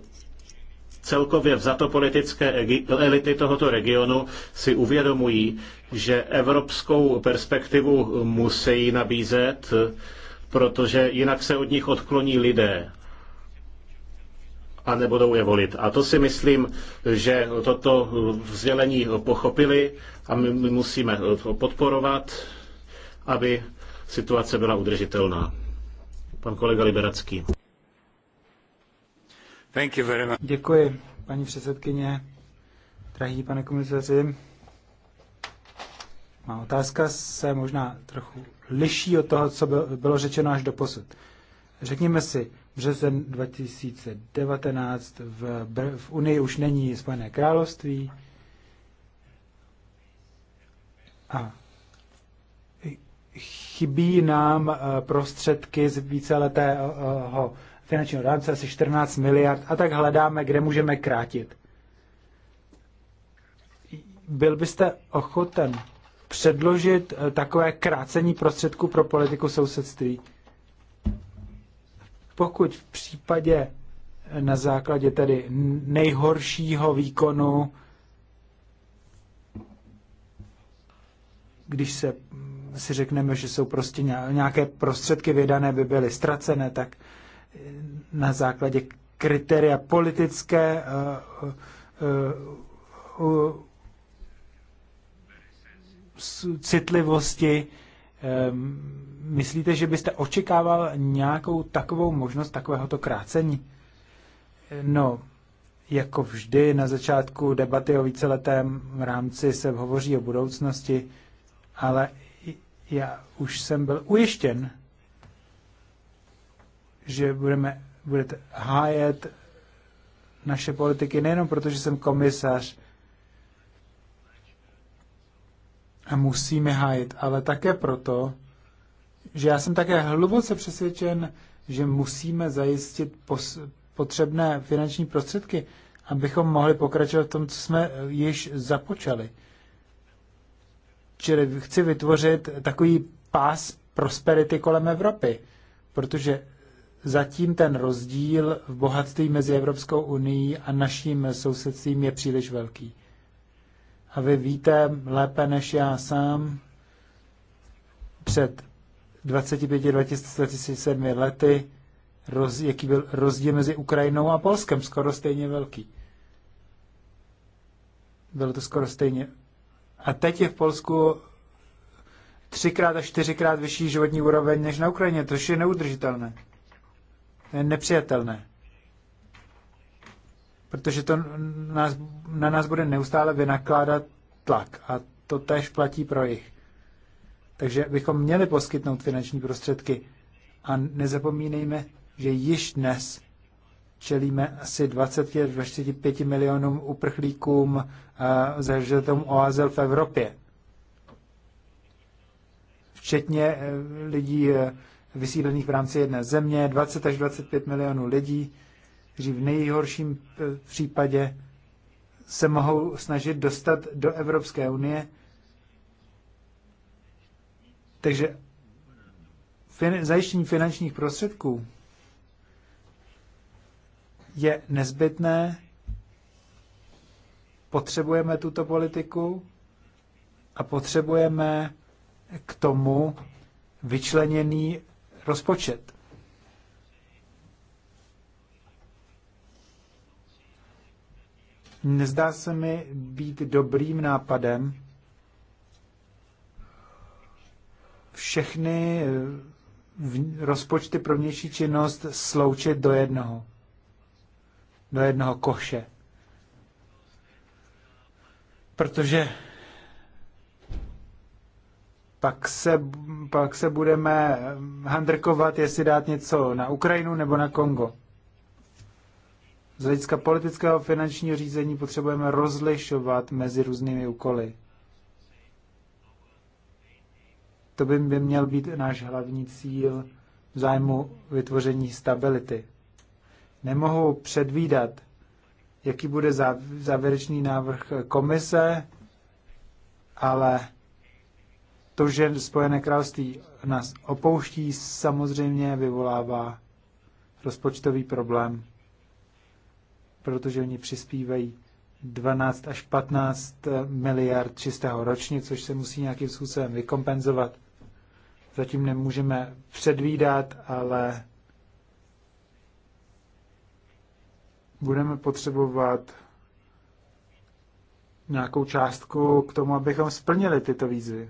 celkově vzato politické elity tohoto regionu si uvědomují, že evropskou perspektivu musí nabízet, protože jinak se od nich odkloní lidé a nebudou je volit. A to si myslím, že toto vzdělení pochopili a my, my musíme to podporovat, aby situace byla udržitelná. Pan kolega Liberacký. Děkuji, paní předsedkyně. Drahý pane komisaři, má otázka se možná trochu liší od toho, co bylo řečeno až do posud. Řekněme si, březen 2019 v, v Unii už není Spojené království. A chybí nám eh, prostředky z víceletého eh, finančního rámce asi 14 miliard a tak hledáme, kde můžeme krátit. Byl byste ochoten předložit eh, takové krácení prostředků pro politiku sousedství? Pokud v případě eh, na základě tedy nejhoršího výkonu, když se mm, si řekneme, že jsou prostě nějaké prostředky vydané by byly ztracené, tak na základě kritéria politické eh, eh, citlivosti. Ehm, myslíte, že byste očekával nějakou takovou možnost takovéhoto krácení? No, jako vždy na začátku debaty o víceletém rámci se hovoří o budoucnosti, ale já už jsem byl ujištěn, že budeme, budete hájet naše politiky nejenom proto, že jsem komisař a musíme hájit, ale také proto, že já jsem také hluboce přesvědčen, že musíme zajistit potřebné finanční prostředky, abychom mohli pokračovat v tom, co jsme eh, již započali. Čili chci vytvořit takový pás prosperity kolem Evropy, protože Zatím ten rozdíl v bohatství mezi Evropskou unii a naším sousedstvím je příliš velký. A vy víte lépe než já sám, před 25-27 lety, roz, jaký byl rozdíl mezi Ukrajinou a Polskem, skoro stejně velký. Bylo to skoro stejně. A teď je v Polsku třikrát a čtyřikrát vyšší životní úroveň než na Ukrajině, což je neudržitelné. Eh, nepřijatelné. Protože to nás, na nás bude neustále vynakládat tlak a to tež platí pro jich. Takže bychom měli poskytnout finanční prostředky a nezapomínejme, že již dnes čelíme asi 25 25 milionům uprchlíkům eh, zažitelům o azyl v Evropě. Včetně eh, lidí vysídlených v rámci jedné země, 20 až 25 milionů lidí, kteří v nejhorším eh, případě se mohou snažit dostat do Evropské unie. Takže fin- zajištění finančních prostředků je nezbytné, potřebujeme tuto politiku a potřebujeme k tomu vyčleněný rozpočet. Nezdá se mi být dobrým nápadem všechny eh, rozpočty pro vnější činnost sloučit do jednoho. Do jednoho koše. Protože pak se, pak se budeme handrkovat, jestli dát něco na Ukrajinu nebo na Kongo. Z hlediska politického a finančního řízení potřebujeme rozlišovat mezi různými úkoly. To by, by měl být náš hlavní cíl v zájmu vytvoření stability. Nemohu předvídat, jaký bude závěrečný návrh komise, ale to, že Spojené království nás opouští, samozřejmě vyvolává rozpočtový problém, protože oni přispívají 12 až 15 miliard čistého ročně, což se musí nějakým způsobem vykompenzovat. Zatím nemůžeme předvídat, ale budeme potřebovat nějakou částku k tomu, abychom splnili tyto výzvy.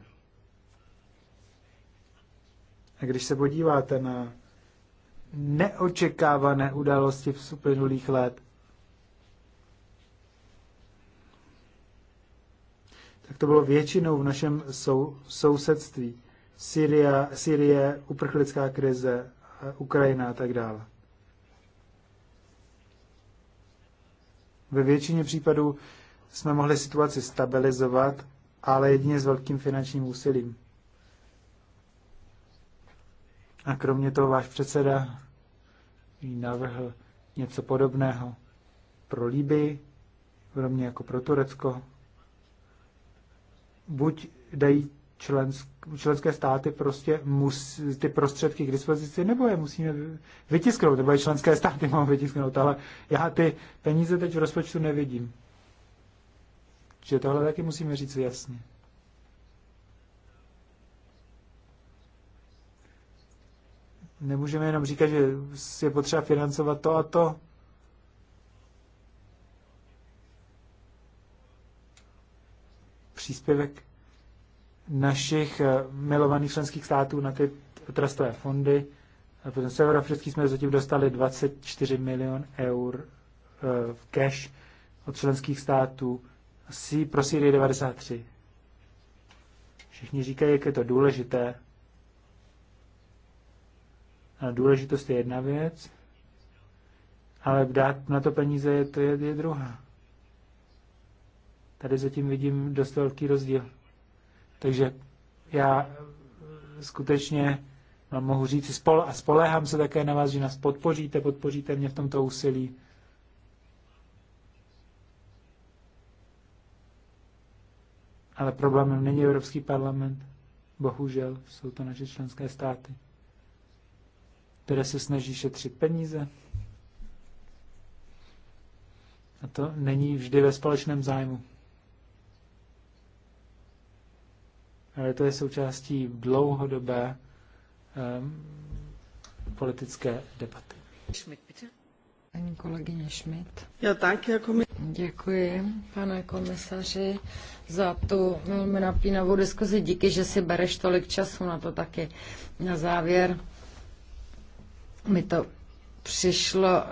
A když se podíváte na neočekávané události v uplynulých let, tak to bylo většinou v našem sou, sousedství. Syria, Syrie, uprchlická krize, Ukrajina a tak dále. Ve většině případů jsme mohli situaci stabilizovat, ale jedině s velkým finančním úsilím. A kromě toho váš předseda navrhl něco podobného pro líby, kromě jako pro Turecko. Buď dají členské státy prostě mus, ty prostředky k dispozici, nebo je musíme vytisknout, nebo je členské státy mám vytisknout, ale já ty peníze teď v rozpočtu nevidím. Že tohle taky musíme říct jasně. Nemůžeme jenom říkat, že je potřeba financovat to a to. Příspěvek našich eh, milovaných členských států na ty trustové fondy. A potom severoafrický jsme zatím dostali 24 milion eur eh, v cash od členských států. Asi pro Syrii 93. Všichni říkají, jak je to důležité důležitost je jedna věc, ale dát na to peníze je, to je, je druhá. Tady zatím vidím dost velký rozdíl. Takže já skutečně vám mohu říct spole, a spolehám se také na vás, že nás podpoříte, podpoříte mě v tomto úsilí. Ale problémem není Evropský parlament. Bohužel jsou to naše členské státy které se snaží šetřit peníze. A to není vždy ve společném zájmu. Ale to je součástí dlouhodobé um, politické debaty. Paní kolegyně Schmidt. Já tak, jako my... Děkuji, pane komisaři, za tu velmi napínavou diskuzi. Díky, že si bereš tolik času na to taky. Na závěr mi to přišlo,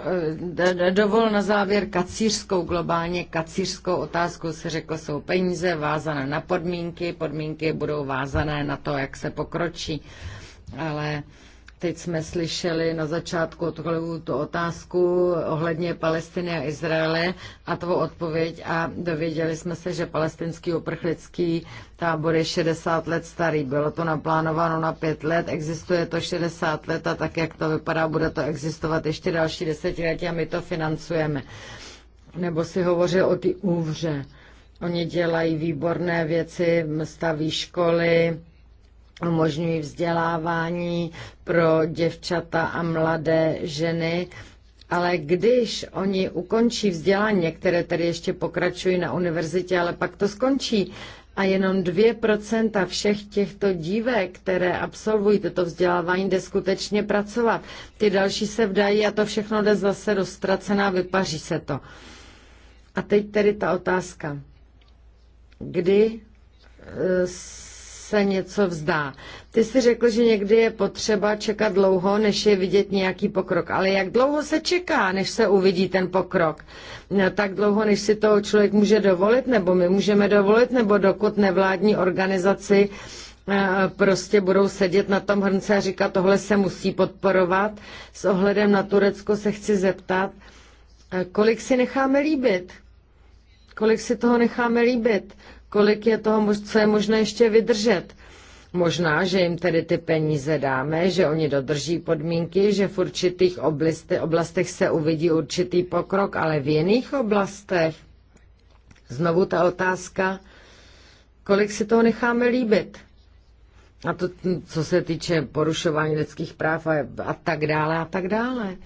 eh, dovol na závěr kacířskou, globálně kacířskou otázku se řeklo, jsou peníze vázané na podmínky, podmínky budou vázané na to, jak se pokročí. Ale Teď jsme slyšeli na začátku od kolegů tu otázku ohledně Palestiny a Izraele a tvo odpověď a dověděli jsme se, že palestinský uprchlický tábor je 60 let starý. Bylo to naplánováno na 5 let, existuje to 60 let a tak, jak to vypadá, bude to existovat ještě další desetiletí a my to financujeme. Nebo si hovořil o ty úvře. Oni dělají výborné věci, staví školy, umožňují vzdělávání pro děvčata a mladé ženy, ale když oni ukončí vzdělání, které tady ještě pokračují na univerzitě, ale pak to skončí, a jenom 2% všech těchto dívek, které absolvují toto vzdělávání, jde skutečně pracovat. Ty další se vdají a to všechno jde zase do vypaří se to. A teď tedy ta otázka. Kdy eh, se něco vzdá. Ty jsi řekl, že někdy je potřeba čekat dlouho, než je vidět nějaký pokrok. Ale jak dlouho se čeká, než se uvidí ten pokrok? No, tak dlouho, než si toho člověk může dovolit, nebo my můžeme dovolit, nebo dokud nevládní organizaci eh, prostě budou sedět na tom hrnce a říkat, tohle se musí podporovat. S ohledem na Turecko se chci zeptat, eh, kolik si necháme líbit? Kolik si toho necháme líbit? kolik je toho, co je možné ještě vydržet. Možná, že jim tedy ty peníze dáme, že oni dodrží podmínky, že v určitých oblastech, oblastech se uvidí určitý pokrok, ale v jiných oblastech. Znovu ta otázka, kolik si toho necháme líbit. A to, co se týče porušování lidských práv a, a tak dále, a tak dále.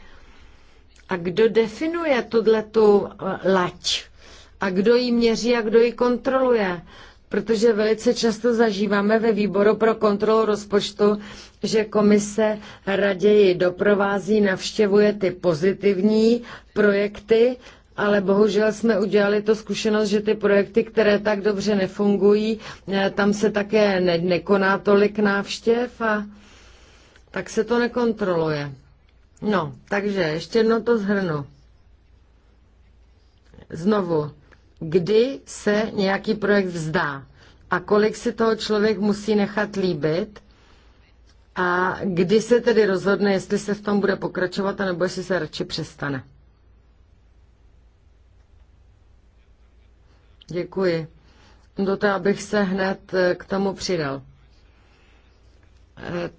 A kdo definuje tuhle tu lať? a kdo ji měří a kdo ji kontroluje. Protože velice často zažíváme ve výboru pro kontrolu rozpočtu, že komise raději doprovází, navštěvuje ty pozitivní projekty, ale bohužel jsme udělali to zkušenost, že ty projekty, které tak dobře nefungují, eh, tam se také ne- nekoná tolik návštěv a tak se to nekontroluje. No, takže ještě jedno to zhrnu. Znovu, kdy se nějaký projekt vzdá a kolik si toho člověk musí nechat líbit a kdy se tedy rozhodne, jestli se v tom bude pokračovat, nebo jestli se radši přestane. Děkuji. Do té, abych se hned eh, k tomu přidal. Eh,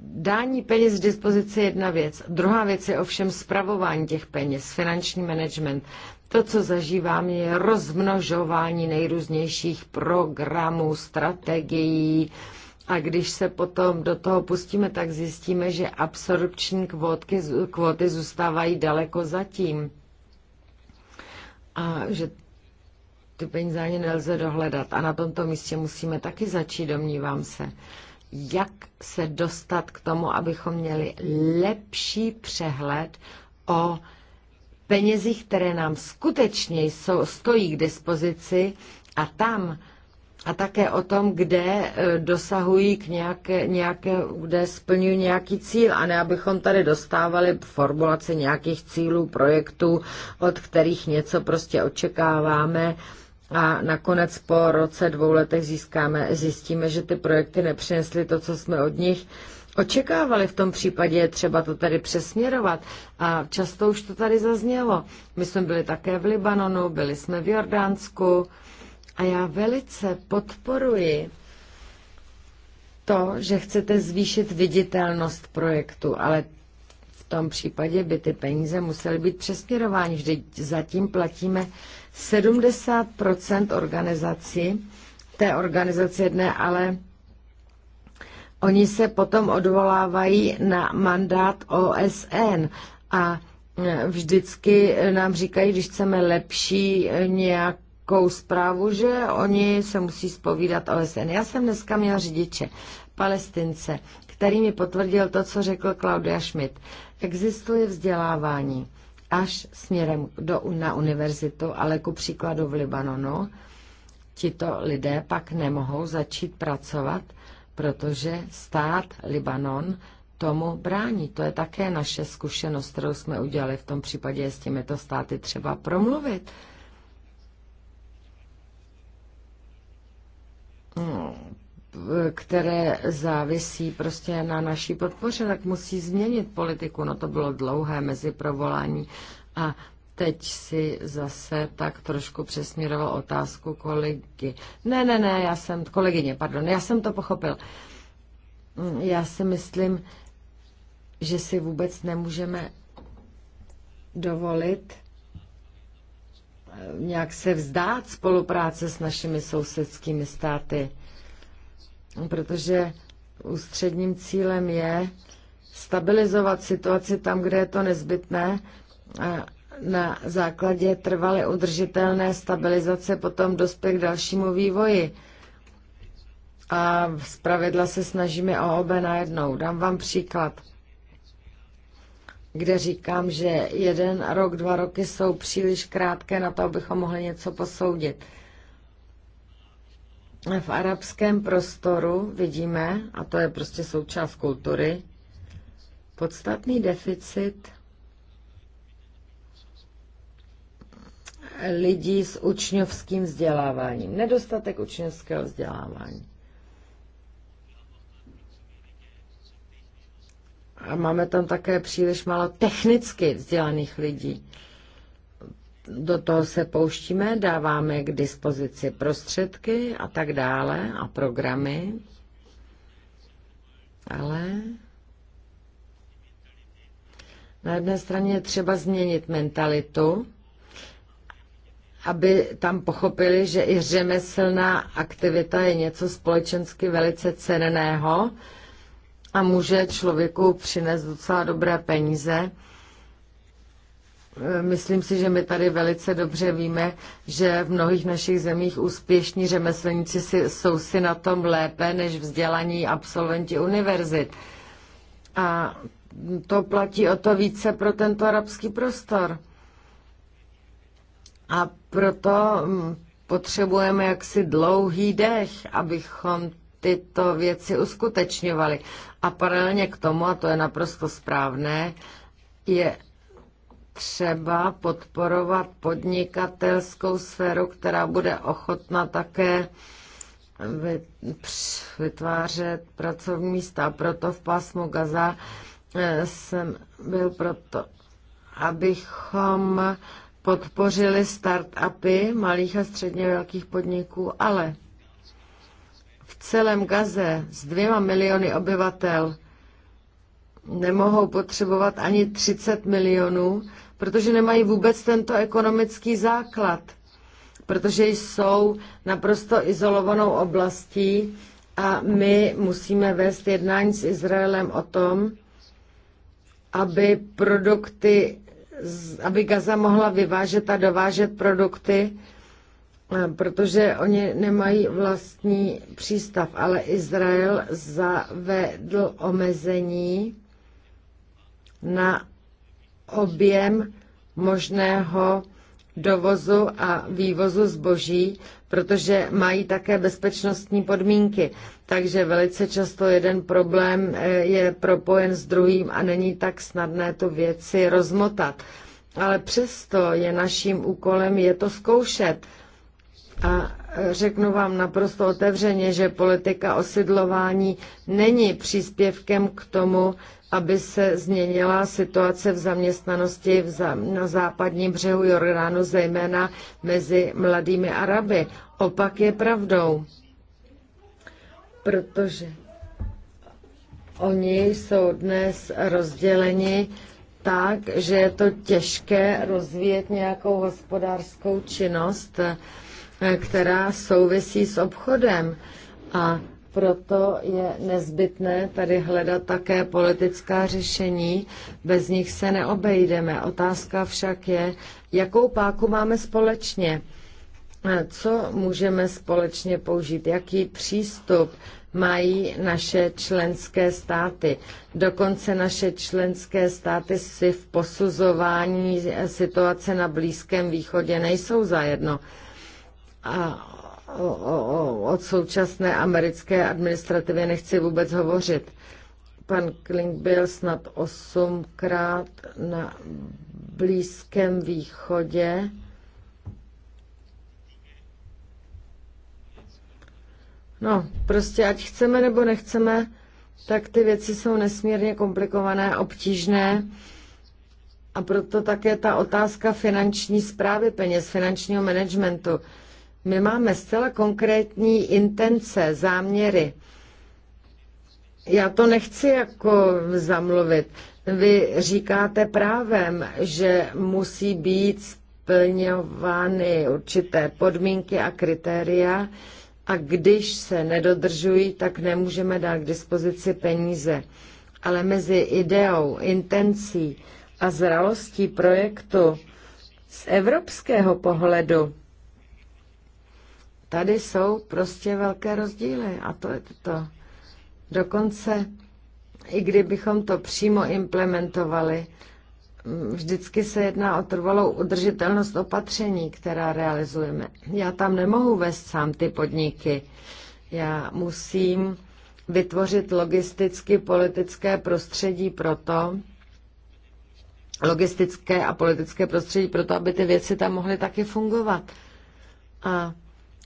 dání peněz v dispozici je jedna věc. Druhá věc je ovšem zpravování těch peněz, finanční management. To, co zažívám, je rozmnožování nejrůznějších programů, strategií, a když se potom do toho pustíme, tak zjistíme, že absorpční kvotky kvóty zůstávají daleko zatím. A že ty peníze ani nelze dohledat. A na tomto místě musíme taky začít, domnívám se. Jak se dostat k tomu, abychom měli lepší přehled o penězích, které nám skutečně jsou, stojí k dispozici a tam a také o tom, kde e, dosahují k nějaké, nějaké, kde splňují nějaký cíl, a ne abychom tady dostávali formulace nějakých cílů, projektů, od kterých něco prostě očekáváme a nakonec po roce, dvou letech získáme, zjistíme, že ty projekty nepřinesly to, co jsme od nich očekávali v tom případě, je třeba to tady přesměrovat. A často už to tady zaznělo. My jsme byli také v Libanonu, byli jsme v Jordánsku a já velice podporuji to, že chcete zvýšit viditelnost projektu, ale v tom případě by ty peníze musely být přesměrovány. Vždyť zatím platíme 70 organizaci, té organizace jedné, ale Oni se potom odvolávají na mandát OSN a e, vždycky nám říkají, když chceme lepší e, nějak zprávu, že oni se musí spovídat OSN. Já jsem dneska měl řidiče, palestince, který mi potvrdil to, co řekl Claudia Schmidt. Existuje vzdělávání až směrem do, na univerzitu, ale ku příkladu v Libanonu, tito lidé pak nemohou začít pracovat, protože stát Libanon tomu brání. To je také naše zkušenost, kterou jsme udělali v tom případě, je s těmito státy třeba promluvit. Hmm, které závisí prostě na naší podpoře, tak musí změnit politiku. No to bylo dlouhé mezi provolání a Teď si zase tak trošku přesměroval otázku kolegy. Ne, ne, ne, já jsem, kolegyně, pardon, já jsem to pochopil. Mm, já si myslím, že si vůbec nemůžeme dovolit eh, nějak se vzdát spolupráce s našimi sousedskými státy, protože ústředním cílem je stabilizovat situaci tam, kde je to nezbytné na základě trvale udržitelné stabilizace potom dospět k dalšímu vývoji. A z pravidla se snažíme o obě najednou. Dám vám příklad, kde říkám, že jeden rok, dva roky jsou příliš krátké na to, abychom mohli něco posoudit. V arabském prostoru vidíme, a to je prostě součást kultury, podstatný deficit lidí s učňovským vzděláváním. Nedostatek učňovského vzdělávání. A máme tam také příliš málo technicky vzdělaných lidí. Do toho se pouštíme, dáváme k dispozici prostředky a tak dále a programy. Ale na jedné straně je třeba změnit mentalitu, aby tam pochopili, že i řemeslná aktivita je něco společensky velice cenného a může člověku přinést docela dobré peníze. E, myslím si, že my tady velice dobře víme, že v mnohých našich zemích úspěšní řemeslníci si, jsou si na tom lépe než vzdělaní absolventi univerzit. A to platí o to více pro tento arabský prostor. A proto mm, potřebujeme jaksi dlouhý dech, abychom tyto věci uskutečňovali. A paralelně k tomu, a to je naprosto správné, je třeba podporovat podnikatelskou sféru, která bude ochotna také vytvářet pracovní místa. Proto v pásmu Gaza eh, jsem byl proto, abychom podpořili start-upy malých a středně velkých podniků, ale v celém Gaze s dvěma miliony obyvatel nemohou potřebovat ani 30 milionů, protože nemají vůbec tento ekonomický základ, protože jsou naprosto izolovanou oblastí a my musíme vést jednání s Izraelem o tom, aby produkty aby Gaza mohla vyvážet a dovážet produkty, eh, protože oni nemají vlastní přístav, ale Izrael zavedl omezení na objem možného dovozu a vývozu zboží, protože mají také bezpečnostní podmínky takže velice často jeden problém eh, je propojen s druhým a není tak snadné to věci rozmotat. Ale přesto je naším úkolem je to zkoušet. A eh, řeknu vám naprosto otevřeně, že politika osidlování není příspěvkem k tomu, aby se změnila situace v zaměstnanosti v za, na západním břehu Jordánu, zejména mezi mladými Araby. Opak je pravdou protože oni jsou dnes rozděleni tak, že je to těžké rozvíjet nějakou hospodářskou činnost, eh, která souvisí s obchodem. A proto je nezbytné tady hledat také politická řešení, bez nich se neobejdeme. Otázka však je, jakou páku máme společně co můžeme společně použít, jaký přístup mají naše členské státy. Dokonce naše členské státy si v posuzování situace na Blízkém východě nejsou zajedno. A o, o, od současné americké administrativě nechci vůbec hovořit. Pan Kling byl snad osmkrát na Blízkém východě No, prostě ať chceme nebo nechceme, tak ty věci jsou nesmírně komplikované, obtížné. A proto také ta otázka finanční zprávy peněz, finančního managementu. My máme zcela konkrétní intence, záměry. Já to nechci jako zamluvit. Vy říkáte právem, že musí být splňovány určité podmínky a kritéria, a když se nedodržují, tak nemůžeme dát k dispozici peníze. Ale mezi ideou, intencí a zralostí projektu z evropského pohledu, tady jsou prostě velké rozdíly a to je to. Dokonce, i kdybychom to přímo implementovali, vždycky se jedná o trvalou udržitelnost opatření, která realizujeme. Já tam nemohu vést sám ty podniky. Já musím vytvořit logisticky politické prostředí pro to, logistické a politické prostředí pro to, aby ty věci tam mohly taky fungovat. A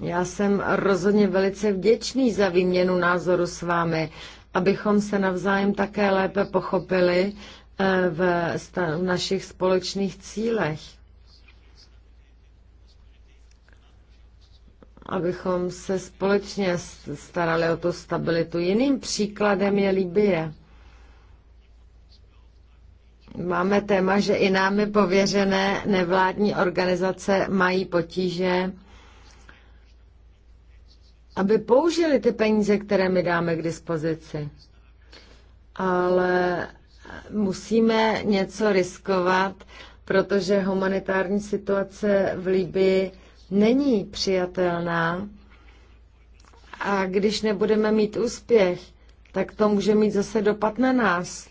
já jsem rozhodně velice vděčný za výměnu názoru s vámi, abychom se navzájem také lépe pochopili Eh, v, v našich společných cílech. Abychom se společně starali o tu stabilitu. Jiným příkladem je Libie. Máme téma, že i námi pověřené nevládní organizace mají potíže, aby použili ty peníze, které my dáme k dispozici. Ale musíme něco riskovat, protože humanitární situace v Libii není přijatelná. A když nebudeme mít úspěch, tak to může mít zase dopad na nás.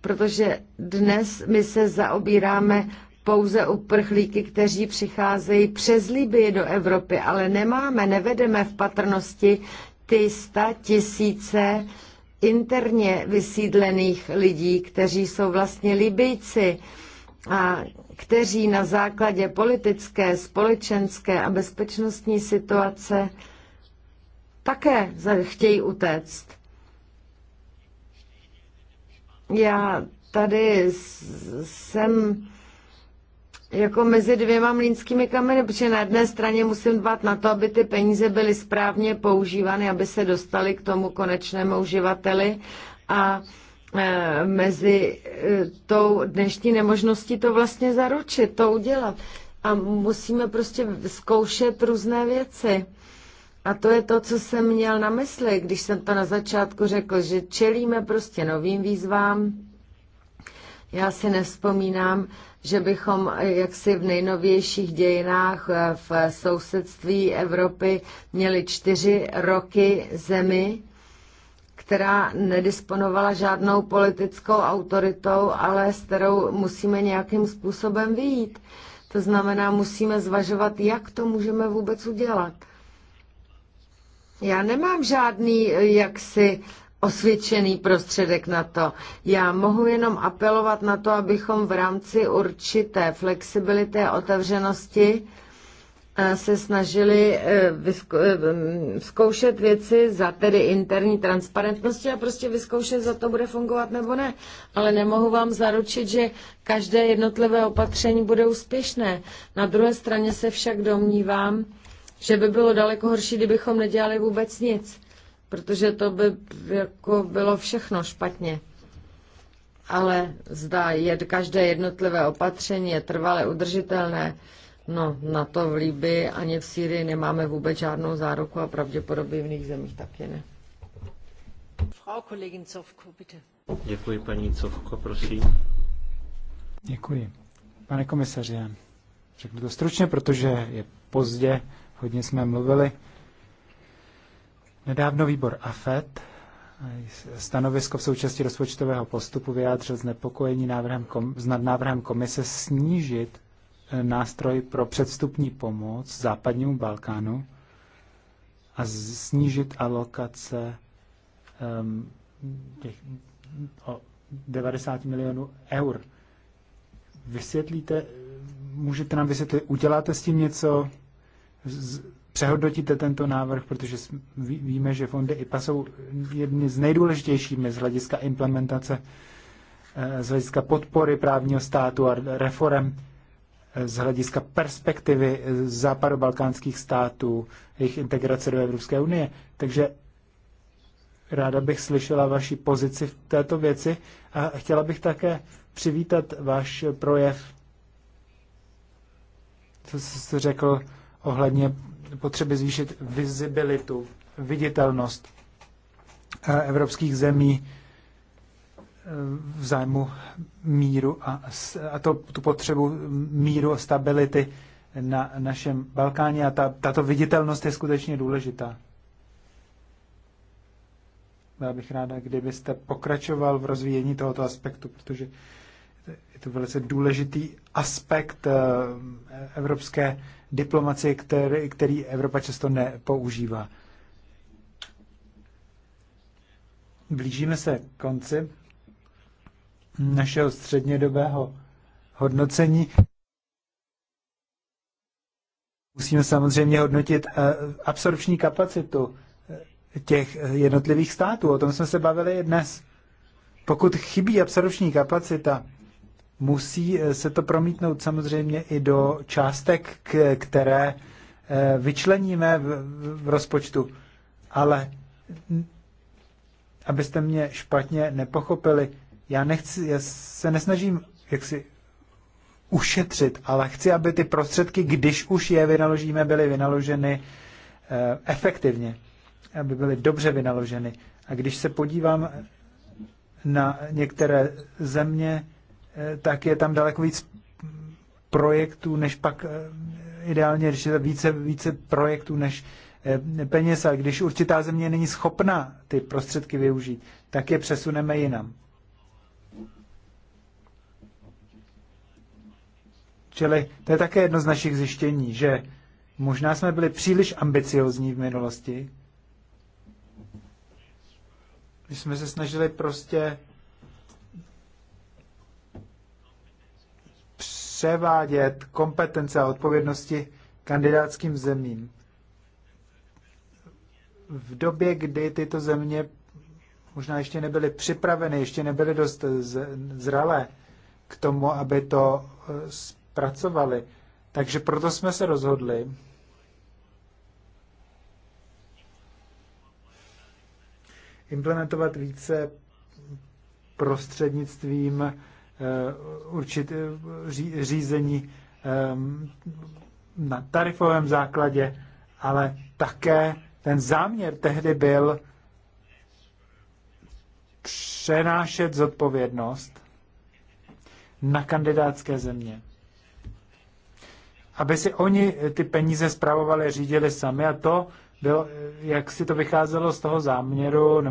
Protože dnes my se zaobíráme pouze uprchlíky, kteří přicházejí přes Libii do Evropy, ale nemáme, nevedeme v patrnosti ty sta tisíce interně vysídlených lidí, kteří jsou vlastně Libijci a kteří na základě politické, společenské a bezpečnostní situace také chtějí utéct. Já tady jsem jako mezi dvěma mlínskými kameny, protože na jedné straně musím dbát na to, aby ty peníze byly správně používány, aby se dostaly k tomu konečnému uživateli a e, mezi e, tou dnešní nemožností to vlastně zaručit, to udělat. A musíme prostě zkoušet různé věci. A to je to, co jsem měl na mysli, když jsem to na začátku řekl, že čelíme prostě novým výzvám, já si nevzpomínám, že bychom eh, jaksi v nejnovějších dějinách eh, v sousedství Evropy měli čtyři roky zemi, která nedisponovala žádnou politickou autoritou, ale s kterou musíme nějakým způsobem vyjít. To znamená, musíme zvažovat, jak to můžeme vůbec udělat. Já nemám žádný eh, jaksi osvědčený prostředek na to. Já mohu jenom apelovat na to, abychom v rámci určité flexibility a otevřenosti eh, se snažili eh, eh, mm, zkoušet věci za tedy interní transparentnosti a prostě vyzkoušet, za to bude fungovat nebo ne. Ale nemohu vám zaručit, že každé jednotlivé opatření bude úspěšné. Na druhé straně se však domnívám, že by bylo daleko horší, kdybychom nedělali vůbec nic protože to by jako bylo všechno špatně. Ale zdá, je každé jednotlivé opatření je trvale udržitelné. No, na to v Líbii ani v Sýrii nemáme vůbec žádnou záruku a pravděpodobně v jiných zemích taky ne. Frau Kollegin Zovko, bitte. Děkuji, paní Covko, prosím. Děkuji. Pane komisaři, řeknu to stručně, protože je pozdě, hodně jsme mluvili. Nedávno výbor AFET stanovisko v součásti rozpočtového postupu vyjádřil znepokojení návrhem kom, nad návrhem komise snížit eh, nástroj pro předstupní pomoc západnímu Balkánu a snížit alokace um, těch, o 90 milionů eur. Vysvětlíte, můžete nám vysvětlit, uděláte s tím něco, z, přehodnotíte tento návrh, protože víme, že fondy IPA jsou jedny z nejdůležitějšími z hlediska implementace, eh, z hlediska podpory právního státu a reform, eh, z hlediska perspektivy eh, západobalkánských států, jejich integrace do Evropské unie. Takže ráda bych slyšela vaši pozici v této věci a chtěla bych také přivítat váš projev, co jste řekl ohledně potřeby zvýšit vizibilitu, viditelnost eh, evropských zemí eh, v zájmu míru a, a to, tu potřebu míru a stability na našem Balkáně a ta, tato viditelnost je skutečně důležitá. Byla bych ráda, kdybyste pokračoval v rozvíjení tohoto aspektu, protože je to velice důležitý aspekt eh, evropské diplomacie, který, který Evropa často nepoužívá. Blížíme se konci našeho střednědobého hodnocení. Musíme samozřejmě hodnotit eh, absorpční kapacitu eh, těch jednotlivých států. O tom jsme se bavili dnes. Pokud chybí absorpční kapacita, musí eh, se to promítnout samozřejmě i do částek, které eh, vyčleníme v rozpočtu. Ale abyste mě špatně nepochopili, já, nechci, já se nesnažím jaksi ušetřit, ale chci, aby ty prostředky, když už je vynaložíme, byly vynaloženy eh, efektivně, aby byly dobře vynaloženy. A když se podívám na některé země, Eh, tak je tam daleko víc projektů, než pak eh, ideálně je více, více projektů, než eh, peněz. A když určitá země není schopna ty prostředky využít, tak je přesuneme jinam. Čili to je také jedno z našich zjištění, že možná jsme byli příliš ambiciozní v minulosti. My jsme se snažili prostě převádět kompetence a odpovědnosti kandidátským zemím. V době, kdy tyto země možná ještě nebyly připraveny, ještě nebyly dost zralé k tomu, aby to eh, zpracovali. Takže proto jsme se rozhodli, implementovat více prostřednictvím Eh, určit eh, řízení ehm, na tarifovém základě, ale také ten záměr tehdy byl přenášet zodpovědnost na kandidátské země. Aby si oni ty peníze zpravovali, řídili sami a to bylo, eh, jak si to vycházelo z toho záměru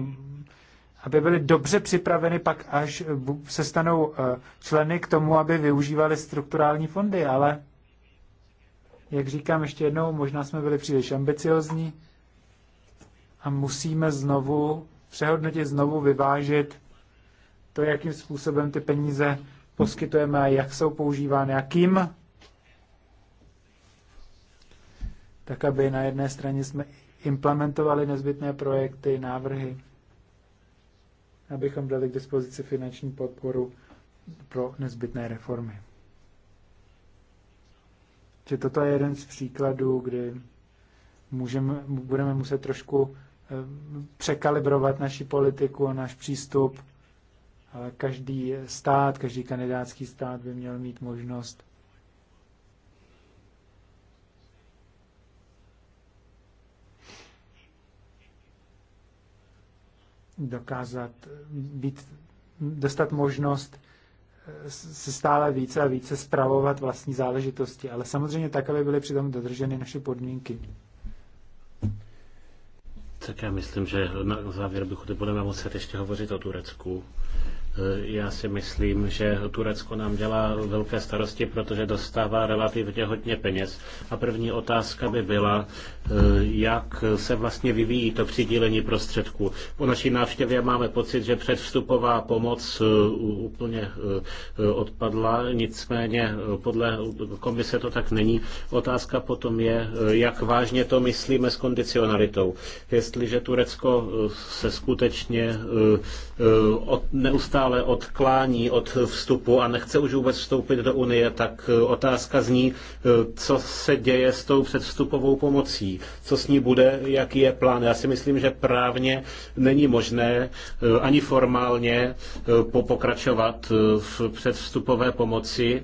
aby byly dobře připraveny pak, až se stanou eh, členy k tomu, aby využívali strukturální fondy, ale jak říkám ještě jednou, možná jsme byli příliš ambiciozní a musíme znovu přehodnotit, znovu vyvážit to, jakým způsobem ty peníze poskytujeme a jak jsou používány a kým. Tak, aby na jedné straně jsme implementovali nezbytné projekty, návrhy, abychom dali k dispozici finanční podporu pro nezbytné reformy. Že toto je jeden z příkladů, kdy můžeme, budeme muset trošku eh, překalibrovat naši politiku a náš přístup. Ale každý stát, každý kandidátský stát by měl mít možnost dokázat být, dostat možnost eh, se stále více a více spravovat vlastní záležitosti, ale samozřejmě tak, aby byly přitom dodrženy naše podmínky. Tak já myslím, že na závěr bychom budeme muset ještě hovořit o Turecku, Eh, já si myslím, že Turecko nám dělá velké starosti, protože dostává relativně hodně peněz. A první otázka by byla, eh, jak se vlastně vyvíjí to přidílení prostředků. Po naší návštěvě máme pocit, že předvstupová pomoc eh, úplně odpadla, nicméně podle komise to tak není. Otázka potom je, jak vážně to myslíme s kondicionalitou. Jestliže Turecko se skutečně neustále neustále odklání od vstupu a nechce už vůbec vstoupit do Unie, tak eh, otázka zní, eh, co se děje s tou předvstupovou pomocí, co s ní bude, jaký je plán. Já si myslím, že právně není možné eh, ani formálně pokračovat v předvstupové pomoci.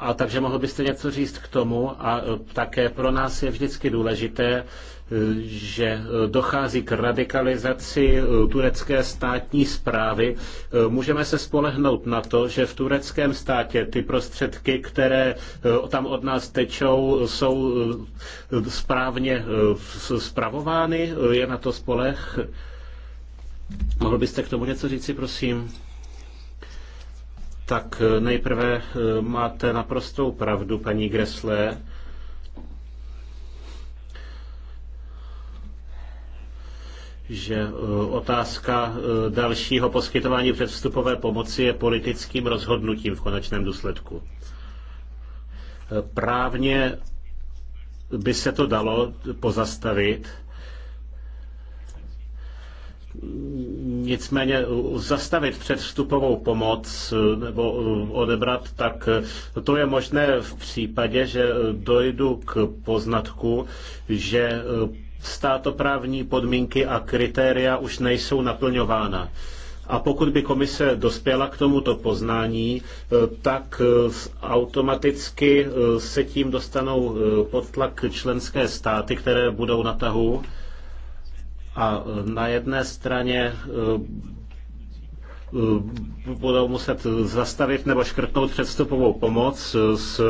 A takže mohl byste něco říct k tomu a také pro nás je vždycky důležité, že dochází k radikalizaci eh, turecké státní zprávy. Eh, můžeme se spolehnout na to, že v tureckém státě ty prostředky, které eh, tam od nás tečou, jsou správně spravovány? Je na to spoleh? Mohl byste k tomu něco říci, prosím? Tak nejprve máte naprostou pravdu, paní Greslé že e, otázka e, dalšího poskytování předvstupové pomoci je politickým rozhodnutím v konečném důsledku. E, právně by se to dalo pozastavit, Nicméně zastavit předvstupovou pomoc nebo odebrat, tak to je možné v případě, že dojdu k poznatku, že státoprávní podmínky a kritéria už nejsou naplňována. A pokud by komise dospěla k tomuto poznání, eh, tak eh, automaticky eh, se tím dostanou pod tlak členské státy, které budou na tahu. A na jedné straně budou muset zastavit nebo škrtnout předstupovou pomoc s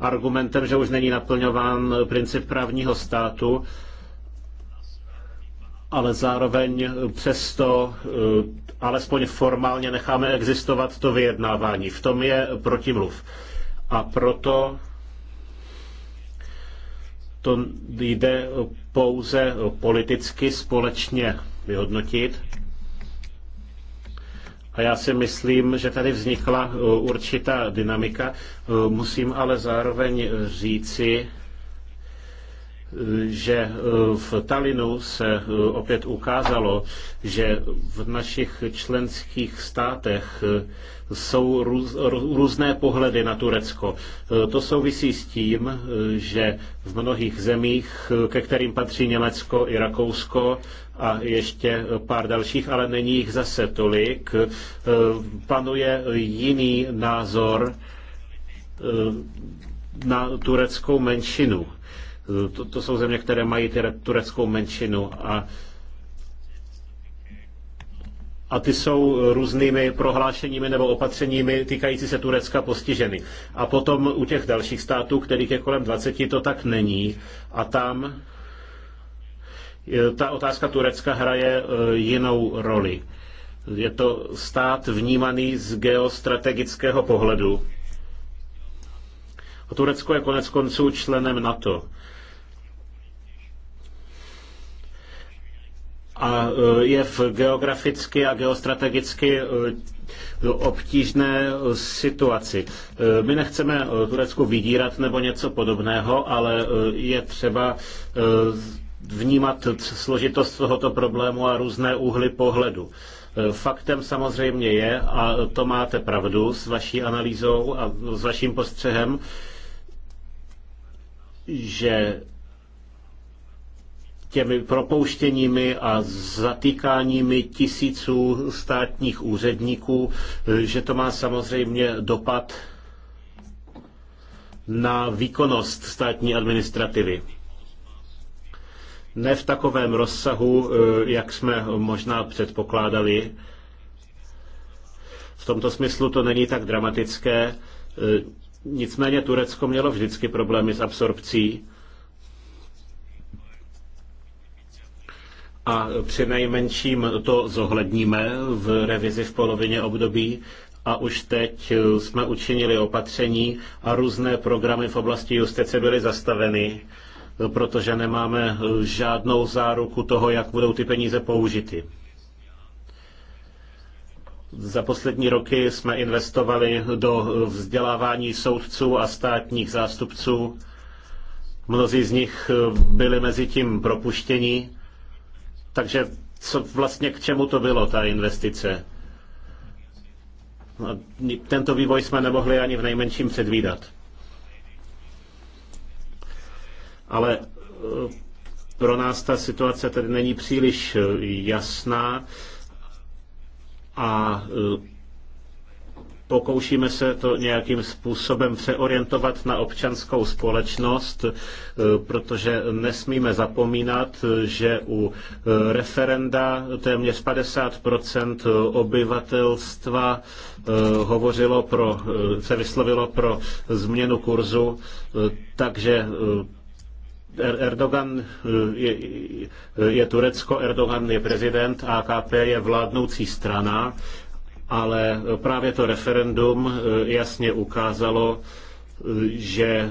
argumentem, že už není naplňován princip právního státu ale zároveň přesto eh, alespoň formálně necháme existovat to vyjednávání. V tom je protimluv. A proto to jde pouze politicky společně vyhodnotit. A já si myslím, že tady vznikla eh, určitá dynamika. Eh, musím ale zároveň říci, že eh, v Talinu se eh, opět ukázalo, že v našich členských státech eh, jsou růz, různé pohledy na Turecko. To souvisí s tím, že v mnohých zemích, ke kterým patří Německo i Rakousko a ještě pár dalších, ale není jich zase tolik, panuje jiný názor na tureckou menšinu to, to jsou země, které mají tureckou menšinu a a ty jsou různými prohlášeními nebo opatřeními týkající se Turecka postiženy. A potom u těch dalších států, kterých je kolem 20, to tak není. A tam ta otázka Turecka hraje e, jinou roli. Je to stát vnímaný z geostrategického pohledu. A Turecko je konec konců členem NATO. a e, je v geograficky a geostrategicky e, obtížné e, situaci. My nechceme Turecku vydírat nebo něco podobného, ale je třeba vnímat složitost tohoto problému a různé úhly pohledu. Faktem samozřejmě je, a to máte pravdu s vaší analýzou a s vaším postřehem, že těmi propouštěními a zatýkáními tisíců státních úředníků, že to má samozřejmě dopad na výkonnost státní administrativy. Ne v takovém rozsahu, eh, jak jsme možná předpokládali. V tomto smyslu to není tak dramatické. Eh, nicméně Turecko mělo vždycky problémy s absorpcí a při nejmenším to zohledníme v revizi v polovině období a už teď jsme učinili opatření a různé programy v oblasti justice byly zastaveny, protože nemáme žádnou záruku toho, jak budou ty peníze použity. Za poslední roky jsme investovali do vzdělávání soudců a státních zástupců. Mnozí z nich byli mezi tím propuštěni takže co vlastně k čemu to bylo, ta investice? No, tento vývoj jsme nemohli ani v nejmenším předvídat. Ale e, pro nás ta situace tedy není příliš e, jasná a e, pokoušíme se to nějakým způsobem přeorientovat na občanskou společnost, eh, protože nesmíme zapomínat, že u eh, referenda téměř 50 obyvatelstva eh, hovořilo pro, se vyslovilo pro změnu kurzu, takže er-, Erdogan je, je Turecko, Erdogan je prezident, AKP je vládnoucí strana ale právě to referendum e, jasně ukázalo, e, že e,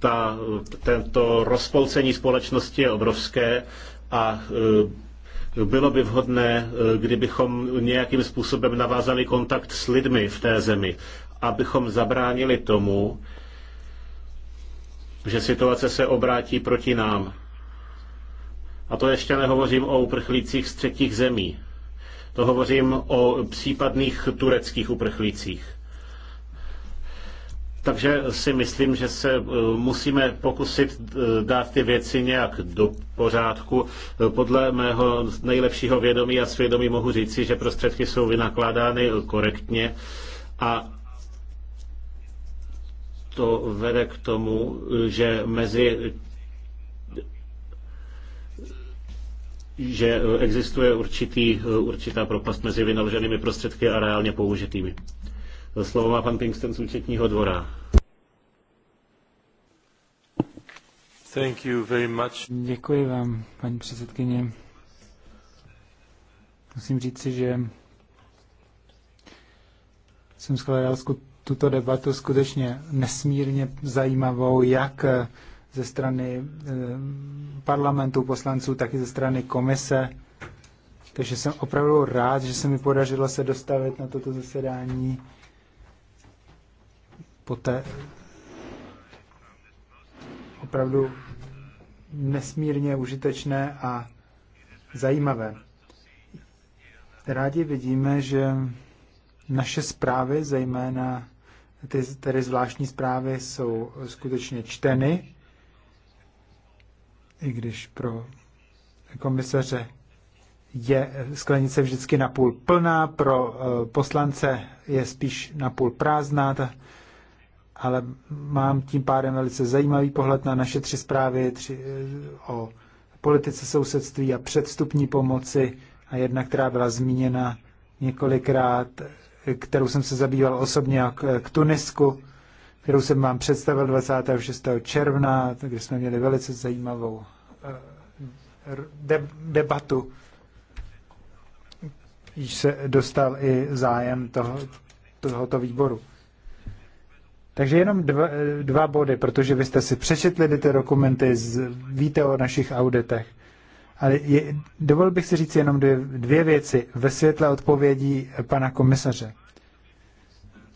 ta, tento rozpolcení společnosti je obrovské a bylo by vhodné, kdybychom nějakým způsobem navázali kontakt s lidmi v té zemi, abychom zabránili tomu, že situace se obrátí proti nám. A to ještě nehovořím o uprchlících z třetích zemí. To hovořím o případných tureckých uprchlících. Takže si myslím, že se eh, musíme pokusit eh, dát ty věci nějak do pořádku. Eh, podle mého nejlepšího vědomí a svědomí mohu říci, že prostředky jsou vynakládány korektně a to vede k tomu, že mezi že e, existuje určitý, e, určitá propast mezi vynaloženými prostředky a reálně použitými. Slovo má pan Pinkston z účetního dvora. Thank you very much. Děkuji vám, paní předsedkyně. Musím si, že jsem shledal tuto debatu skutečně nesmírně zajímavou, jak e, ze strany eh, parlamentu, poslanců, tak i ze strany komise. Takže jsem opravdu rád, že se mi podařilo se dostavit na toto zasedání poté opravdu nesmírně užitečné a zajímavé. Rádi vidíme, že naše zprávy, zejména ty tedy zvláštní zprávy, jsou skutečně čteny i když pro komisaře je sklenice vždycky napůl plná, pro eh, poslance je spíš napůl prázdná, ale mám tím pádem velice zajímavý pohled na naše tři zprávy tři, eh, o politice sousedství a předstupní pomoci a jedna, která byla zmíněna několikrát, kterou jsem se zabýval osobně k, k Tunisku kterou jsem vám představil 26. června, kde jsme měli velice zajímavou eh, debatu. Již se dostal i zájem toho, tohoto výboru. Takže jenom dva, eh, dva body, protože vy jste si přečetli ty dokumenty, z, víte o našich auditech. Ale je, dovol bych si říct jenom dvě, dvě věci ve světle odpovědí pana komisaře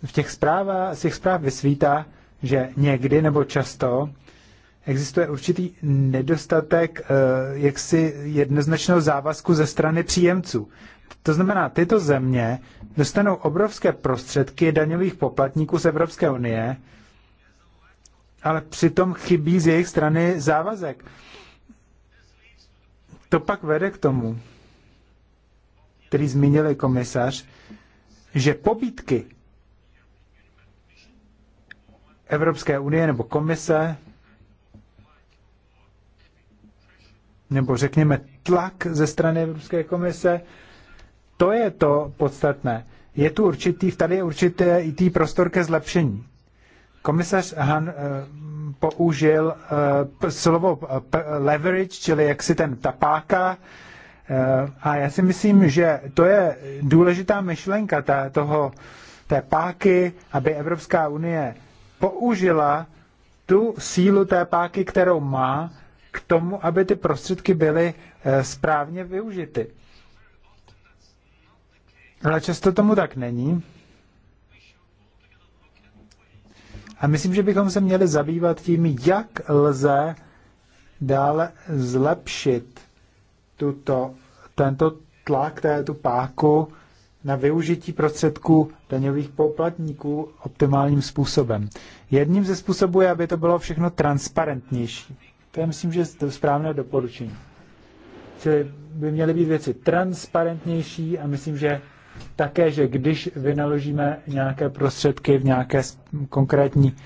v těch zpráva, z těch zpráv vysvítá, že někdy nebo často existuje určitý nedostatek eh, jaksi jednoznačného závazku ze strany příjemců. To znamená, tyto země dostanou obrovské prostředky daňových poplatníků z Evropské unie, ale přitom chybí z jejich strany závazek. To pak vede k tomu, který zmínil komisař, že pobítky Evropské unie nebo komise, nebo řekněme tlak ze strany Evropské komise, to je to podstatné. Je tu určitý, tady je určitý i tý prostor ke zlepšení. Komisař Han eh, použil eh, slovo eh, leverage, čili jaksi ten tapáka, a já si myslím, že to je důležitá myšlenka ta, toho, té páky, aby Evropská unie použila tu sílu té páky, kterou má, k tomu, aby ty prostředky byly eh, správně využity. Ale často tomu tak není. A myslím, že bychom se měli zabývat tím, jak lze dále zlepšit tuto, tento tlak, tu páku na využití prostředků daňových poplatníků optimálním způsobem. Jedním ze způsobů je, aby to bylo všechno transparentnější. To je, myslím, že to správné doporučení. Čili by měly být věci transparentnější a myslím, že také, že když vynaložíme nějaké prostředky v nějaké konkrétní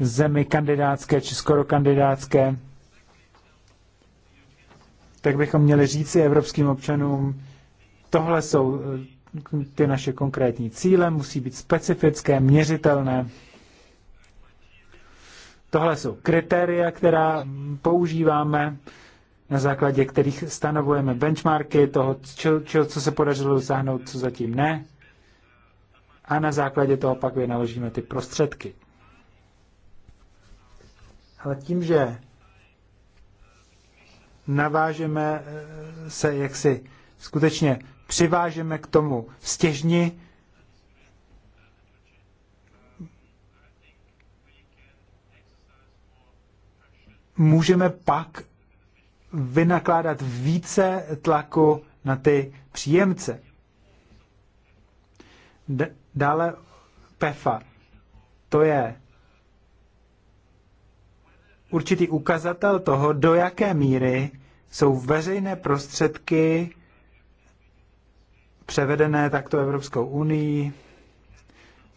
zemi kandidátské či skoro kandidátské, tak bychom měli říci evropským občanům, tohle jsou ty naše konkrétní cíle, musí být specifické, měřitelné. Tohle jsou kritéria, která používáme, na základě kterých stanovujeme benchmarky toho, čo, čo, co se podařilo dosáhnout, co zatím ne. A na základě toho pak vynaložíme ty prostředky. Ale tím, že navážeme eh, se jaksi skutečně přivážeme k tomu stěžni, můžeme pak vynakládat více tlaku na ty příjemce. D- dále PEFA. To je určitý ukazatel toho, do jaké míry jsou veřejné prostředky převedené takto Evropskou unii,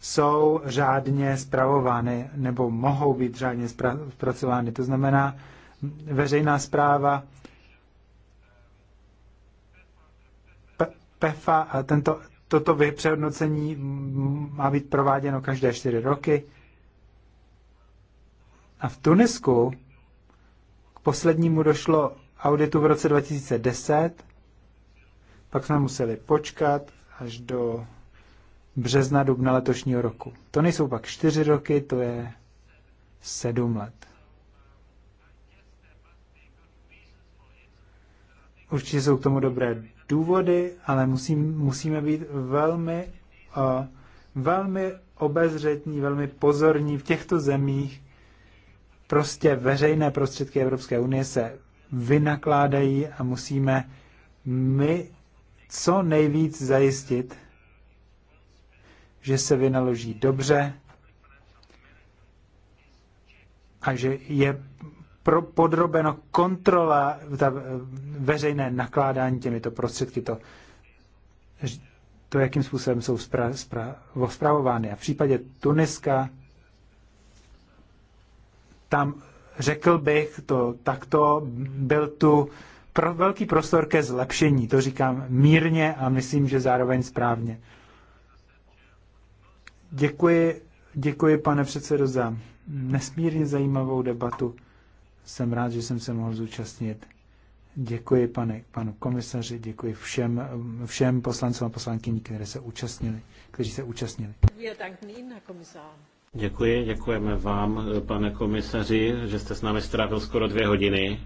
jsou řádně zpravovány nebo mohou být řádně zpracovány. To znamená, veřejná zpráva PEFA a tento, toto přehodnocení má být prováděno každé čtyři roky. A v Tunisku k poslednímu došlo auditu v roce 2010 pak jsme museli počkat až do března, dubna letošního roku. To nejsou pak čtyři roky, to je sedm let. Určitě jsou k tomu dobré důvody, ale musí, musíme být velmi, uh, velmi obezřetní, velmi pozorní v těchto zemích. Prostě veřejné prostředky Evropské unie se vynakládají a musíme my co nejvíc zajistit, že se vynaloží dobře a že je pro, podrobeno kontrola ta eh, veřejné nakládání těmito prostředky, to, to jakým způsobem jsou spra, A v případě Tuniska, tam řekl bych to takto, byl tu pro, velký prostor ke zlepšení. To říkám mírně a myslím, že zároveň správně. Děkuji, děkuji pane předsedo, za nesmírně zajímavou debatu. Jsem rád, že jsem se mohl zúčastnit. Děkuji pane, panu komisaři, děkuji všem, všem poslancům a poslankyním, které se účastnili, kteří se účastnili. Děkuji, děkujeme vám, pane komisaři, že jste s námi strávil skoro dvě hodiny.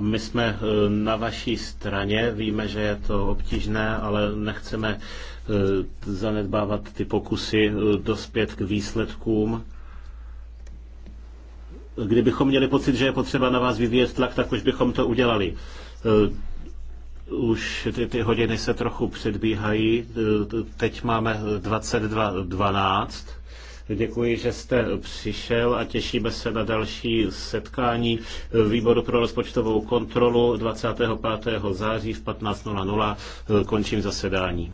My jsme eh, na vaší straně, víme, že je to obtížné, ale nechceme eh, zanedbávat ty pokusy eh, dospět k výsledkům. Kdybychom měli pocit, že je potřeba na vás vyvíjet tlak, tak už bychom to udělali. Už ty, ty hodiny se trochu předbíhají. Teď máme 22.12 Děkuji, že jste přišel a těšíme se na další setkání Výboru pro rozpočtovou kontrolu 25. září v 15.00. Končím zasedání.